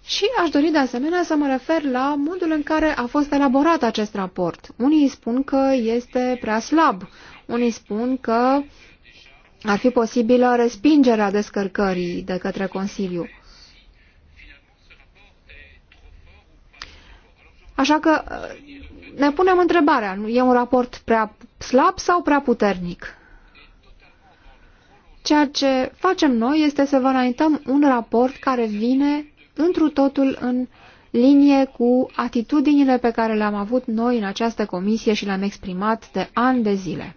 și aș dori de asemenea să mă refer la modul în care a fost elaborat acest raport. Unii spun că este prea slab, unii spun că ar fi posibilă respingerea descărcării de către Consiliu. Așa că uh, ne punem întrebarea, e un raport prea slab sau prea puternic? Ceea ce facem noi este să vă înaintăm un raport care vine întru totul în linie cu atitudinile pe care le-am avut noi în această comisie și le-am exprimat de ani de zile.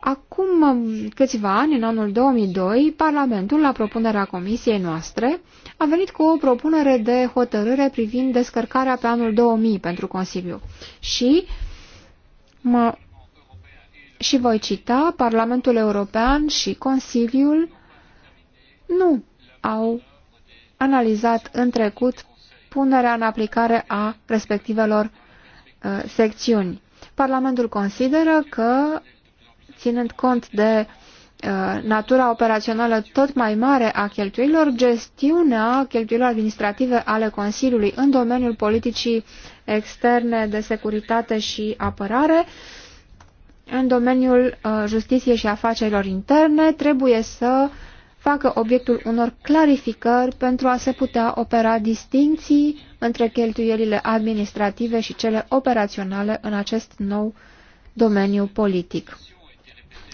Acum um, câțiva ani, în anul 2002, Parlamentul, la propunerea comisiei noastre, a venit cu o propunere de hotărâre privind descărcarea pe anul 2000 pentru Consiliu. Și, mă, și voi cita, Parlamentul European și Consiliul nu au analizat în trecut punerea în aplicare a respectivelor uh, secțiuni. Parlamentul consideră că, ținând cont de uh, natura operațională tot mai mare a cheltuielor, gestiunea cheltuielor administrative ale Consiliului în domeniul politicii externe de securitate și apărare, în domeniul uh, justiției și afacerilor interne, trebuie să uh, facă obiectul unor clarificări pentru a se putea opera distinții între cheltuielile administrative și cele operaționale în acest nou domeniu politic.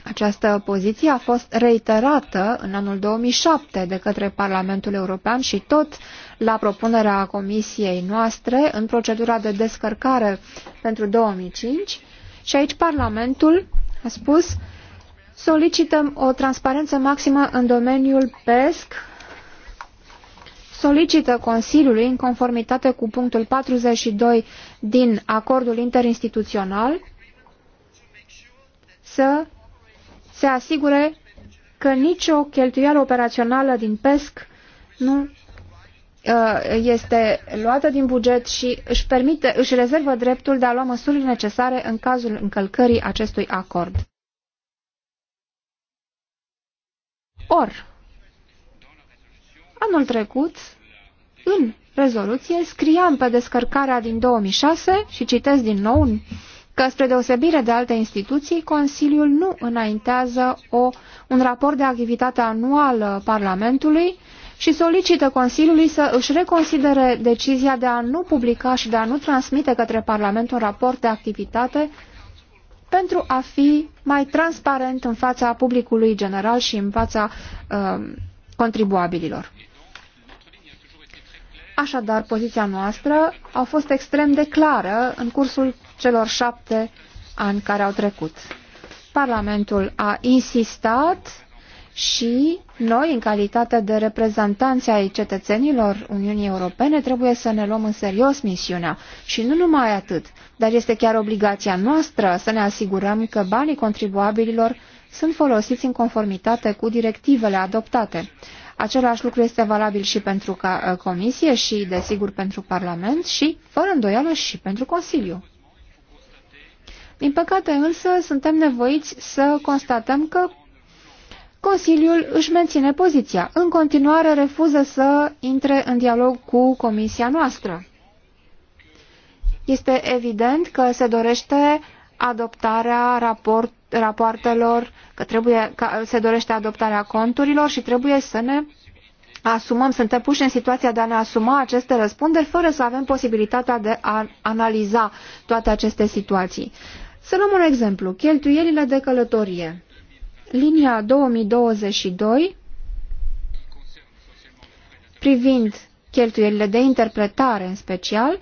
Această poziție a fost reiterată în anul 2007 de către Parlamentul European și tot la propunerea comisiei noastre în procedura de descărcare pentru 2005 și aici Parlamentul a spus Solicităm o transparență maximă în domeniul PESC. Solicită Consiliului, în conformitate cu punctul 42 din acordul interinstituțional, să se asigure că nicio cheltuială operațională din PESC nu uh, este luată din buget și își, permite, își rezervă dreptul de a lua măsurile necesare în cazul încălcării acestui acord. Or, anul trecut, în rezoluție, scriam pe descărcarea din 2006 și citesc din nou că, spre deosebire de alte instituții, Consiliul nu înaintează o, un raport de activitate anual Parlamentului și solicită Consiliului să își reconsidere decizia de a nu publica și de a nu transmite către Parlament un raport de activitate pentru a fi mai transparent în fața publicului general și în fața uh, contribuabililor. Așadar, poziția noastră a fost extrem de clară în cursul celor șapte ani care au trecut. Parlamentul a insistat și noi, în calitate de reprezentanți ai cetățenilor Uniunii Europene, trebuie să ne luăm în serios misiunea. Și nu numai atât, dar este chiar obligația noastră să ne asigurăm că banii contribuabililor sunt folosiți în conformitate cu directivele adoptate. Același lucru este valabil și pentru ă, Comisie și, desigur, pentru Parlament și, fără îndoială, și pentru Consiliu. Din păcate însă, suntem nevoiți să constatăm că Consiliul își menține poziția. În continuare refuză să intre în dialog cu comisia noastră. Este evident că se dorește adoptarea raport, rapoartelor, că trebuie, că se dorește adoptarea conturilor și trebuie să ne asumăm, suntem puși în situația de a ne asuma aceste răspunderi fără să avem posibilitatea de a analiza toate aceste situații. Să luăm un exemplu, cheltuielile de călătorie. Linia 2022 privind cheltuielile de interpretare în special,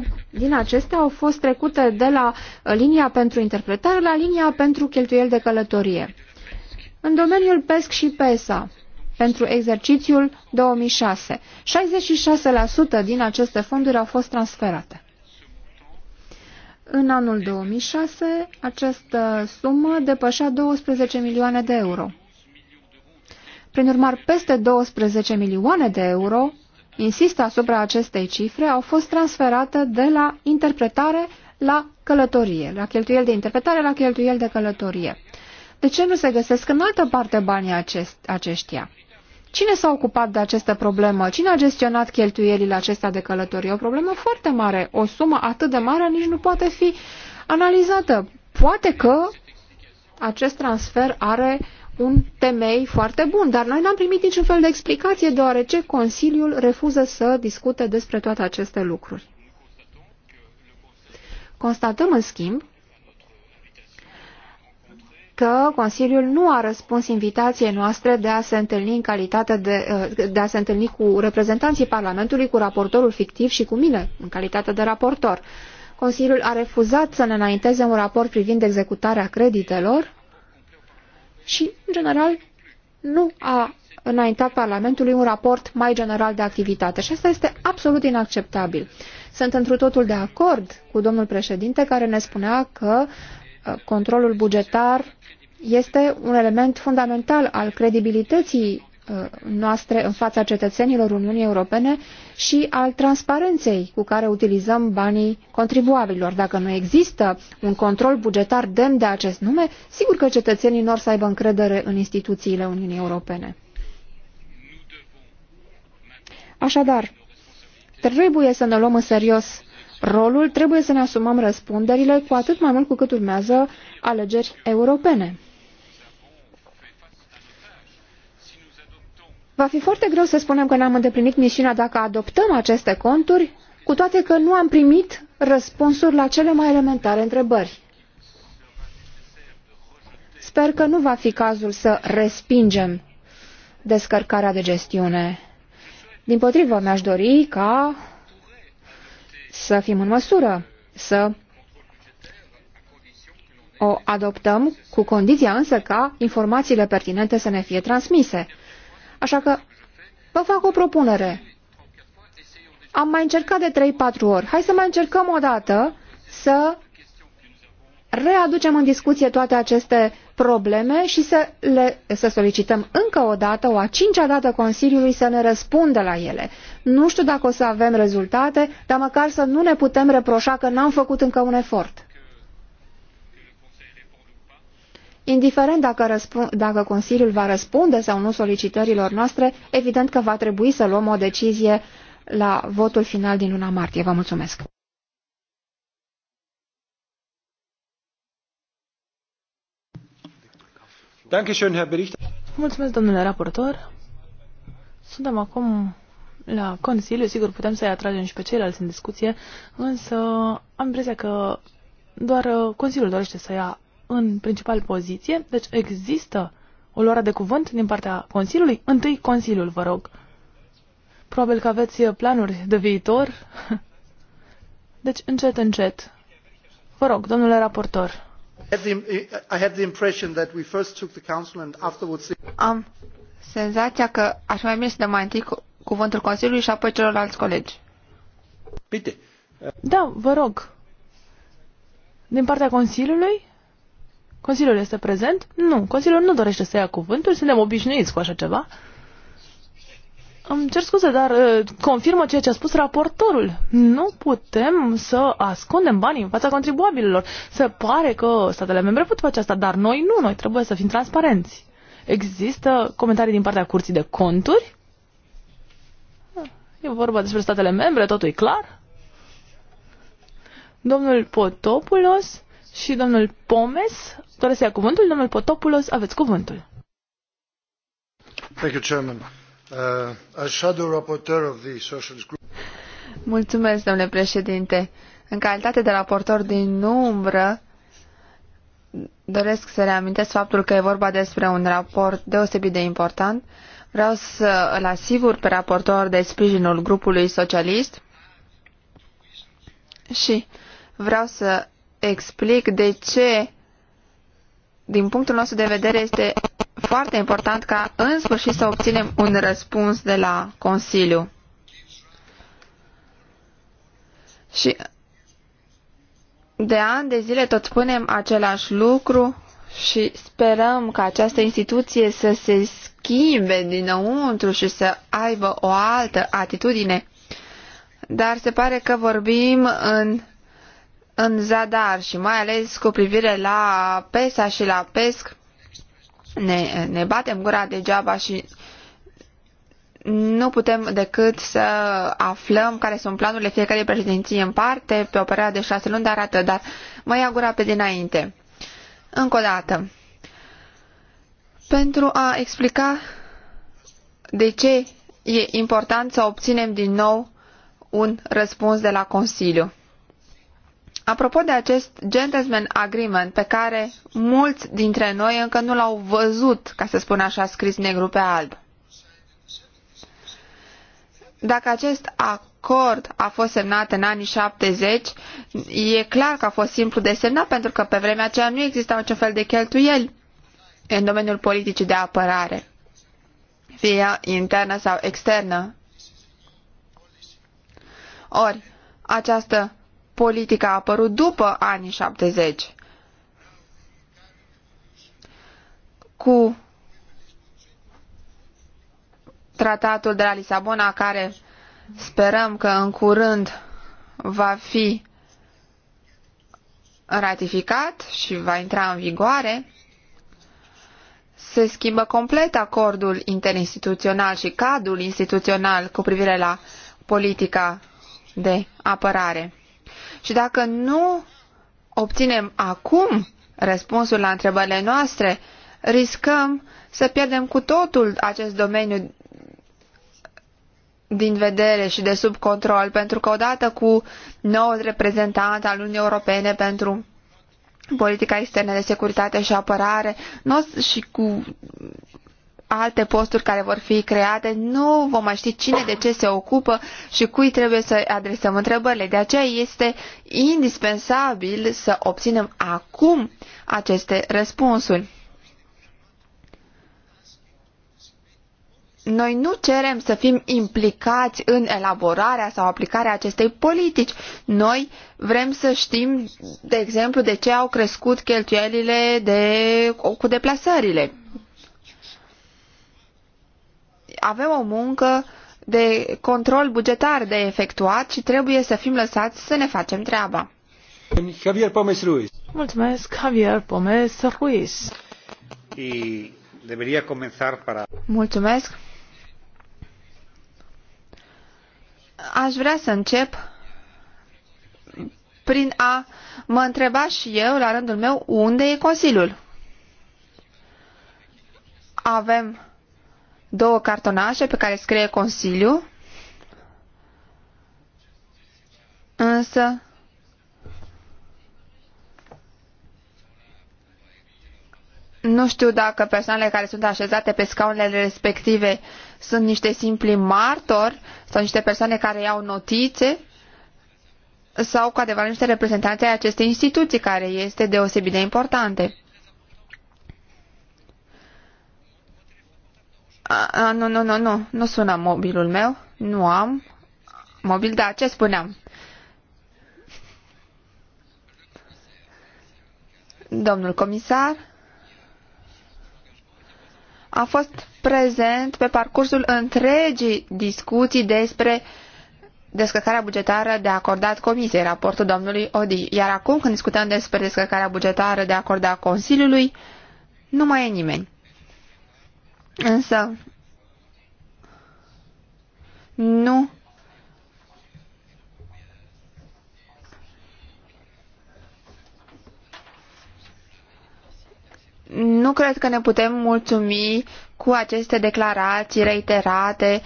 66% din acestea au fost trecute de la uh, linia pentru interpretare la linia pentru cheltuieli de călătorie. În domeniul PESC și PESA, pentru exercițiul 2006, 66% din aceste fonduri au fost transferate. În anul 2006, această sumă depășea 12 milioane de euro. Prin urmare, peste 12 milioane de euro, insist asupra acestei cifre, au fost transferate de la interpretare la călătorie, la cheltuiel de interpretare la cheltuiel de călătorie. De ce nu se găsesc în altă parte banii acest, aceștia? Cine s-a ocupat de această problemă? Cine a gestionat cheltuielile acestea de călătorie? O problemă foarte mare. O sumă atât de mare nici nu poate fi analizată. Poate că acest transfer are un temei foarte bun, dar noi n-am primit niciun fel de explicație, deoarece Consiliul refuză să discute despre toate aceste lucruri. Constatăm, în schimb, că Consiliul nu a răspuns invitației noastre de a se întâlni în calitate de, uh, de a se întâlni cu reprezentanții Parlamentului, cu raportorul fictiv și cu mine, în calitate de raportor. Consiliul a refuzat să ne înainteze un raport privind executarea creditelor și, în general, nu a înaintat Parlamentului un raport mai general de activitate și asta este absolut inacceptabil. Sunt întru totul de acord cu domnul președinte care ne spunea că uh, controlul bugetar este un element fundamental al credibilității uh, noastre în fața cetățenilor Uniunii Europene și al transparenței cu care utilizăm banii contribuabililor. Dacă nu există un control bugetar demn de acest nume, sigur că cetățenii nor să aibă încredere în instituțiile Uniunii Europene. Așadar, trebuie să ne luăm în serios rolul, trebuie să ne asumăm răspunderile, cu atât mai mult cu cât urmează alegeri europene. Va fi foarte greu să spunem că ne-am îndeplinit misiunea dacă adoptăm aceste conturi, cu toate că nu am primit răspunsuri la cele mai elementare întrebări. Sper că nu va fi cazul să respingem descărcarea de gestiune. Din potrivă, mi-aș dori ca să fim în măsură să o adoptăm, cu condiția însă ca informațiile pertinente să ne fie transmise. Așa că vă fac o propunere. Am mai încercat de 3-4 ori. Hai să mai încercăm o dată să readucem în discuție toate aceste probleme și să, le, să solicităm încă o dată, o a cincea dată Consiliului să ne răspundă la ele. Nu știu dacă o să avem rezultate, dar măcar să nu ne putem reproșa că n-am făcut încă un efort. Indiferent dacă, dacă Consiliul va răspunde sau nu solicitărilor noastre, evident că va trebui să luăm o decizie la votul final din luna martie. Vă mulțumesc! Mulțumesc, domnule raportor. Suntem acum la Consiliu, sigur putem să-i atragem și pe ceilalți în discuție, însă am impresia că doar Consiliul dorește să ia în principal poziție, deci există o luare de cuvânt din partea Consiliului. Întâi Consiliul, vă rog. Probabil că aveți planuri de viitor. Deci, încet, încet. Vă rog, domnule raportor. Am senzația că aș mai bine să dăm mai întâi cuvântul Consiliului și apoi celorlalți colegi. Bine. Da, vă rog. Din partea Consiliului? Consiliul este prezent? Nu, Consiliul nu dorește să ia cuvântul, suntem obișnuiți cu așa ceva. Îmi cer scuze, dar uh, confirmă ceea ce a spus raportorul. Nu putem să ascundem banii în fața contribuabililor. Se pare că statele membre pot face asta, dar noi nu, noi trebuie să fim transparenți. Există comentarii din partea curții de conturi? Ah, e vorba despre statele membre, totul e clar? Domnul Potopulos și domnul Pomes Doresc să ia cuvântul. Domnul Potopulos, aveți cuvântul. Thank you, Chairman. Uh, as shadow rapporteur of the Socialist Group... Mulțumesc, domnule președinte. În calitate de raportor din umbră, doresc să reamintesc faptul că e vorba despre un raport deosebit de important. Vreau să îl asigur pe raportor de sprijinul grupului socialist și vreau să explic de ce din punctul nostru de vedere, este foarte important ca în sfârșit să obținem un răspuns de la Consiliu. Și de ani de zile tot spunem același lucru și sperăm ca această instituție să se schimbe dinăuntru și să aibă o altă atitudine. Dar se pare că vorbim în în zadar și mai ales cu privire la PESA și la PESC, ne, ne batem gura degeaba și nu putem decât să aflăm care sunt planurile fiecarei președinții în parte, pe o perioadă de șase luni, dar atât, dar mai ia gura pe dinainte. Încă o dată, pentru a explica de ce e important să obținem din nou un răspuns de la Consiliu. Apropo de acest gentleman agreement pe care mulți dintre noi încă nu l-au văzut, ca să spun așa, scris negru pe alb. Dacă acest acord a fost semnat în anii 70, e clar că a fost simplu de semnat pentru că pe vremea aceea nu existau niciun fel de cheltuieli în domeniul politicii de apărare, fie internă sau externă. Ori, această politică a apărut după anii 70. Cu tratatul de la Lisabona, care sperăm că în curând va fi ratificat și va intra în vigoare, se schimbă complet acordul interinstituțional și cadrul instituțional cu privire la politica de apărare. Și dacă nu obținem acum răspunsul la întrebările noastre, riscăm să pierdem cu totul acest domeniu din vedere și de sub control, pentru că odată cu noul reprezentant al Uniunii Europene pentru politica externă de securitate și apărare și cu alte posturi care vor fi create, nu vom mai ști cine de ce se ocupă și cui trebuie să adresăm întrebările. De aceea este indispensabil să obținem acum aceste răspunsuri. Noi nu cerem să fim implicați în elaborarea sau aplicarea acestei politici. Noi vrem să știm, de exemplu, de ce au crescut cheltuielile de, cu deplasările avem o muncă de control bugetar de efectuat și trebuie să fim lăsați să ne facem treaba. Javier Pomes Ruiz. Mulțumesc, Javier Pomes Ruiz. Y debería comenzar para... Mulțumesc. Aș vrea să încep prin a mă întreba și eu, la rândul meu, unde e Consiliul. Avem două cartonașe pe care scrie Consiliu, însă nu știu dacă persoanele care sunt așezate pe scaunele respective sunt niște simpli martori sau niște persoane care iau notițe sau cu adevărat niște reprezentanți ai acestei instituții care este deosebit de importante. A, nu, nu, nu, nu, nu sună mobilul meu, nu am mobil, da, ce spuneam? Domnul comisar a fost prezent pe parcursul întregii discuții despre descărcarea bugetară de acordat comisiei, raportul domnului Odi. Iar acum, când discutăm despre descărcarea bugetară de acordat Consiliului, nu mai e nimeni. Însă nu nu cred că ne putem mulțumi cu aceste declarații reiterate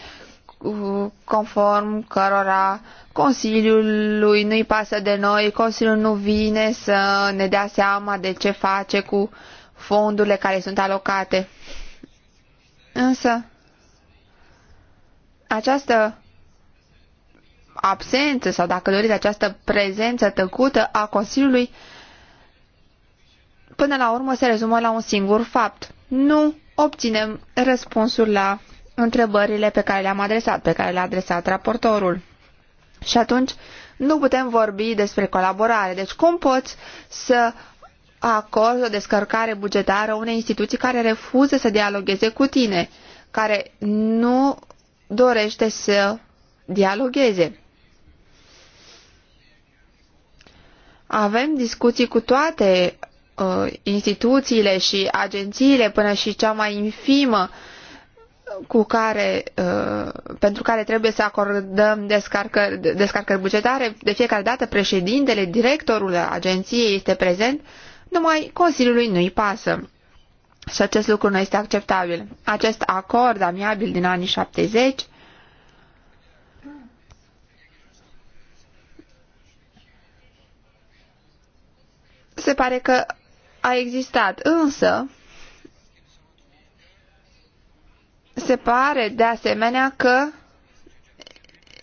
conform cărora Consiliului nu-i pasă de noi, Consiliul nu vine să ne dea seama de ce face cu fondurile care sunt alocate. Însă, această absență sau, dacă doriți, această prezență tăcută a Consiliului, până la urmă se rezumă la un singur fapt. Nu obținem răspunsuri la întrebările pe care le-am adresat, pe care le-a adresat raportorul. Și atunci nu putem vorbi despre colaborare. Deci cum poți să Acord o descărcare bugetară unei instituții care refuză să dialogueze cu tine, care nu dorește să dialogueze. Avem discuții cu toate uh, instituțiile și agențiile, până și cea mai infimă cu care, uh, pentru care trebuie să acordăm descarcări, descarcări bugetare. De fiecare dată președintele, directorul agenției este prezent numai Consiliului nu-i pasă. Și acest lucru nu este acceptabil. Acest acord amiabil din anii 70 se pare că a existat, însă se pare de asemenea că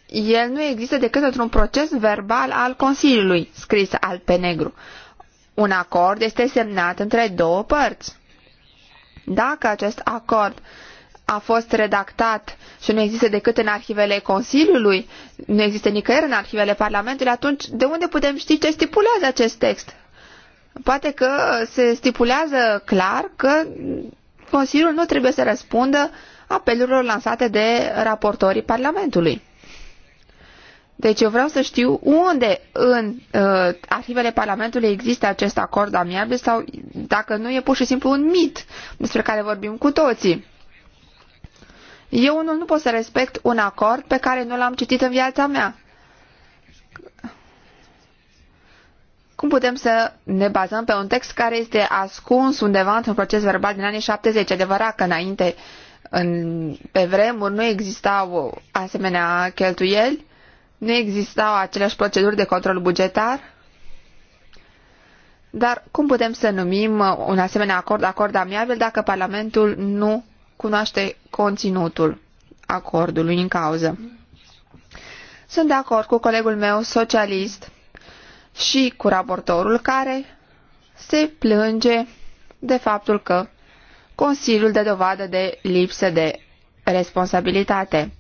el nu există decât într-un proces verbal al Consiliului, scris al pe negru un acord este semnat între două părți. Dacă acest acord a fost redactat și nu există decât în arhivele Consiliului, nu există nicăieri în arhivele Parlamentului, atunci de unde putem ști ce stipulează acest text? Poate că se stipulează clar că Consiliul nu trebuie să răspundă apelurilor lansate de raportorii Parlamentului. Deci eu vreau să știu unde în uh, arhivele Parlamentului există acest acord amiabil sau dacă nu e pur și simplu un mit despre care vorbim cu toții. Eu nu, nu pot să respect un acord pe care nu l-am citit în viața mea. Cum putem să ne bazăm pe un text care este ascuns undeva într-un proces verbal din anii 70? Adevărat că înainte, în, pe vremuri, nu existau asemenea cheltuieli, nu existau aceleași proceduri de control bugetar? Dar cum putem să numim uh, un asemenea acord acord amiabil dacă Parlamentul nu cunoaște conținutul acordului în cauză? Sunt de acord cu colegul meu socialist și cu raportorul care se plânge de faptul că Consiliul de dovadă de lipsă de responsabilitate.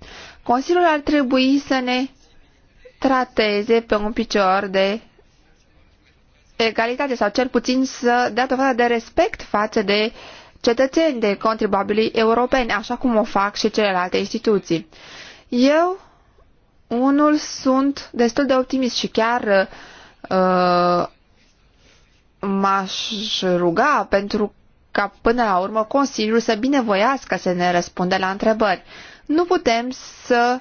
Consiliul ar trebui să ne trateze pe un picior de egalitate sau cel puțin să dea dovadă de respect față de cetățeni, de contribuabilii europeni, așa cum o fac și celelalte instituții. Eu, unul, sunt destul de optimist și chiar uh, m-aș ruga pentru ca până la urmă Consiliul să binevoiască să ne răspundă la întrebări. Nu putem să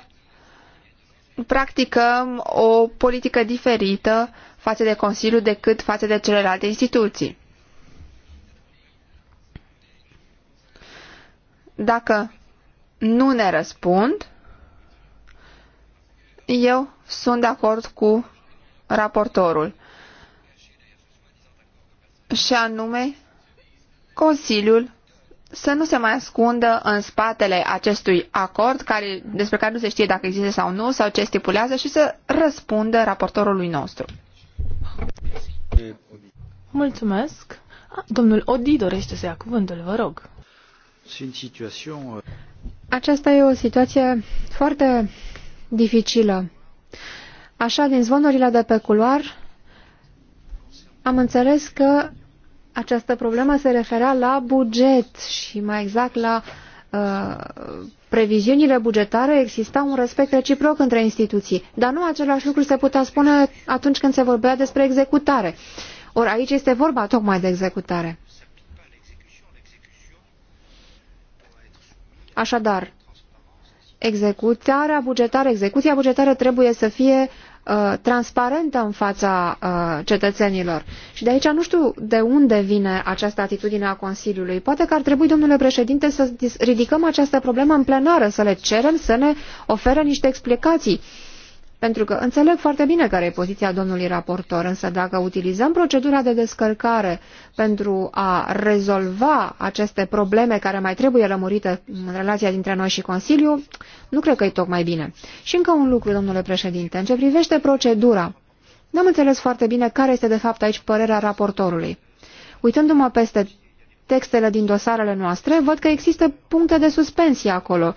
practicăm o politică diferită față de Consiliu decât față de celelalte instituții. Dacă nu ne răspund, eu sunt de acord cu raportorul. Și anume, Consiliul să nu se mai ascundă în spatele acestui acord care, despre care nu se știe dacă există sau nu sau ce stipulează și să răspundă raportorului nostru. Mulțumesc. Domnul Odi dorește să ia cuvântul, vă rog. Uh, Aceasta e o situație foarte dificilă. Așa, din zvonurile de pe culoar, am înțeles că această problemă se referea la buget și mai exact la uh, previziunile bugetare. Exista un respect reciproc între instituții, dar nu același lucru se putea spune atunci când se vorbea despre executare. Ori aici este vorba tocmai de executare. Așadar, executarea bugetară, execuția bugetară trebuie să fie Uh, transparentă în fața uh, cetățenilor. Și de aici nu știu de unde vine această atitudine a Consiliului. Poate că ar trebui, domnule președinte, să ridicăm această problemă în plenară, să le cerem să ne ofere niște explicații. Uh, pentru că înțeleg foarte bine care e poziția domnului raportor, însă dacă utilizăm procedura de descărcare pentru a rezolva aceste probleme care mai trebuie lămurite în relația dintre noi și Consiliu, nu cred că e tocmai bine. Și încă un lucru, domnule președinte, în ce privește procedura. N-am înțeles foarte bine care este de fapt aici părerea raportorului. Uitându-mă peste textele din dosarele noastre, văd că există puncte de suspensie acolo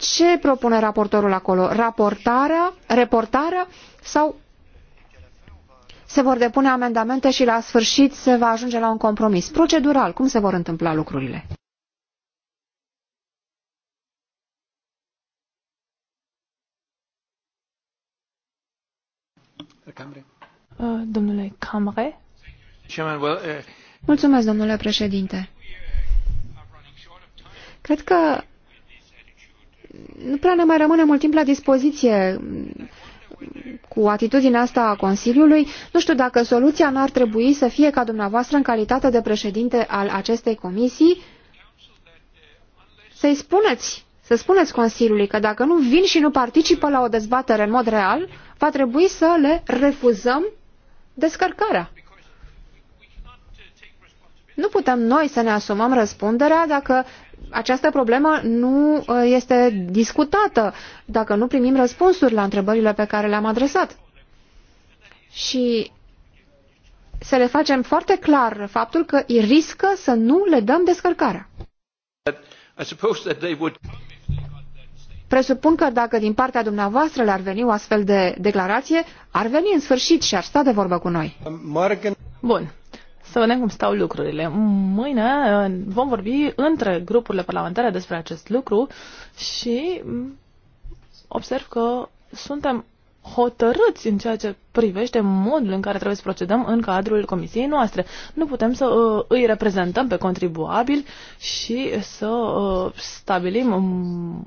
ce propune raportorul acolo? Raportarea, reportarea sau se vor depune amendamente și la sfârșit se va ajunge la un compromis? Procedural, cum se vor întâmpla lucrurile? Uh, domnule Camre. Uh, Mulțumesc, domnule președinte. Cred că nu prea ne mai rămâne mult timp la dispoziție cu atitudinea asta a Consiliului. Nu știu dacă soluția n-ar trebui să fie ca dumneavoastră în calitate de președinte al acestei comisii să-i spuneți, să spuneți Consiliului că dacă nu vin și nu participă la o dezbatere în mod real, va trebui să le refuzăm descărcarea. Nu putem noi să ne asumăm răspunderea dacă această problemă nu uh, este discutată, dacă nu primim răspunsuri la întrebările pe care le-am adresat. Și să le facem foarte clar faptul că îi riscă să nu le dăm descărcarea. Presupun că dacă din partea dumneavoastră le-ar veni o astfel de declarație, ar veni în sfârșit și ar sta de vorbă cu noi. Bun să vedem cum stau lucrurile. Mâine uh, vom vorbi între grupurile parlamentare despre acest lucru și mm, observ că suntem hotărâți în ceea ce privește modul în care trebuie să procedăm în cadrul comisiei noastre. Nu putem să uh, îi reprezentăm pe contribuabil și să uh, stabilim um,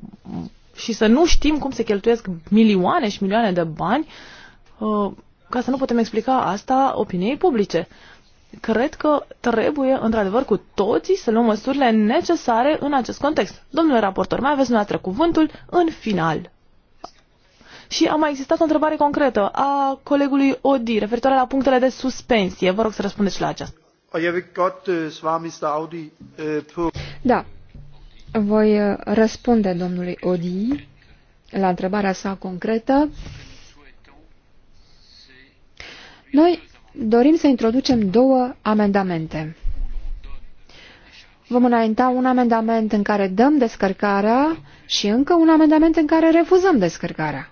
și să nu știm cum se cheltuiesc milioane și milioane de bani uh, ca să nu putem explica asta opiniei publice. Uh, cred că trebuie, într-adevăr, cu toții să luăm măsurile necesare în acest context. Domnule raportor, mai aveți dumneavoastră cuvântul în final. Și a mai existat o întrebare concretă a colegului Odi, referitoare la punctele de suspensie. Vă rog să răspundeți și la aceasta. Øh, øh, da, voi øh, răspunde domnului Odi la întrebarea sa concretă. Noi dorim să introducem două amendamente. Vom înainta un amendament în care dăm descărcarea și încă un amendament în care refuzăm descărcarea.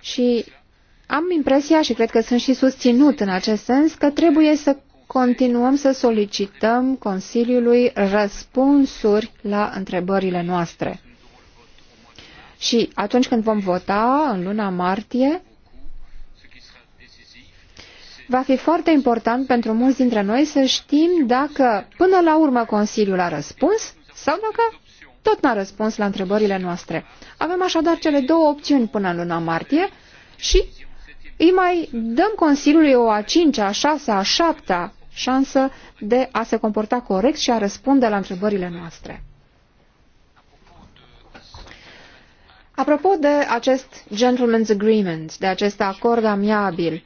Și am impresia și cred că sunt și susținut în acest sens că trebuie să continuăm să solicităm Consiliului răspunsuri la întrebările noastre. Și atunci când vom vota, în luna martie, va fi foarte important pentru mulți dintre noi să știm dacă până la urmă Consiliul a răspuns sau dacă tot n-a răspuns la întrebările noastre. Avem așadar cele două opțiuni până în luna martie și îi mai dăm Consiliului o a cincea, a 6-a, a a șaptea șansă de a se comporta corect și a răspunde la întrebările noastre. Apropo de acest gentleman's agreement, de acest acord amiabil,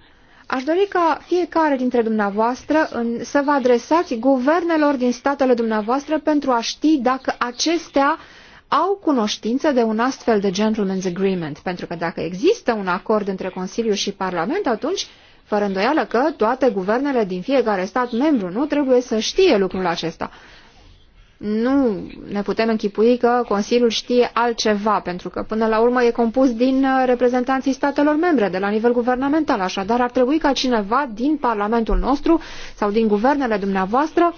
Aș dori ca fiecare dintre dumneavoastră în, să vă adresați guvernelor din statele dumneavoastră pentru a ști dacă acestea au cunoștință de un astfel de gentleman's agreement, pentru că dacă există un acord între Consiliu și Parlament, atunci, fără îndoială că toate guvernele din fiecare stat membru nu trebuie să știe lucrul acesta nu ne putem închipui că Consiliul știe altceva, pentru că până la urmă e compus din uh, reprezentanții statelor membre de la nivel guvernamental, așadar ar trebui ca cineva din Parlamentul nostru sau din guvernele dumneavoastră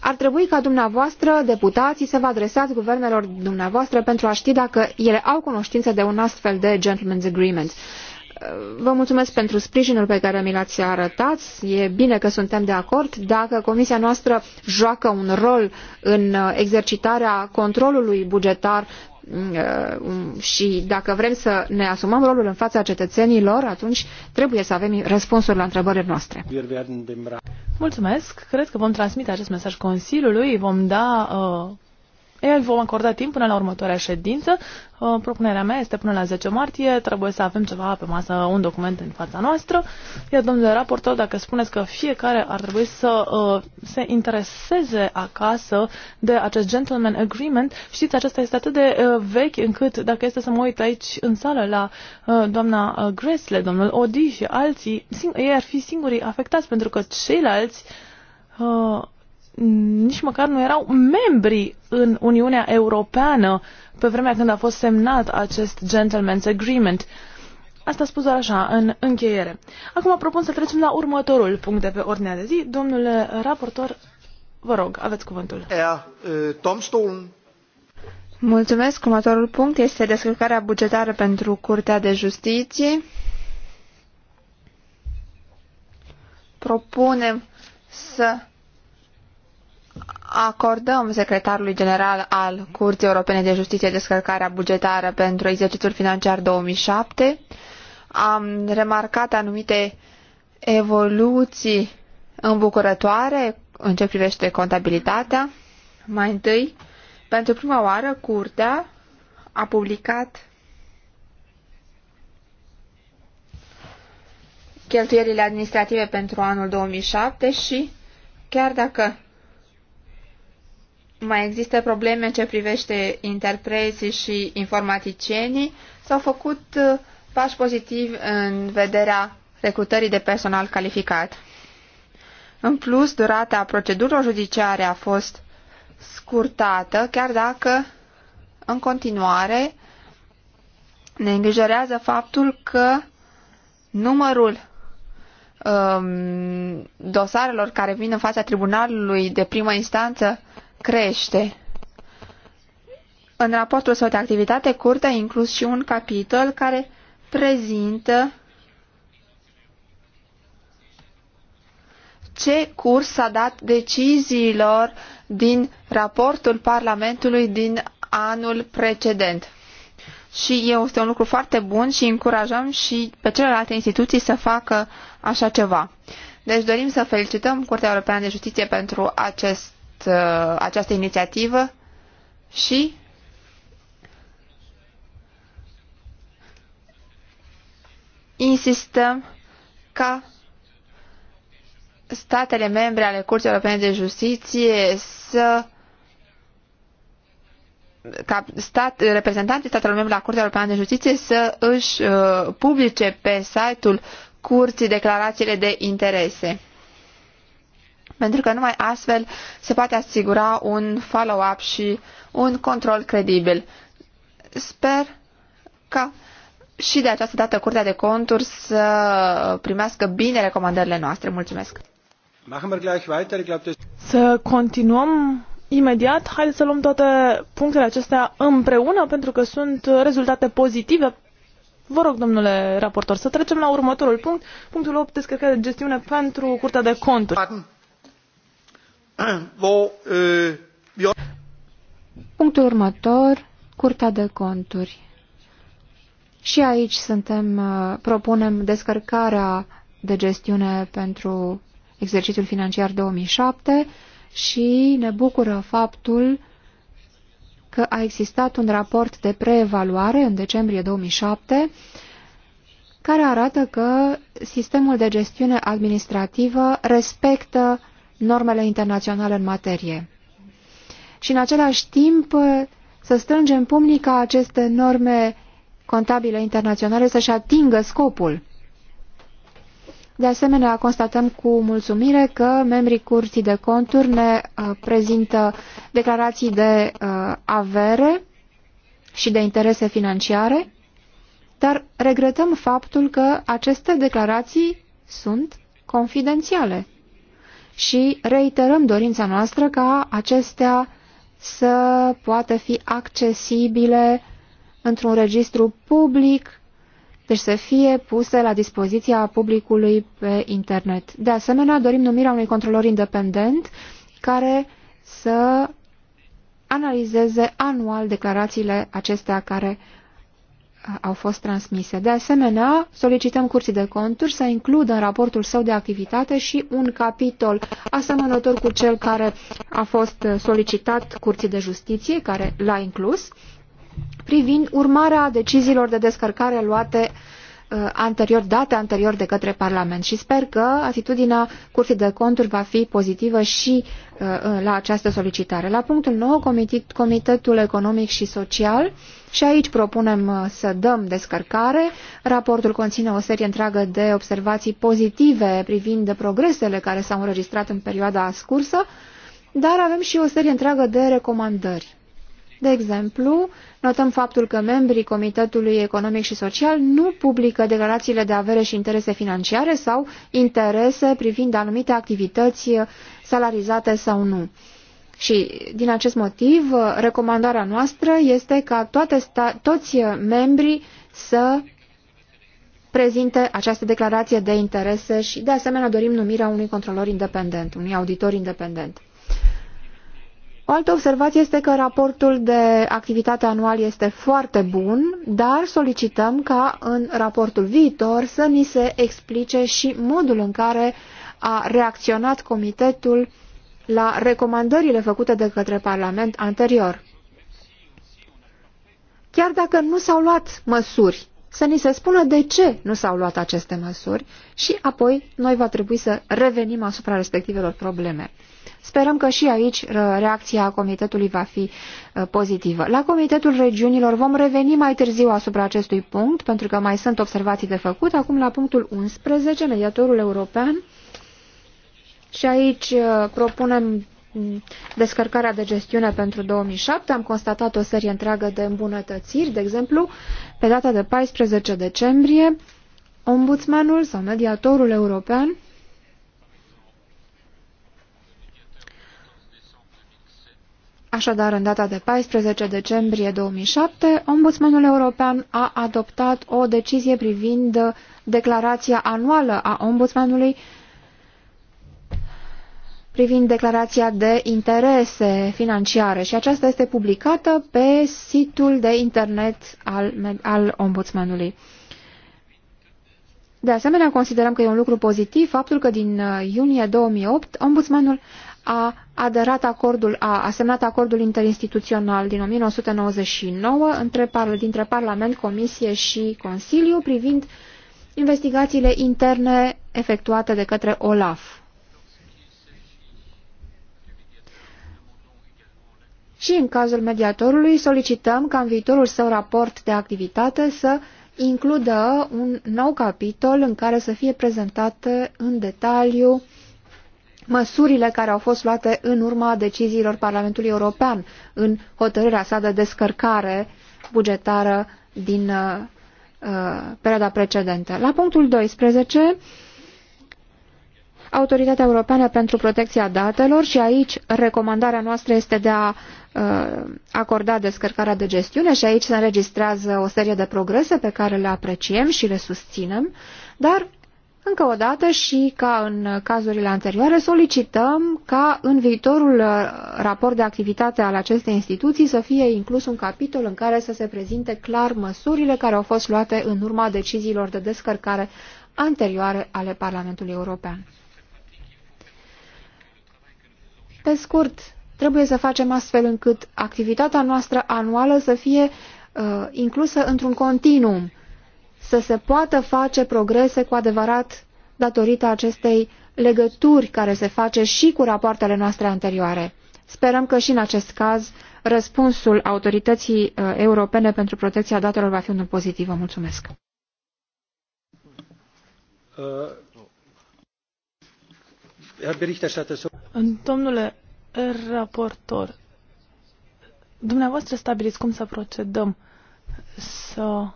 ar trebui ca dumneavoastră, deputații, să vă adresați guvernelor dumneavoastră pentru a ști dacă ele au cunoștință de un astfel de gentleman's agreement. Vă mulțumesc pentru sprijinul pe care mi l-ați arătat. E bine că suntem de acord. Dacă comisia noastră joacă un rol în exercitarea controlului bugetar mm, uh, um, și dacă vrem să ne asumăm rolul în fața cetățenilor, atunci trebuie să avem răspunsuri la întrebările noastre. Mulțumesc. Cred că vom transmite acest mesaj Consiliului, vom da uh, el vom acorda timp până la următoarea ședință. Uh, propunerea mea este până la 10 martie. Trebuie să avem ceva pe masă, un document în fața noastră. Iar, domnule raportor, dacă spuneți că fiecare ar trebui să uh, se intereseze acasă de acest gentleman agreement, știți, acesta este atât de uh, vechi încât, dacă este să mă uit aici în sală la doamna Gresle, domnul Odi și alții, ei ar fi singurii afectați, pentru că ceilalți nici măcar nu erau membri în Uniunea Europeană pe vremea când a fost semnat acest Gentleman's Agreement. Asta spus doar așa, în încheiere. Acum propun să trecem la următorul punct de pe ordinea de zi. Domnule raportor, vă rog, aveți cuvântul. Er, uh, Mulțumesc. Următorul punct este descărcarea bugetară pentru Curtea de Justiție. Propunem să acordăm secretarului general al Curții Europene de Justiție descărcarea bugetară pentru exercițiul financiar 2007. Am remarcat anumite evoluții îmbucurătoare în ce privește contabilitatea. Mai întâi, pentru prima oară, Curtea a publicat cheltuielile administrative pentru anul 2007 și chiar dacă mai există probleme în ce privește interpreții și informaticienii. S-au făcut uh, pași pozitivi în vederea recrutării de personal calificat. În plus, durata procedurilor judiciare a fost scurtată, chiar dacă în continuare ne îngrijorează faptul că numărul um, dosarelor care vin în fața tribunalului de primă instanță crește. În raportul său de activitate, Curtea a inclus și un capitol care prezintă ce curs s-a dat deciziilor din raportul Parlamentului din anul precedent. Și este un lucru foarte bun și încurajăm și pe celelalte instituții să facă așa ceva. Deci dorim să felicităm Curtea Europeană de Justiție pentru acest Uh, această inițiativă și insistăm ca statele membre ale Curții Europene de Justiție să ca stat, reprezentanții statelor membre la Curtea Europeană de Justiție să își uh, publice pe site-ul Curții declarațiile de interese pentru că numai astfel se poate asigura un follow-up și un control credibil. Sper ca și de această dată Curtea de Conturi să primească bine recomandările noastre. Mulțumesc! Să continuăm imediat. Haideți să luăm toate punctele acestea împreună, pentru că sunt rezultate pozitive. Vă rog, domnule raportor, să trecem la următorul punct, punctul 8, descărcare de gestiune pentru Curtea de Conturi. Punctul următor, Curtea de Conturi. Și aici suntem, uh, propunem descărcarea de gestiune pentru exercițiul financiar 2007 și ne bucură faptul că a existat un raport de preevaluare în decembrie 2007 care arată că sistemul de gestiune administrativă respectă normele internaționale în materie. Și în același timp uh, să strângem pumnii ca aceste norme contabile internaționale să-și atingă scopul. De asemenea, constatăm cu mulțumire că membrii Curții de Conturi ne uh, prezintă declarații de uh, avere și de interese financiare, dar regretăm faptul că aceste declarații sunt confidențiale și reiterăm dorința noastră ca acestea să poată fi accesibile într-un registru public, deci să fie puse la dispoziția publicului pe internet. De asemenea, dorim numirea unui controlor independent care să analizeze anual declarațiile acestea care au fost transmise. De asemenea, solicităm curții de conturi să includă în raportul său de activitate și un capitol asemănător cu cel care a fost solicitat curții de justiție, care l-a inclus, privind urmarea deciziilor de descărcare luate uh, Uh, anterior, date anterior de către Parlament și sper că atitudinea Curții de Conturi va fi pozitivă și uh, uh, la această solicitare. La punctul 9, Comitetul Economic și Social și aici propunem să dăm descărcare. Raportul conține o serie întreagă de observații pozitive privind progresele care s-au înregistrat în perioada scursă, dar avem și o serie întreagă de recomandări. De exemplu, Notăm faptul că membrii Comitetului Economic și Social nu publică declarațiile de avere și interese financiare sau interese privind anumite activități salarizate sau nu. Și din acest motiv, recomandarea noastră este ca toate sta toți membrii să prezinte această declarație de interese și de asemenea dorim numirea unui controlor independent, unui auditor independent. O altă observație este că raportul de activitate anual este foarte bun, dar solicităm ca în raportul viitor să ni se explice și modul în care a reacționat comitetul la recomandările făcute de către Parlament anterior. Chiar dacă nu s-au luat măsuri, să ni se spună de ce nu s-au luat aceste măsuri și apoi noi va trebui să revenim asupra respectivelor probleme. Sperăm că și aici uh, reacția comitetului va fi uh, pozitivă. La Comitetul Regiunilor vom reveni mai târziu asupra acestui punct, pentru că mai sunt observații de făcut. Acum la punctul 11, mediatorul european. Și aici uh, propunem mm, descărcarea de gestiune pentru 2007. Am constatat o serie întreagă de îmbunătățiri. De exemplu, pe data de 14 decembrie, ombudsmanul sau mediatorul european Așadar, în data de 14 decembrie 2007, Ombudsmanul European a adoptat o decizie privind declarația anuală a Ombudsmanului privind declarația de interese financiare și aceasta este publicată pe site-ul de internet al, al ombudsmanului. De asemenea, considerăm că e un lucru pozitiv faptul că din uh, iunie 2008 ombudsmanul a aderat acordul a, a semnat acordul interinstituțional din 1999 între, dintre Parlament, Comisie și Consiliu privind investigațiile interne efectuate de către OLAF. Și în cazul mediatorului solicităm ca în viitorul său raport de activitate să includă un nou capitol în care să fie prezentate în detaliu măsurile care au fost luate în urma deciziilor Parlamentului European în hotărârea sa de descărcare bugetară din uh, uh perioada precedentă. La punctul 12, Autoritatea Europeană pentru Protecția Datelor și aici recomandarea noastră este de a uh, acorda descărcarea de gestiune și aici se înregistrează o serie de progrese pe care le apreciem și le susținem, dar încă o dată și ca în cazurile anterioare solicităm ca în viitorul uh, raport de activitate al acestei instituții să fie inclus un capitol în care să se prezinte clar măsurile care au fost luate în urma deciziilor de descărcare anterioare ale Parlamentului European. Pe scurt, trebuie să facem astfel încât activitatea noastră anuală să fie uh, inclusă într-un continuum să se poată face progrese cu adevărat datorită acestei legături care se face și cu rapoartele noastre anterioare. Sperăm că și în acest caz răspunsul autorității uh, europene pentru protecția datelor va fi unul pozitiv. Vă mulțumesc. Uh, domnule raportor, dumneavoastră stabiliți cum să procedăm, să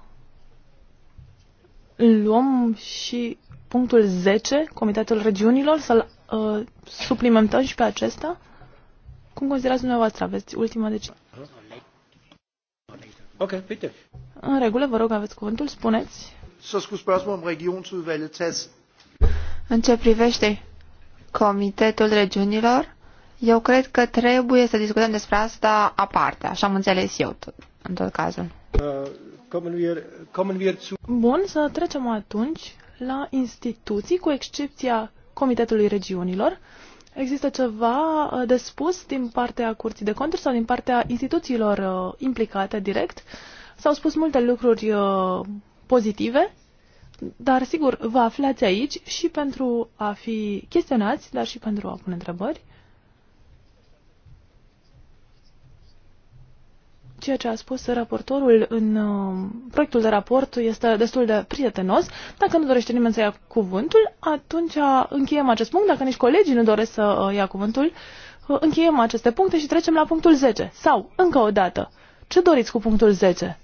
luăm și punctul 10, Comitetul Regiunilor, să-l uh, suplimentăm și pe acesta? Cum considerați dumneavoastră? Aveți ultima decizie? Ok, bine. În regulă, vă rog, aveți cuvântul, spuneți. Să scuz spørgsmål om regionsudvalget În ce privește Comitetul Regiunilor, eu cred că trebuie să discutăm despre asta aparte, așa am înțeles eu, în tot cazul. Uh Bun, să trecem atunci la instituții, cu excepția Comitetului Regiunilor. Există ceva uh, de spus din partea Curții de Conturi sau din partea instituțiilor uh, implicate direct? S-au spus multe lucruri uh, pozitive, dar sigur, vă aflați aici și pentru a fi chestionați, dar și pentru a pune întrebări. Ceea ce a spus raportorul în uh, proiectul de raport este destul de prietenos. Dacă nu dorește nimeni să ia cuvântul, atunci încheiem acest punct. Dacă nici colegii nu doresc să uh, ia cuvântul, uh, încheiem aceste puncte și trecem la punctul 10. Sau, încă o dată, ce doriți cu punctul 10?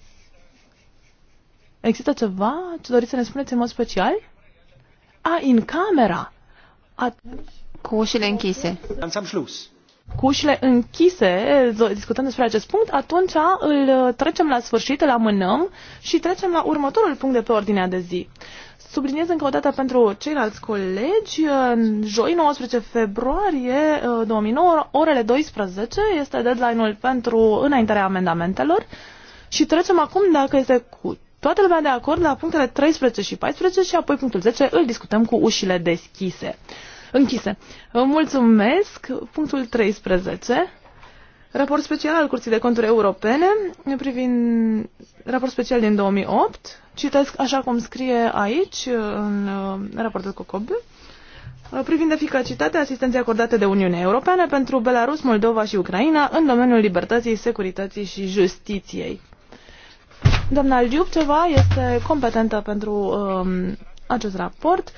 Există ceva ce doriți să ne spuneți în mod special? A, în camera! At- cu ușile închise. Am Schluss cu ușile închise discutăm despre acest punct, atunci îl ă, trecem la sfârșit, îl amânăm și trecem la următorul punct de pe ordinea de zi. Subliniez încă o dată pentru ceilalți colegi, ă, joi 19 februarie 2009, ă, orele 12, este deadline-ul pentru înaintarea amendamentelor și trecem acum, dacă este cu toată lumea de acord, la punctele 13 și 14 și apoi punctul 10 îl discutăm cu ușile deschise închise. Vă mulțumesc. Punctul 13. Raport special al Curții de Conturi Europene privind raport special din 2008. Citesc așa cum scrie aici în uh, raportul COCOB uh, privind eficacitatea asistenței acordate de Uniunea Europeană pentru Belarus, Moldova și Ucraina în domeniul libertății, securității și justiției. Doamna Liupceva este competentă pentru um, acest raport. Uh,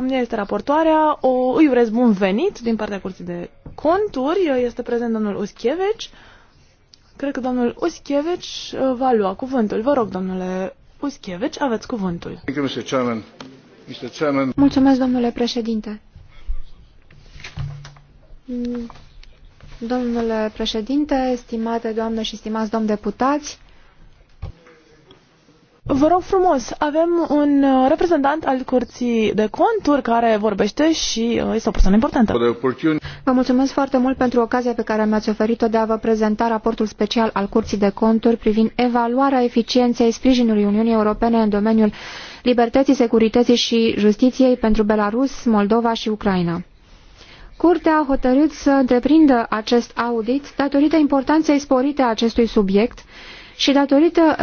Mie este raportoarea. O, îi urez bun venit din partea Curții de Conturi. Este prezent domnul Uschievici. Cred că domnul Uschievici uh, va lua cuvântul. Vă rog, domnule Uschievici, aveți cuvântul. Mulțumesc, domnule președinte. Domnule președinte, stimate doamne și stimați domn deputați, Vă rog frumos, avem un uh, reprezentant al Curții de Conturi care vorbește și uh, este o persoană importantă. Vă mulțumesc foarte mult pentru ocazia pe care mi-ați oferit-o de a vă prezenta raportul special al Curții de Conturi privind evaluarea eficienței sprijinului Uniunii Europene în domeniul libertății, securității și justiției pentru Belarus, Moldova și Ucraina. Curtea a hotărât să întreprindă acest audit datorită importanței sporite a acestui subiect și datorită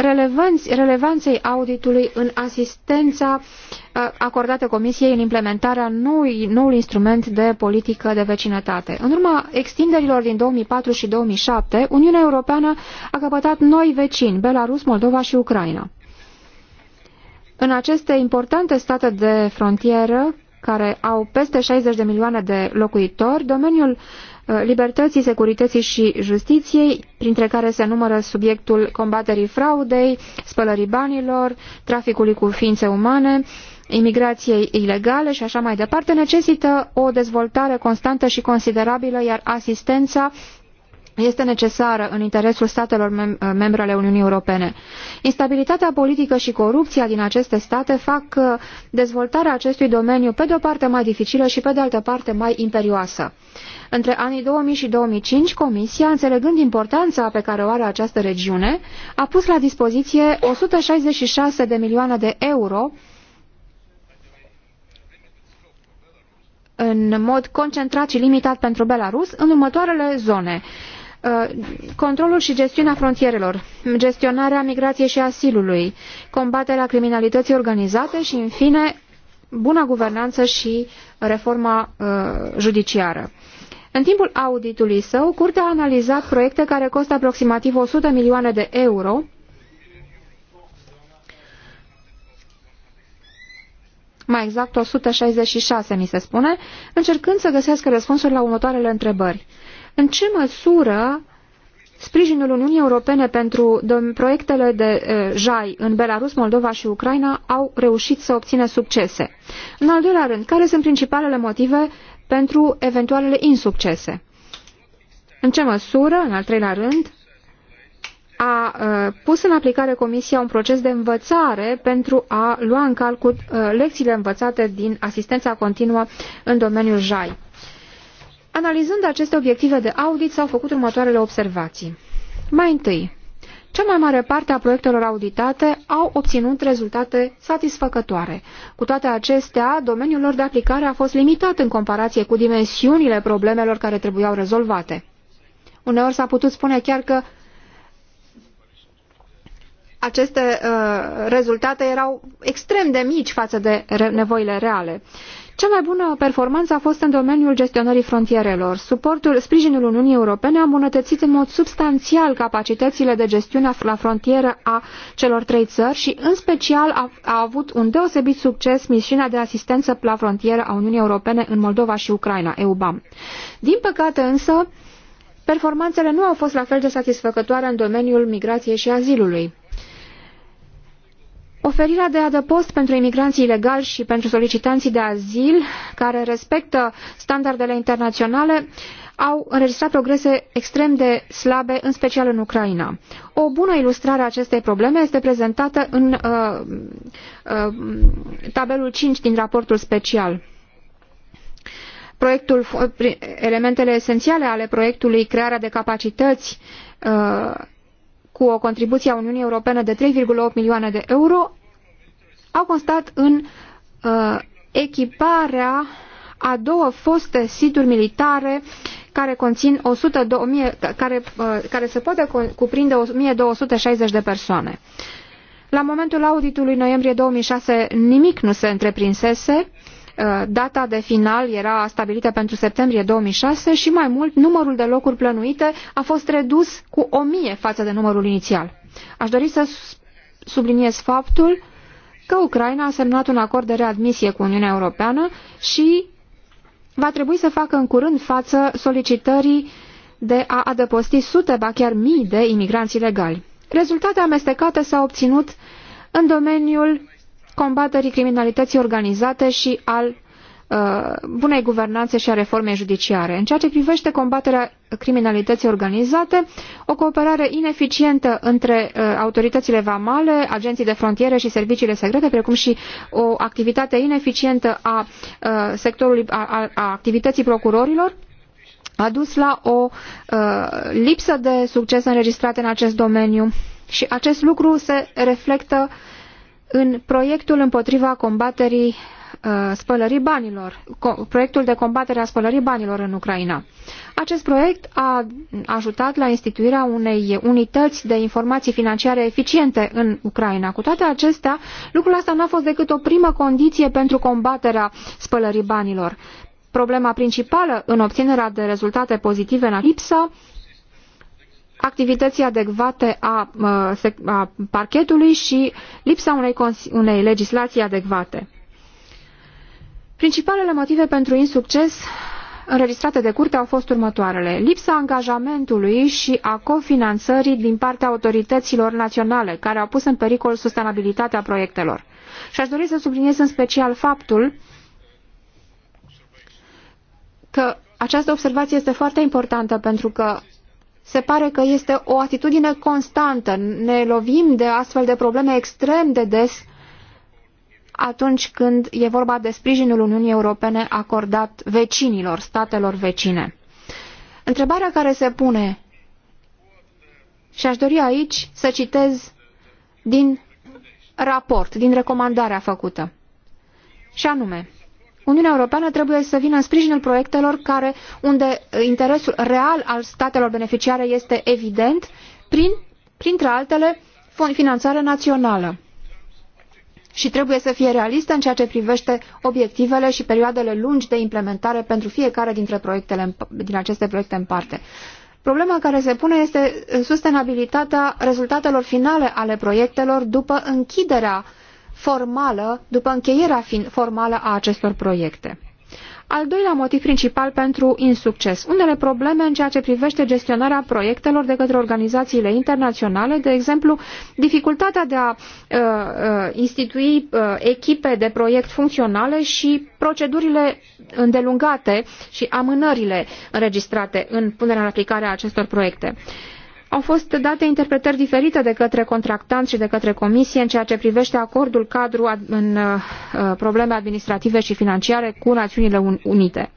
relevanței auditului în asistența uh, acordată Comisiei în implementarea noului, noul instrument de politică de vecinătate. În urma extinderilor din 2004 și 2007, Uniunea Europeană a căpătat noi vecini, Belarus, Moldova și Ucraina. În aceste importante state de frontieră, care au peste 60 de milioane de locuitori, domeniul Uh, libertății, securității și justiției, printre care se numără subiectul combaterii fraudei, spălării banilor, traficului cu ființe umane, imigrației ilegale și așa mai departe, necesită o dezvoltare constantă și considerabilă, iar asistența este necesară în interesul statelor mem uh, membre ale Uniunii Europene. Instabilitatea politică și corupția din aceste state fac uh, dezvoltarea acestui domeniu pe de o parte mai dificilă și pe de altă parte mai imperioasă. Între anii 2000 și 2005, Comisia, înțelegând importanța pe care o are această regiune, a pus la dispoziție 166 de milioane de euro în mod concentrat și limitat pentru Belarus în următoarele zone. Uh, controlul și gestiunea frontierelor, gestionarea migrației și asilului, combaterea criminalității organizate și, în fine, buna guvernanță și reforma uh, judiciară. În timpul auditului său, Curtea a analizat proiecte care costă aproximativ 100 milioane de euro, mai exact 166 mi se spune, încercând să găsească răspunsuri la următoarele întrebări. În ce măsură sprijinul Uniunii Europene pentru proiectele de JAI în Belarus, Moldova și Ucraina au reușit să obțină succese? În al doilea rând, care sunt principalele motive pentru eventualele insuccese? În ce măsură, în al treilea rând, a pus în aplicare Comisia un proces de învățare pentru a lua în calcul lecțiile învățate din asistența continuă în domeniul JAI. Analizând aceste obiective de audit, s-au făcut următoarele observații. Mai întâi, cea mai mare parte a proiectelor auditate au obținut rezultate satisfăcătoare. Cu toate acestea, domeniul lor de aplicare a fost limitat în comparație cu dimensiunile problemelor care trebuiau rezolvate. Uneori s-a putut spune chiar că aceste uh, rezultate erau extrem de mici față de re nevoile reale. Cea mai bună performanță a fost în domeniul gestionării frontierelor. Suportul, sprijinul Uniunii Europene a îmbunătățit în mod substanțial capacitățile de gestiune la frontieră a celor trei țări și, în special, a, a avut un deosebit succes misiunea de asistență la frontieră a Uniunii Europene în Moldova și Ucraina, EUBAM. Din păcate însă, performanțele nu au fost la fel de satisfăcătoare în domeniul migrației și azilului. Oferirea de adăpost pentru imigranții ilegali și pentru solicitanții de azil care respectă standardele internaționale au înregistrat progrese extrem de slabe, în special în Ucraina. O bună ilustrare a acestei probleme este prezentată în uh, uh, tabelul 5 din raportul special proiectul, elementele esențiale ale proiectului, crearea de capacități uh, cu o contribuție a Uniunii Europene de 3,8 milioane de euro, au constat în uh, echiparea a două foste situri militare care conțin 100, 2000, care, uh, care se poate cuprinde 1260 de persoane. La momentul auditului noiembrie 2006 nimic nu se întreprinsese, uh, data de final era stabilită pentru septembrie 2006 și mai mult numărul de locuri plănuite a fost redus cu 1000 față de numărul inițial. Aș dori să subliniez faptul că Ucraina a semnat un acord de readmisie cu Uniunea Europeană și va trebui să facă în curând față solicitării de a adăposti sute, ba chiar mii de imigranți ilegali. Rezultate amestecate s-au obținut în domeniul combaterii criminalității organizate și al Uh, bunei guvernanțe și a reformei judiciare. În ceea ce privește combaterea criminalității organizate, o cooperare ineficientă între uh, autoritățile vamale, agenții de frontiere și serviciile secrete, precum și o activitate ineficientă a, uh, sectorului, a, a activității procurorilor, a dus la o uh, lipsă de succes înregistrată în acest domeniu și acest lucru se reflectă în proiectul împotriva combaterii Uh, spălării banilor, proiectul de combatere a spălării banilor în Ucraina. Acest proiect a ajutat la instituirea unei unități de informații financiare eficiente în Ucraina. Cu toate acestea, lucrul ăsta nu a fost decât o primă condiție pentru combaterea spălării banilor. Problema principală în obținerea de rezultate pozitive în lipsa activității adecvate a, uh, a parchetului și lipsa unei, unei legislații adecvate. Principalele motive pentru insucces înregistrate de curte au fost următoarele. Lipsa angajamentului și a cofinanțării din partea autorităților naționale, care au pus în pericol sustenabilitatea proiectelor. Și aș dori să subliniez în special faptul că această observație este foarte importantă pentru că se pare că este o atitudine constantă. Ne lovim de astfel de probleme extrem de des atunci când e vorba de sprijinul Uniunii Europene acordat vecinilor, statelor vecine. Întrebarea care se pune, și aș dori aici să citez din raport, din recomandarea făcută, și anume, Uniunea Europeană trebuie să vină în sprijinul proiectelor care, unde interesul real al statelor beneficiare este evident, prin, printre altele, finanțare națională și trebuie să fie realistă în ceea ce privește obiectivele și perioadele lungi de implementare pentru fiecare dintre proiectele, din aceste proiecte în parte. Problema care se pune este uh, sustenabilitatea rezultatelor finale ale proiectelor după închiderea formală, după încheierea formală a acestor proiecte. Al doilea motiv principal pentru insucces. Unele probleme în ceea ce privește gestionarea proiectelor de către organizațiile internaționale, de exemplu, dificultatea de a uh, uh institui uh, echipe de proiect funcționale și procedurile îndelungate și amânările înregistrate în punerea în aplicare a acestor proiecte. Uh, au fost date interpretări diferite de către contractant și de către comisie în ceea ce privește acordul cadru în uh, uh, probleme administrative și financiare cu Națiunile Unite.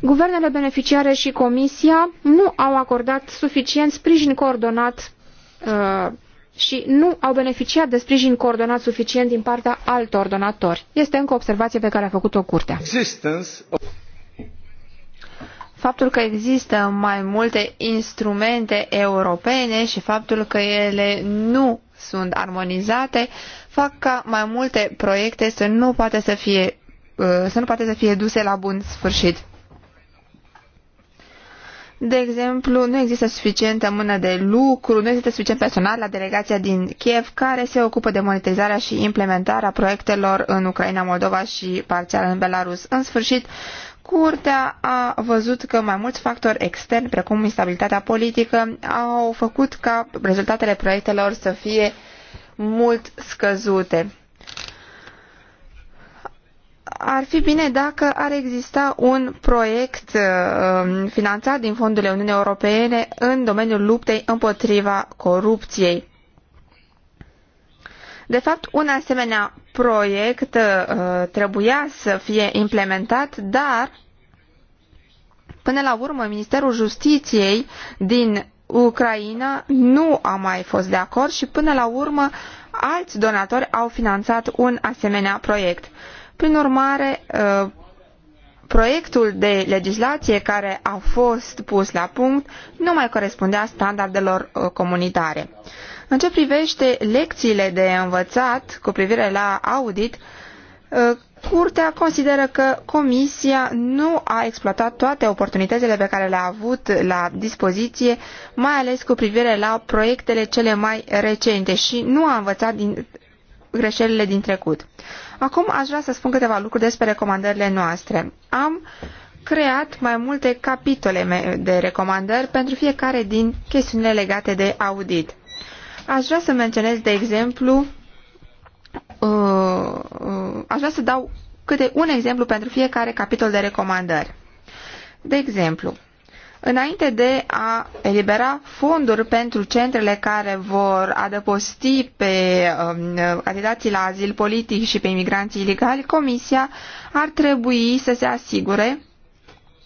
Guvernele beneficiare și comisia nu au acordat suficient sprijin coordonat uh, și nu au beneficiat de sprijin coordonat suficient din partea altor donatori. Este încă o observație pe care a făcut-o Curtea faptul că există mai multe instrumente europene și faptul că ele nu sunt armonizate fac ca mai multe proiecte să nu poate să fie, uh, să nu poate să fie duse la bun sfârșit. De exemplu, nu există suficientă mână de lucru, nu există suficient personal la delegația din Kiev care se ocupă de monitorizarea și implementarea proiectelor în Ucraina, Moldova și parțial în Belarus. În sfârșit, Curtea a văzut că mai mulți factori externi, precum instabilitatea politică, au făcut ca rezultatele proiectelor să fie mult scăzute. Ar fi bine dacă ar exista un proiect uh, um, finanțat din fondurile Uniunii Europene în domeniul luptei împotriva corupției. De fapt, un asemenea proiect uh, trebuia să fie implementat, dar până la urmă Ministerul Justiției din Ucraina nu a mai fost de acord și până la urmă alți donatori au finanțat un asemenea proiect. Prin urmare, uh, proiectul de legislație care a fost pus la punct nu mai corespundea standardelor uh, comunitare. În ce privește lecțiile de învățat cu privire la audit, ă, Curtea consideră că Comisia nu a exploatat toate oportunitățile pe care le-a avut la dispoziție, mai ales cu privire la proiectele cele mai recente și nu a învățat din greșelile din trecut. Acum aș vrea să spun câteva lucruri despre recomandările noastre. Am creat mai multe capitole de recomandări pentru fiecare din chestiunile legate de audit. Aș vrea să menționez, de exemplu, uh, uh, aș vrea să dau câte un exemplu pentru fiecare capitol de recomandări. De exemplu, înainte de a elibera fonduri pentru centrele care vor adăposti pe uh, candidații la azil politic și pe imigranții ilegali, Comisia ar trebui să se asigure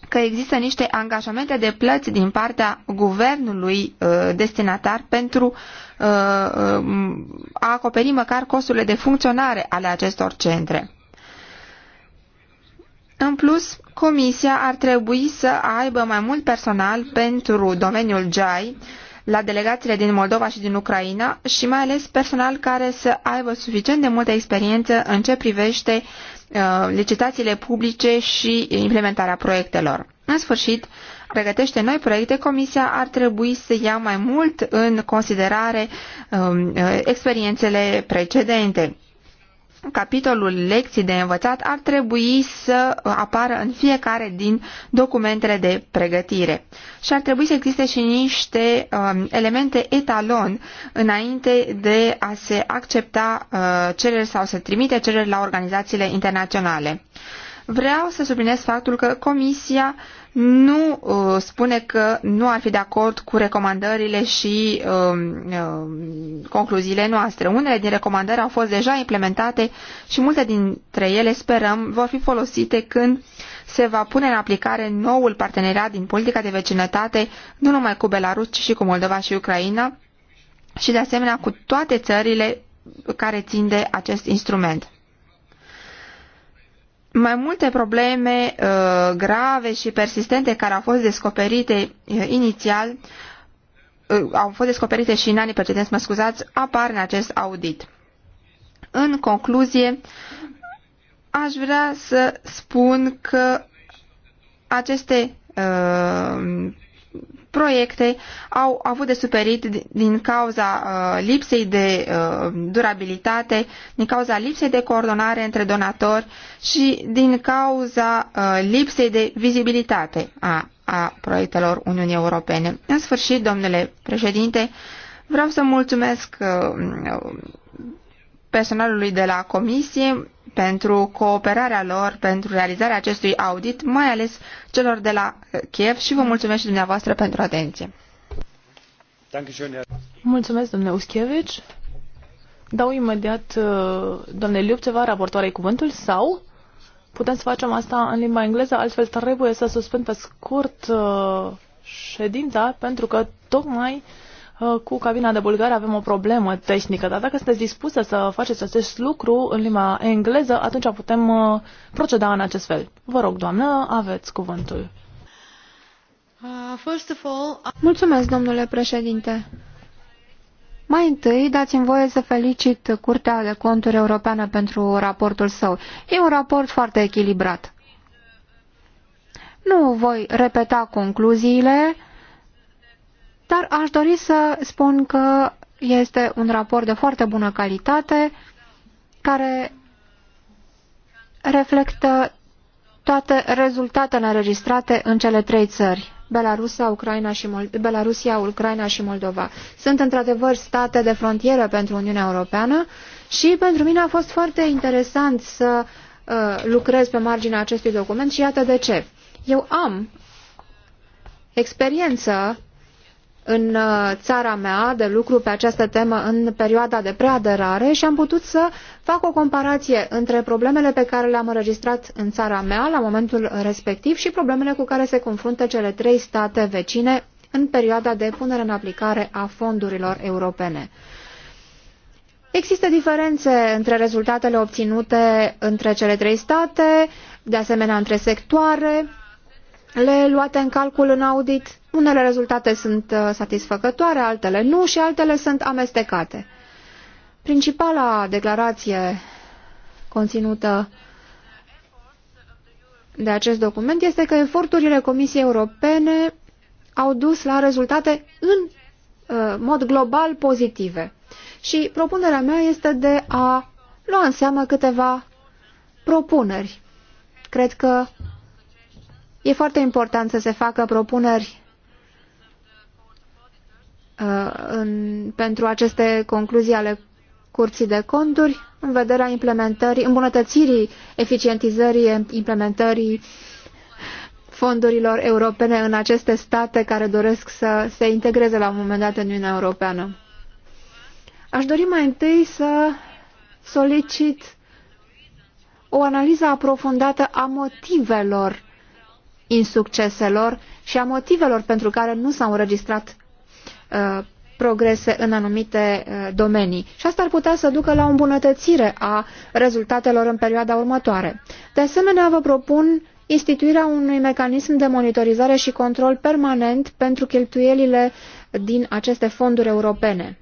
că există niște angajamente de plăți din partea guvernului uh, destinatar pentru uh, uh, a acoperi măcar costurile de funcționare ale acestor centre. În plus, Comisia ar trebui să aibă mai mult personal pentru domeniul JAI la delegațiile din Moldova și din Ucraina și mai ales personal care să aibă suficient de multă experiență în ce privește Uh, licitațiile publice și implementarea proiectelor. În sfârșit, pregătește noi proiecte, Comisia ar trebui să ia mai mult în considerare um, uh, experiențele precedente capitolul lecții de învățat ar trebui să apară în fiecare din documentele de pregătire. Și ar trebui să existe și niște um, elemente etalon înainte de a se accepta uh, cereri sau să trimite cereri la organizațiile internaționale. Vreau să subliniez faptul că Comisia uh, nu uh, spune că nu ar fi de acord cu recomandările și uh, uh, concluziile noastre. Unele din recomandări au fost deja implementate și multe dintre ele, sperăm, vor fi folosite când se va pune în aplicare noul parteneriat din politica de vecinătate, nu numai cu Belarus, ci și cu Moldova și Ucraina, și de asemenea cu toate țările care țin de acest instrument mai multe probleme uh, grave și persistente care au fost descoperite uh, inițial, uh, au fost descoperite și în anii precedenți, mă scuzați, apar în acest audit. În concluzie, aș vrea să spun că aceste uh, proiecte au avut de suferit din cauza uh, lipsei de uh, durabilitate, din cauza lipsei de coordonare între donatori și din cauza uh, lipsei de vizibilitate a, a proiectelor Uniunii Europene. În sfârșit, domnule președinte, vreau să mulțumesc personalului de la comisie, pentru cooperarea lor pentru realizarea acestui audit, mai ales celor de la Kiev și vă mulțumesc și dumneavoastră pentru atenție. Mulțumesc, domnule Uschievici. Dau imediat uh, doamnei Liupceva, raportoarei cuvântul, sau putem să facem asta în limba engleză, altfel trebuie să suspend pe scurt uh, ședința, pentru că tocmai Uh, cu cabina de bulgare avem o problemă tehnică, dar dacă sunteți dispusă să faceți acest lucru în limba engleză, atunci putem uh, proceda în acest fel. Vă rog, doamnă, aveți cuvântul. Uh, Mulțumesc, domnule președinte. Mai întâi, dați-mi voie să felicit Curtea de Conturi Europeană pentru raportul său. E un raport foarte echilibrat. Nu voi repeta concluziile, dar aș dori să spun că este un raport de foarte bună calitate care reflectă toate rezultatele înregistrate în cele trei țări. Belarusia, Ucraina și, Belarusia, Ucraina și Moldova. Sunt într-adevăr state de frontieră pentru Uniunea Europeană și pentru mine a fost foarte interesant să uh, lucrez pe marginea acestui document și iată de ce. Eu am experiență în uh, țara mea de lucru pe această temă în perioada de preaderare și am putut să fac o comparație între problemele pe care le-am înregistrat în țara mea la momentul respectiv și problemele cu care se confruntă cele trei state vecine în perioada de punere în aplicare a fondurilor europene. Există diferențe între rezultatele obținute între cele trei state, de asemenea între sectoare, le luate în calcul în audit unele rezultate sunt uh, satisfăcătoare, altele nu și altele sunt amestecate. Principala declarație conținută de acest document este că eforturile Comisiei Europene au dus la rezultate în uh, mod global pozitive. Și propunerea mea este de a lua în seamă câteva propuneri. Cred că e foarte important să se facă propuneri Uh, în, pentru aceste concluzii ale Curții de Conturi în vederea implementării, îmbunătățirii eficientizării implementării fondurilor europene în aceste state care doresc să se integreze la un moment dat în Uniunea Europeană. Aș dori mai întâi să solicit o analiză aprofundată a motivelor insucceselor și a motivelor pentru care nu s-au înregistrat Uh, progrese în anumite uh, domenii și asta ar putea să ducă la o îmbunătățire a rezultatelor în perioada următoare. De asemenea, vă propun instituirea unui mecanism de monitorizare și control permanent pentru cheltuielile din aceste fonduri europene.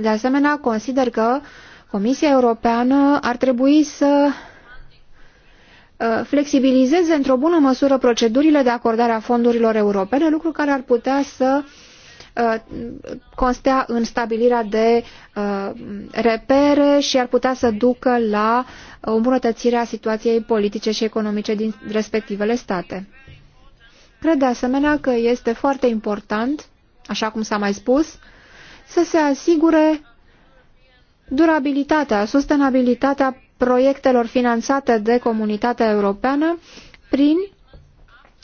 De asemenea, consider că Comisia Europeană ar trebui să uh, flexibilizeze într-o bună măsură procedurile de acordare a fondurilor europene, lucru care ar putea să uh, Uh, constea în stabilirea de uh, repere și ar putea să ducă la a situației politice și economice din respectivele state. Cred de asemenea că este foarte important, așa cum s-a mai spus, să se asigure durabilitatea, sustenabilitatea proiectelor finanțate de comunitatea europeană prin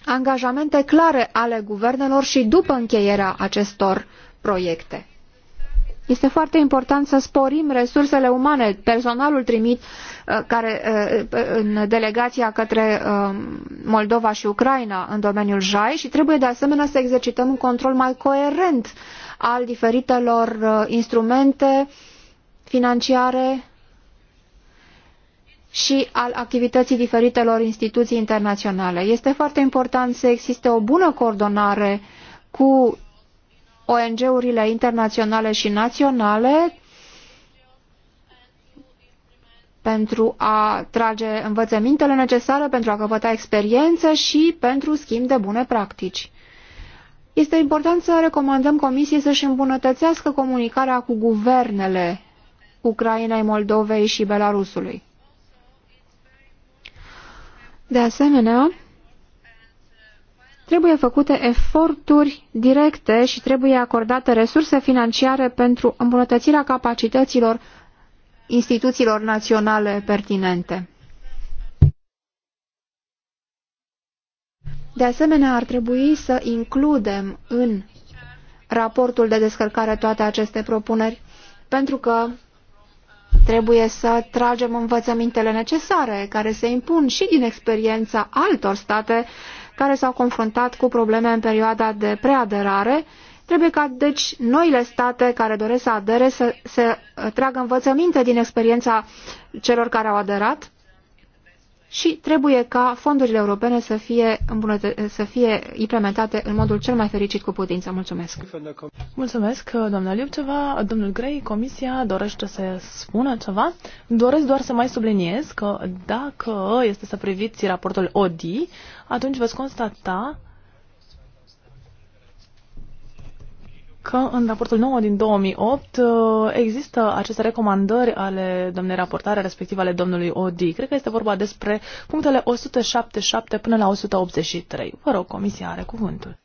angajamente clare ale guvernelor și după încheierea acestor proiecte. Este foarte important să sporim resursele umane, personalul trimit uh, care, uh, uh, în delegația către Moldova și Ucraina în domeniul JAI și trebuie de asemenea să exercităm un control mai coerent al diferitelor instrumente financiare și al activității diferitelor instituții internaționale. Este foarte important să existe o bună coordonare cu ONG-urile internaționale și naționale pentru a trage învățămintele necesare, pentru a căpăta experiență și pentru schimb de bune practici. Este important să recomandăm Comisiei să-și îmbunătățească comunicarea cu guvernele Ucrainei, Moldovei și Belarusului. De asemenea, trebuie făcute eforturi directe și trebuie acordate resurse financiare pentru îmbunătățirea capacităților instituțiilor naționale pertinente. De asemenea, ar trebui să includem în raportul de descărcare toate aceste propuneri, pentru că Trebuie să tragem învățămintele necesare care se impun și din experiența altor state care s-au confruntat cu probleme în perioada de preaderare. Trebuie ca, deci, noile state care doresc să adere să, să uh, tragă învățăminte din experiența celor care au aderat și trebuie ca fondurile europene să fie, să fie implementate în modul cel mai fericit cu putință. Mulțumesc! Mulțumesc, doamna Liupceva. Domnul Grei, Comisia dorește să spună ceva? Doresc doar să mai subliniez că dacă este să priviți raportul ODI, atunci veți constata că în raportul 9 din 2008 uh, există aceste recomandări ale domnei raportare, respectiv ale domnului Odi. Cred că este vorba despre punctele 177 până la 183. Vă rog, Comisia are cuvântul.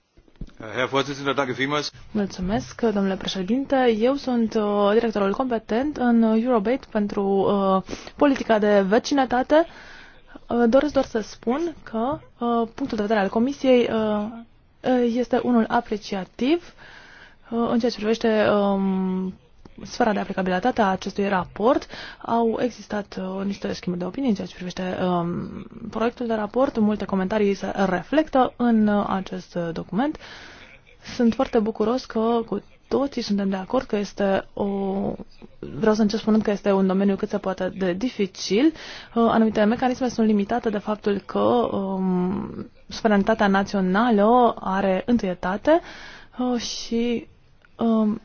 Mulțumesc, domnule președinte. Eu sunt uh, directorul competent în Eurobait pentru uh, politica de vecinătate. Doresc doar să spun că punctul de vedere al Comisiei este unul apreciativ. Uh, Uh, în ceea ce privește um, sfera de aplicabilitate a acestui raport, au existat uh, niște schimburi de opinie, în ceea ce privește um, proiectul de raport. Multe comentarii se reflectă în uh, acest uh, document. Sunt foarte bucuros că cu toții suntem de acord că este o... Vreau să încep spunând că este un domeniu cât se poate de dificil. Uh, anumite mecanisme sunt limitate de faptul că um, suveranitatea națională are întâietate și Um,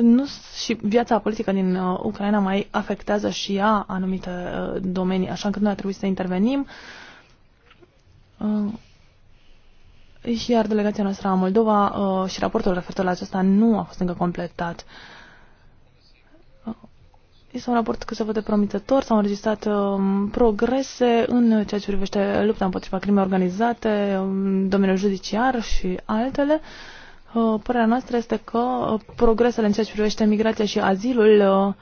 nu, și viața politică din uh, Ucraina mai afectează și ea anumite uh, domenii, așa încât noi ar trebui să intervenim. Uh, iar delegația noastră a Moldova uh, și raportul referitor la acesta nu a fost încă completat. Uh, este un raport cât se vede promițător, s-au înregistrat uh, progrese în ceea ce privește lupta împotriva crimei organizate, um, domeniul judiciar și altele. Uh, Uh, părerea noastră este că uh, progresele în ceea ce privește migrația și azilul uh,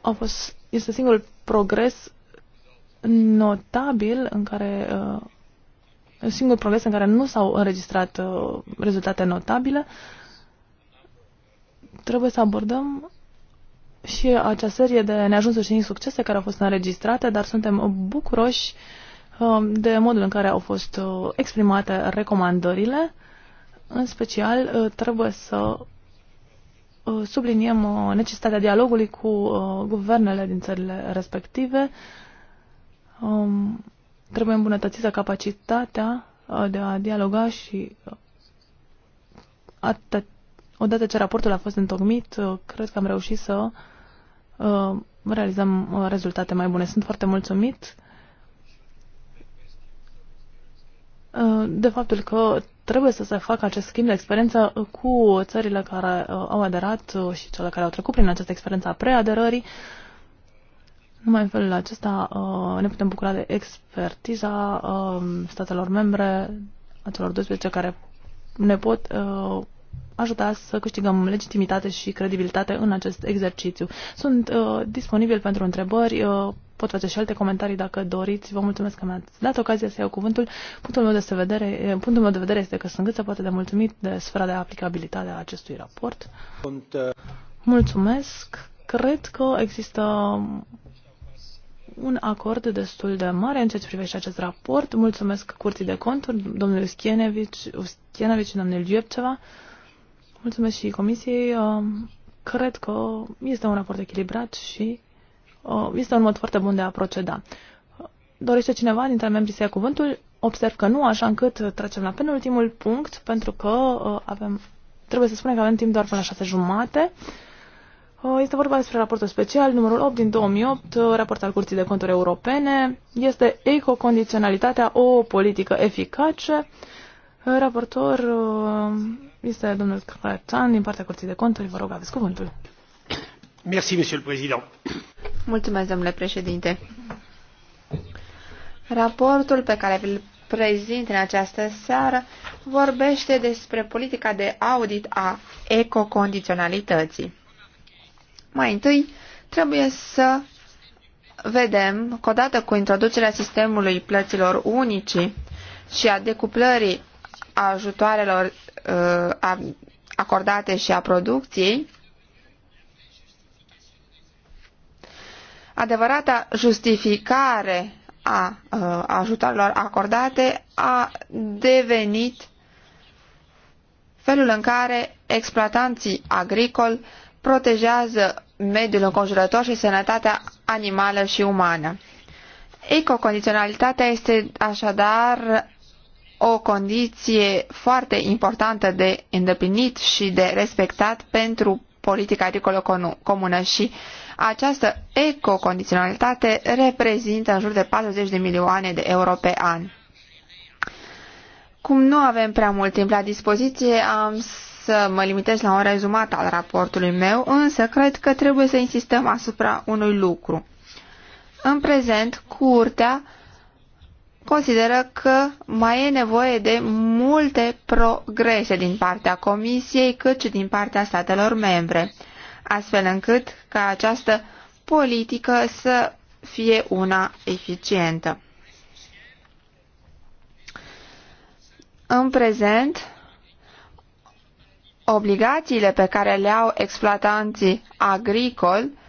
au fost, este singurul progres notabil în care singur progres în care nu s-au înregistrat rezultate notabile. Trebuie să abordăm și acea serie de neajunsuri și insuccese care au fost înregistrate, dar suntem bucuroși de modul în care au fost exprimate recomandările în special, uh, trebuie să uh, subliniem uh, necesitatea dialogului cu guvernele din țările respective. Um, trebuie îmbunătățită capacitatea de a dialoga și atât, odată ce raportul a fost întocmit, cred că am reușit să realizăm rezultate mai bune. Sunt foarte mulțumit de faptul că trebuie să se facă acest schimb de experiență cu țările care uh, au aderat uh, și cele care au trecut prin această experiență a preaderării. Numai în felul acesta uh, ne putem bucura de expertiza um, statelor membre, a celor 12 care ne pot ajuta să câștigăm legitimitate și credibilitate în acest exercițiu. Sunt uh, disponibil pentru întrebări, uh, pot face și alte comentarii dacă doriți. Vă mulțumesc că mi-ați dat ocazia să iau cuvântul. Punctul meu de vedere, eh, punctul meu de vedere este că sunt se poate de mulțumit de sfera de aplicabilitate a acestui raport. Mulțumesc. Cred că există un acord destul de mare în ceea ce privește acest raport. Mulțumesc Curții de Conturi, domnului Schienevici, Schienevici domnul Iepceva. Mulțumesc și Comisiei. Uh, cred că este un raport echilibrat și uh, este un mod foarte bun de a proceda. Dorește cineva dintre membrii să ia cuvântul? Observ că nu, așa încât trecem la penultimul punct, pentru că uh, avem, trebuie să spunem că avem timp doar până la șase jumate. Este vorba despre raportul special numărul 8 din 2008, raport al Curții de Conturi Europene. Este ecocondiționalitatea o politică eficace. Raportor este domnul Cretan din partea Curții de Conturi. Vă rog, aveți cuvântul. Merci, monsieur le président. Mulțumesc, domnule președinte. Raportul pe care vi-l prezint în această seară vorbește despre politica de audit a ecocondiționalității. Mai întâi, trebuie să vedem că odată cu introducerea sistemului plăților unice și a decuplării ajutoarelor uh, acordate și a producției, adevărata justificare a uh, ajutoarelor acordate a devenit felul în care exploatanții agricoli protejează mediul înconjurător și sănătatea animală și umană. Ecocondiționalitatea este așadar o condiție foarte importantă de îndeplinit și de respectat pentru politica agricolă comună și această ecocondiționalitate reprezintă în jur de 40 de milioane de euro pe an. Cum nu avem prea mult timp la dispoziție, am să mă limitez la un rezumat al raportului meu, însă cred că trebuie să insistăm asupra unui lucru. În prezent, curtea consideră că mai e nevoie de multe progrese din partea Comisiei, cât și din partea statelor membre, astfel încât ca această politică să fie una eficientă. În prezent, obligațiile pe care le au exploatanții agricoli